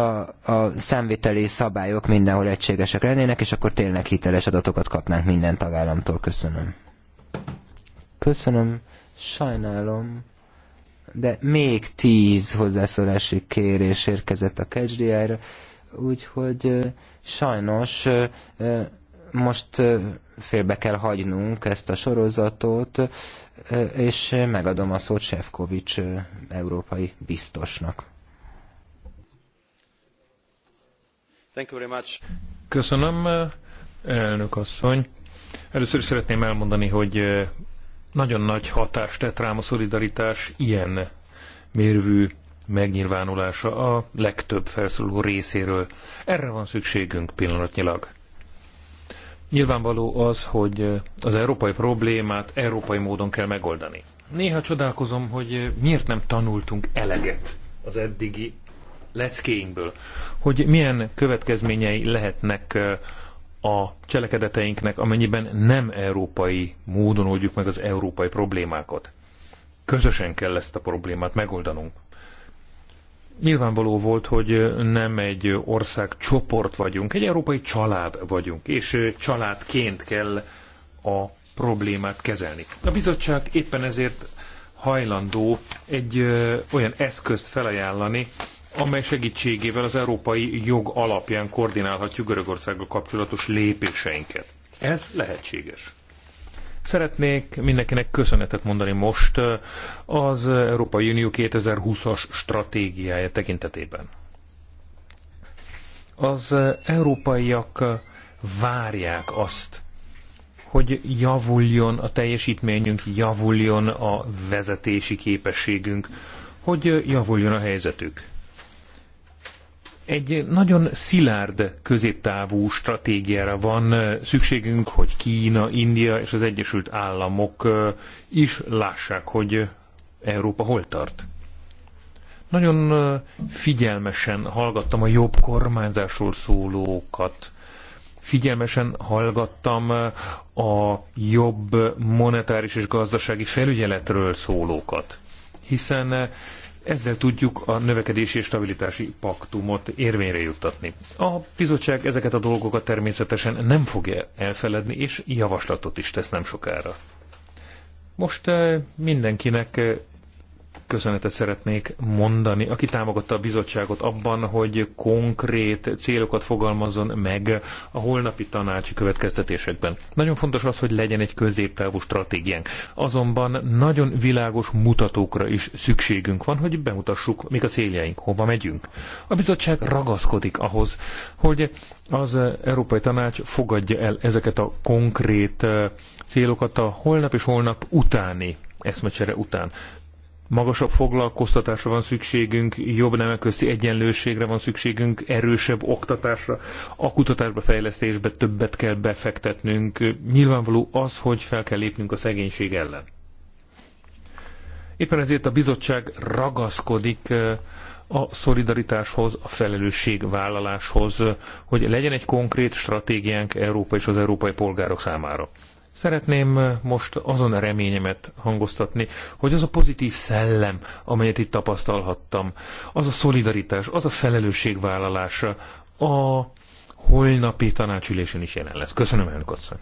a számviteli szabályok mindenhol egységesek lennének, és akkor tényleg hiteles adatokat kapnánk minden tagállamtól. Köszönöm. Köszönöm. Sajnálom de még tíz hozzászólási kérés érkezett a KCDI-ra, úgyhogy sajnos most félbe kell hagynunk ezt a sorozatot, és megadom a szót Sefcovics európai biztosnak. Köszönöm, elnök asszony. Először is szeretném elmondani, hogy nagyon nagy hatást tett rám a szolidaritás ilyen mérvű megnyilvánulása a legtöbb felszóló részéről. Erre van szükségünk pillanatnyilag. Nyilvánvaló az, hogy az európai problémát európai módon kell megoldani. Néha csodálkozom, hogy miért nem tanultunk eleget az eddigi leckéinkből, hogy milyen következményei lehetnek a cselekedeteinknek, amennyiben nem európai módon oldjuk meg az európai problémákat. Közösen kell ezt a problémát megoldanunk. Nyilvánvaló volt, hogy nem egy ország csoport vagyunk, egy európai család vagyunk, és családként kell a problémát kezelni. A bizottság éppen ezért hajlandó egy olyan eszközt felajánlani, amely segítségével az európai jog alapján koordinálhatjuk Görögországgal kapcsolatos lépéseinket. Ez lehetséges. Szeretnék mindenkinek köszönetet mondani most az Európai Unió 2020-as stratégiája tekintetében. Az európaiak várják azt, hogy javuljon a teljesítményünk, javuljon a vezetési képességünk, hogy javuljon a helyzetük egy nagyon szilárd középtávú stratégiára van szükségünk, hogy Kína, India és az Egyesült Államok is lássák, hogy Európa hol tart. Nagyon figyelmesen hallgattam a jobb kormányzásról szólókat, figyelmesen hallgattam a jobb monetáris és gazdasági felügyeletről szólókat, hiszen ezzel tudjuk a növekedési és stabilitási paktumot érvényre juttatni. A bizottság ezeket a dolgokat természetesen nem fogja elfeledni, és javaslatot is tesz nem sokára. Most eh, mindenkinek eh, köszönetet szeretnék mondani, aki támogatta a bizottságot abban, hogy konkrét célokat fogalmazzon meg a holnapi tanácsi következtetésekben. Nagyon fontos az, hogy legyen egy középtávú stratégiánk. Azonban nagyon világos mutatókra is szükségünk van, hogy bemutassuk, mik a céljaink, hova megyünk. A bizottság ragaszkodik ahhoz, hogy az Európai Tanács fogadja el ezeket a konkrét célokat a holnap és holnap utáni eszmecsere után magasabb foglalkoztatásra van szükségünk, jobb nemek közti egyenlőségre van szükségünk, erősebb oktatásra, a kutatásba, fejlesztésbe többet kell befektetnünk. Nyilvánvaló az, hogy fel kell lépnünk a szegénység ellen. Éppen ezért a bizottság ragaszkodik eh, a szolidaritáshoz, a felelősségvállaláshoz, hogy legyen egy konkrét stratégiánk Európa és az európai polgárok számára. Szeretném most azon reményemet hangoztatni, hogy az a pozitív szellem, amelyet itt tapasztalhattam, az a szolidaritás, az a felelősségvállalása a holnapi tanácsülésen is jelen lesz. Köszönöm, elnök asszony!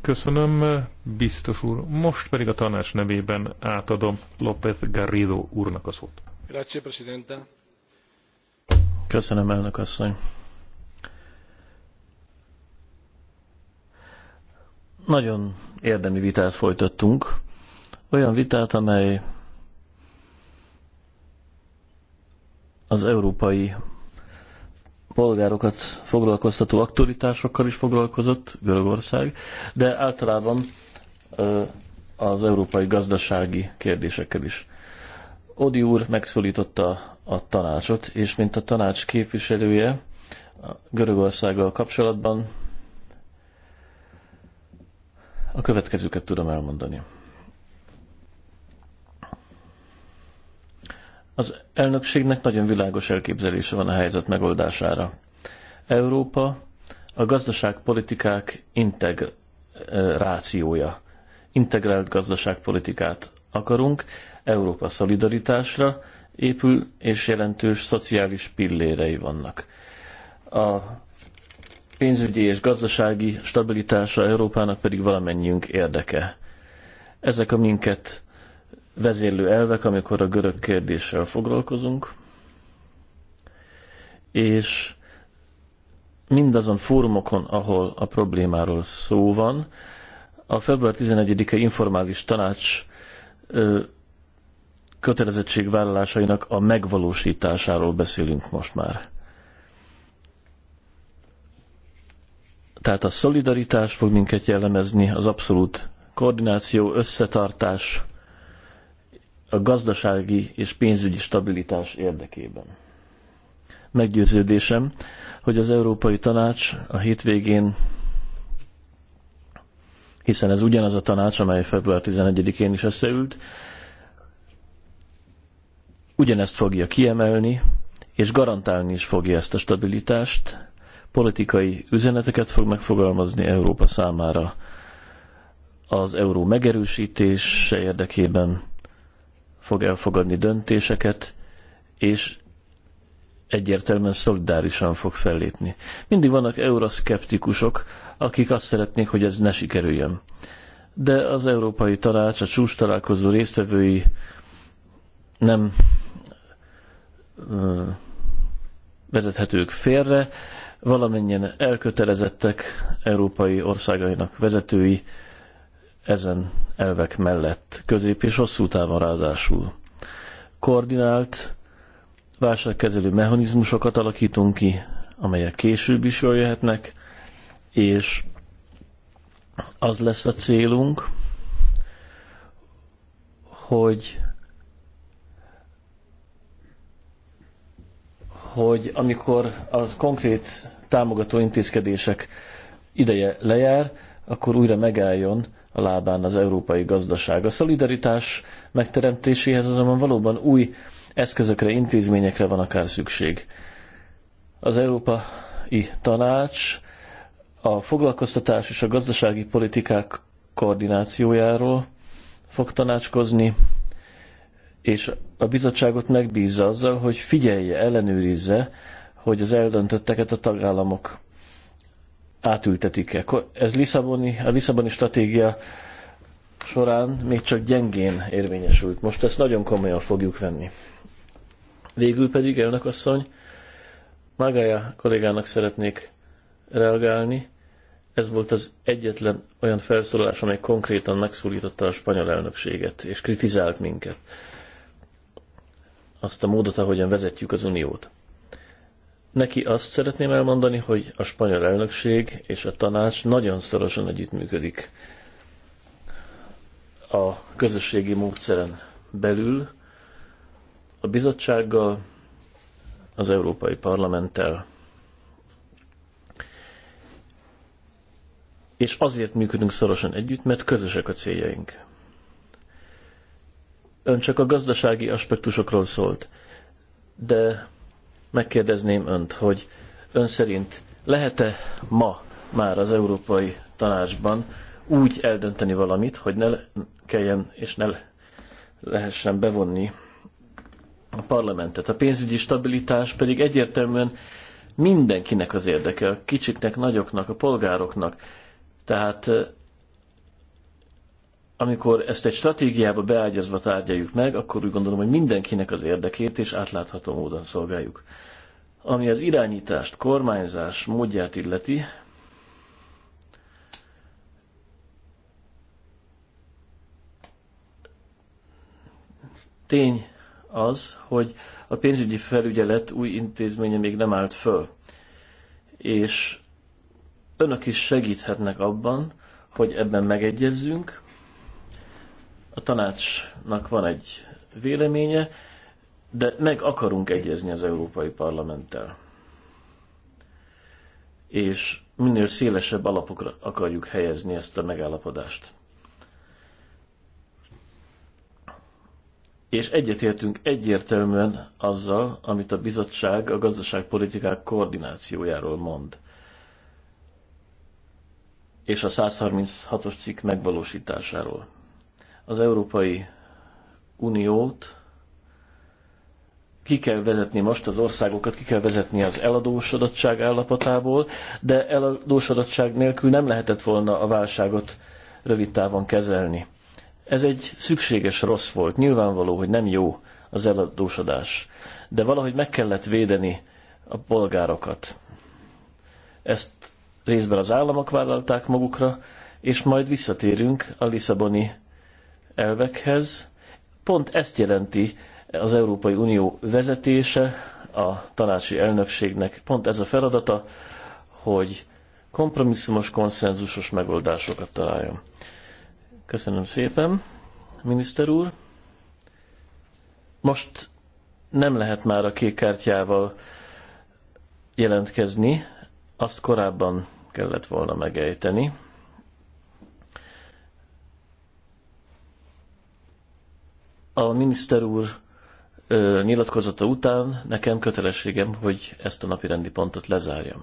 Köszönöm, biztos úr. Most pedig a tanács nevében átadom López Garrido úrnak a szót. Grazie, Köszönöm, elnök asszony. nagyon érdemi vitát folytattunk. Olyan vitát, amely az európai polgárokat foglalkoztató aktualitásokkal is foglalkozott, Görögország, de általában az európai gazdasági kérdésekkel is. Odi úr megszólította a tanácsot, és mint a tanács képviselője Görögországgal kapcsolatban a következőket tudom elmondani. Az elnökségnek nagyon világos elképzelése van a helyzet megoldására. Európa a gazdaságpolitikák integrációja. Integrált gazdaságpolitikát akarunk, Európa szolidaritásra épül, és jelentős szociális pillérei vannak. A pénzügyi és gazdasági stabilitása Európának pedig valamennyiünk érdeke. Ezek a minket vezérlő elvek, amikor a görög kérdéssel foglalkozunk, és mindazon fórumokon, ahol a problémáról szó van, a február 11-e informális tanács kötelezettségvállalásainak a megvalósításáról beszélünk most már. Tehát a szolidaritás fog minket jellemezni, az abszolút koordináció, összetartás a gazdasági és pénzügyi stabilitás érdekében. Meggyőződésem, hogy az Európai Tanács a hétvégén hiszen ez ugyanaz a tanács, amely február 11-én is összeült, ugyanezt fogja kiemelni, és garantálni is fogja ezt a stabilitást, politikai üzeneteket fog megfogalmazni Európa számára az euró megerősítése érdekében fog elfogadni döntéseket, és egyértelműen szolidárisan fog fellépni. Mindig vannak euroszkeptikusok, akik azt szeretnék, hogy ez ne sikerüljön. De az Európai Tanács, a csúcs találkozó résztvevői nem vezethetők félre, valamennyien elkötelezettek európai országainak vezetői ezen elvek mellett, közép és hosszú távon ráadásul. Koordinált válságkezelő mechanizmusokat alakítunk ki, amelyek később is jól jöhetnek, és az lesz a célunk, hogy hogy amikor az konkrét támogató intézkedések ideje lejár, akkor újra megálljon a lábán az európai gazdaság. A szolidaritás megteremtéséhez azonban valóban új eszközökre, intézményekre van akár szükség. Az Európai Tanács a foglalkoztatás és a gazdasági politikák koordinációjáról fog tanácskozni, és a bizottságot megbízza azzal, hogy figyelje, ellenőrizze, hogy az eldöntötteket a tagállamok átültetik-e. Ez Lisszaboni, a Lisszaboni stratégia során még csak gyengén érvényesült. Most ezt nagyon komolyan fogjuk venni. Végül pedig, elnök asszony, Magája kollégának szeretnék reagálni. Ez volt az egyetlen olyan felszólalás, amely konkrétan megszólította a spanyol elnökséget, és kritizált minket azt a módot, ahogyan vezetjük az uniót. Neki azt szeretném elmondani, hogy a spanyol elnökség és a tanács nagyon szorosan együttműködik a közösségi módszeren belül, a bizottsággal, az Európai Parlamenttel. És azért működünk szorosan együtt, mert közösek a céljaink. Ön csak a gazdasági aspektusokról szólt, de megkérdezném önt, hogy ön szerint lehet-e ma már az Európai Tanácsban úgy eldönteni valamit, hogy ne kelljen és ne lehessen bevonni a parlamentet. A pénzügyi stabilitás pedig egyértelműen mindenkinek az érdeke, a kicsiknek, nagyoknak, a polgároknak. Tehát amikor ezt egy stratégiába beágyazva tárgyaljuk meg, akkor úgy gondolom, hogy mindenkinek az érdekét és átlátható módon szolgáljuk. Ami az irányítást, kormányzás módját illeti, tény az, hogy a pénzügyi felügyelet új intézménye még nem állt föl. És önök is segíthetnek abban, hogy ebben megegyezzünk, a tanácsnak van egy véleménye, de meg akarunk egyezni az Európai Parlamenttel. És minél szélesebb alapokra akarjuk helyezni ezt a megállapodást. És egyetértünk egyértelműen azzal, amit a bizottság a gazdaságpolitikák koordinációjáról mond. És a 136-os cikk megvalósításáról az Európai Uniót ki kell vezetni most az országokat, ki kell vezetni az eladósodottság állapotából, de eladósodottság nélkül nem lehetett volna a válságot rövid távon kezelni. Ez egy szükséges rossz volt. Nyilvánvaló, hogy nem jó az eladósodás. De valahogy meg kellett védeni a polgárokat. Ezt részben az államok vállalták magukra, és majd visszatérünk a Lisszaboni elvekhez. Pont ezt jelenti az Európai Unió vezetése, a tanácsi elnökségnek pont ez a feladata, hogy kompromisszumos, konszenzusos megoldásokat találjon. Köszönöm szépen, miniszter úr. Most nem lehet már a kék kártyával jelentkezni, azt korábban kellett volna megejteni. A miniszter úr nyilatkozata után nekem kötelességem, hogy ezt a napi rendi pontot lezárjam.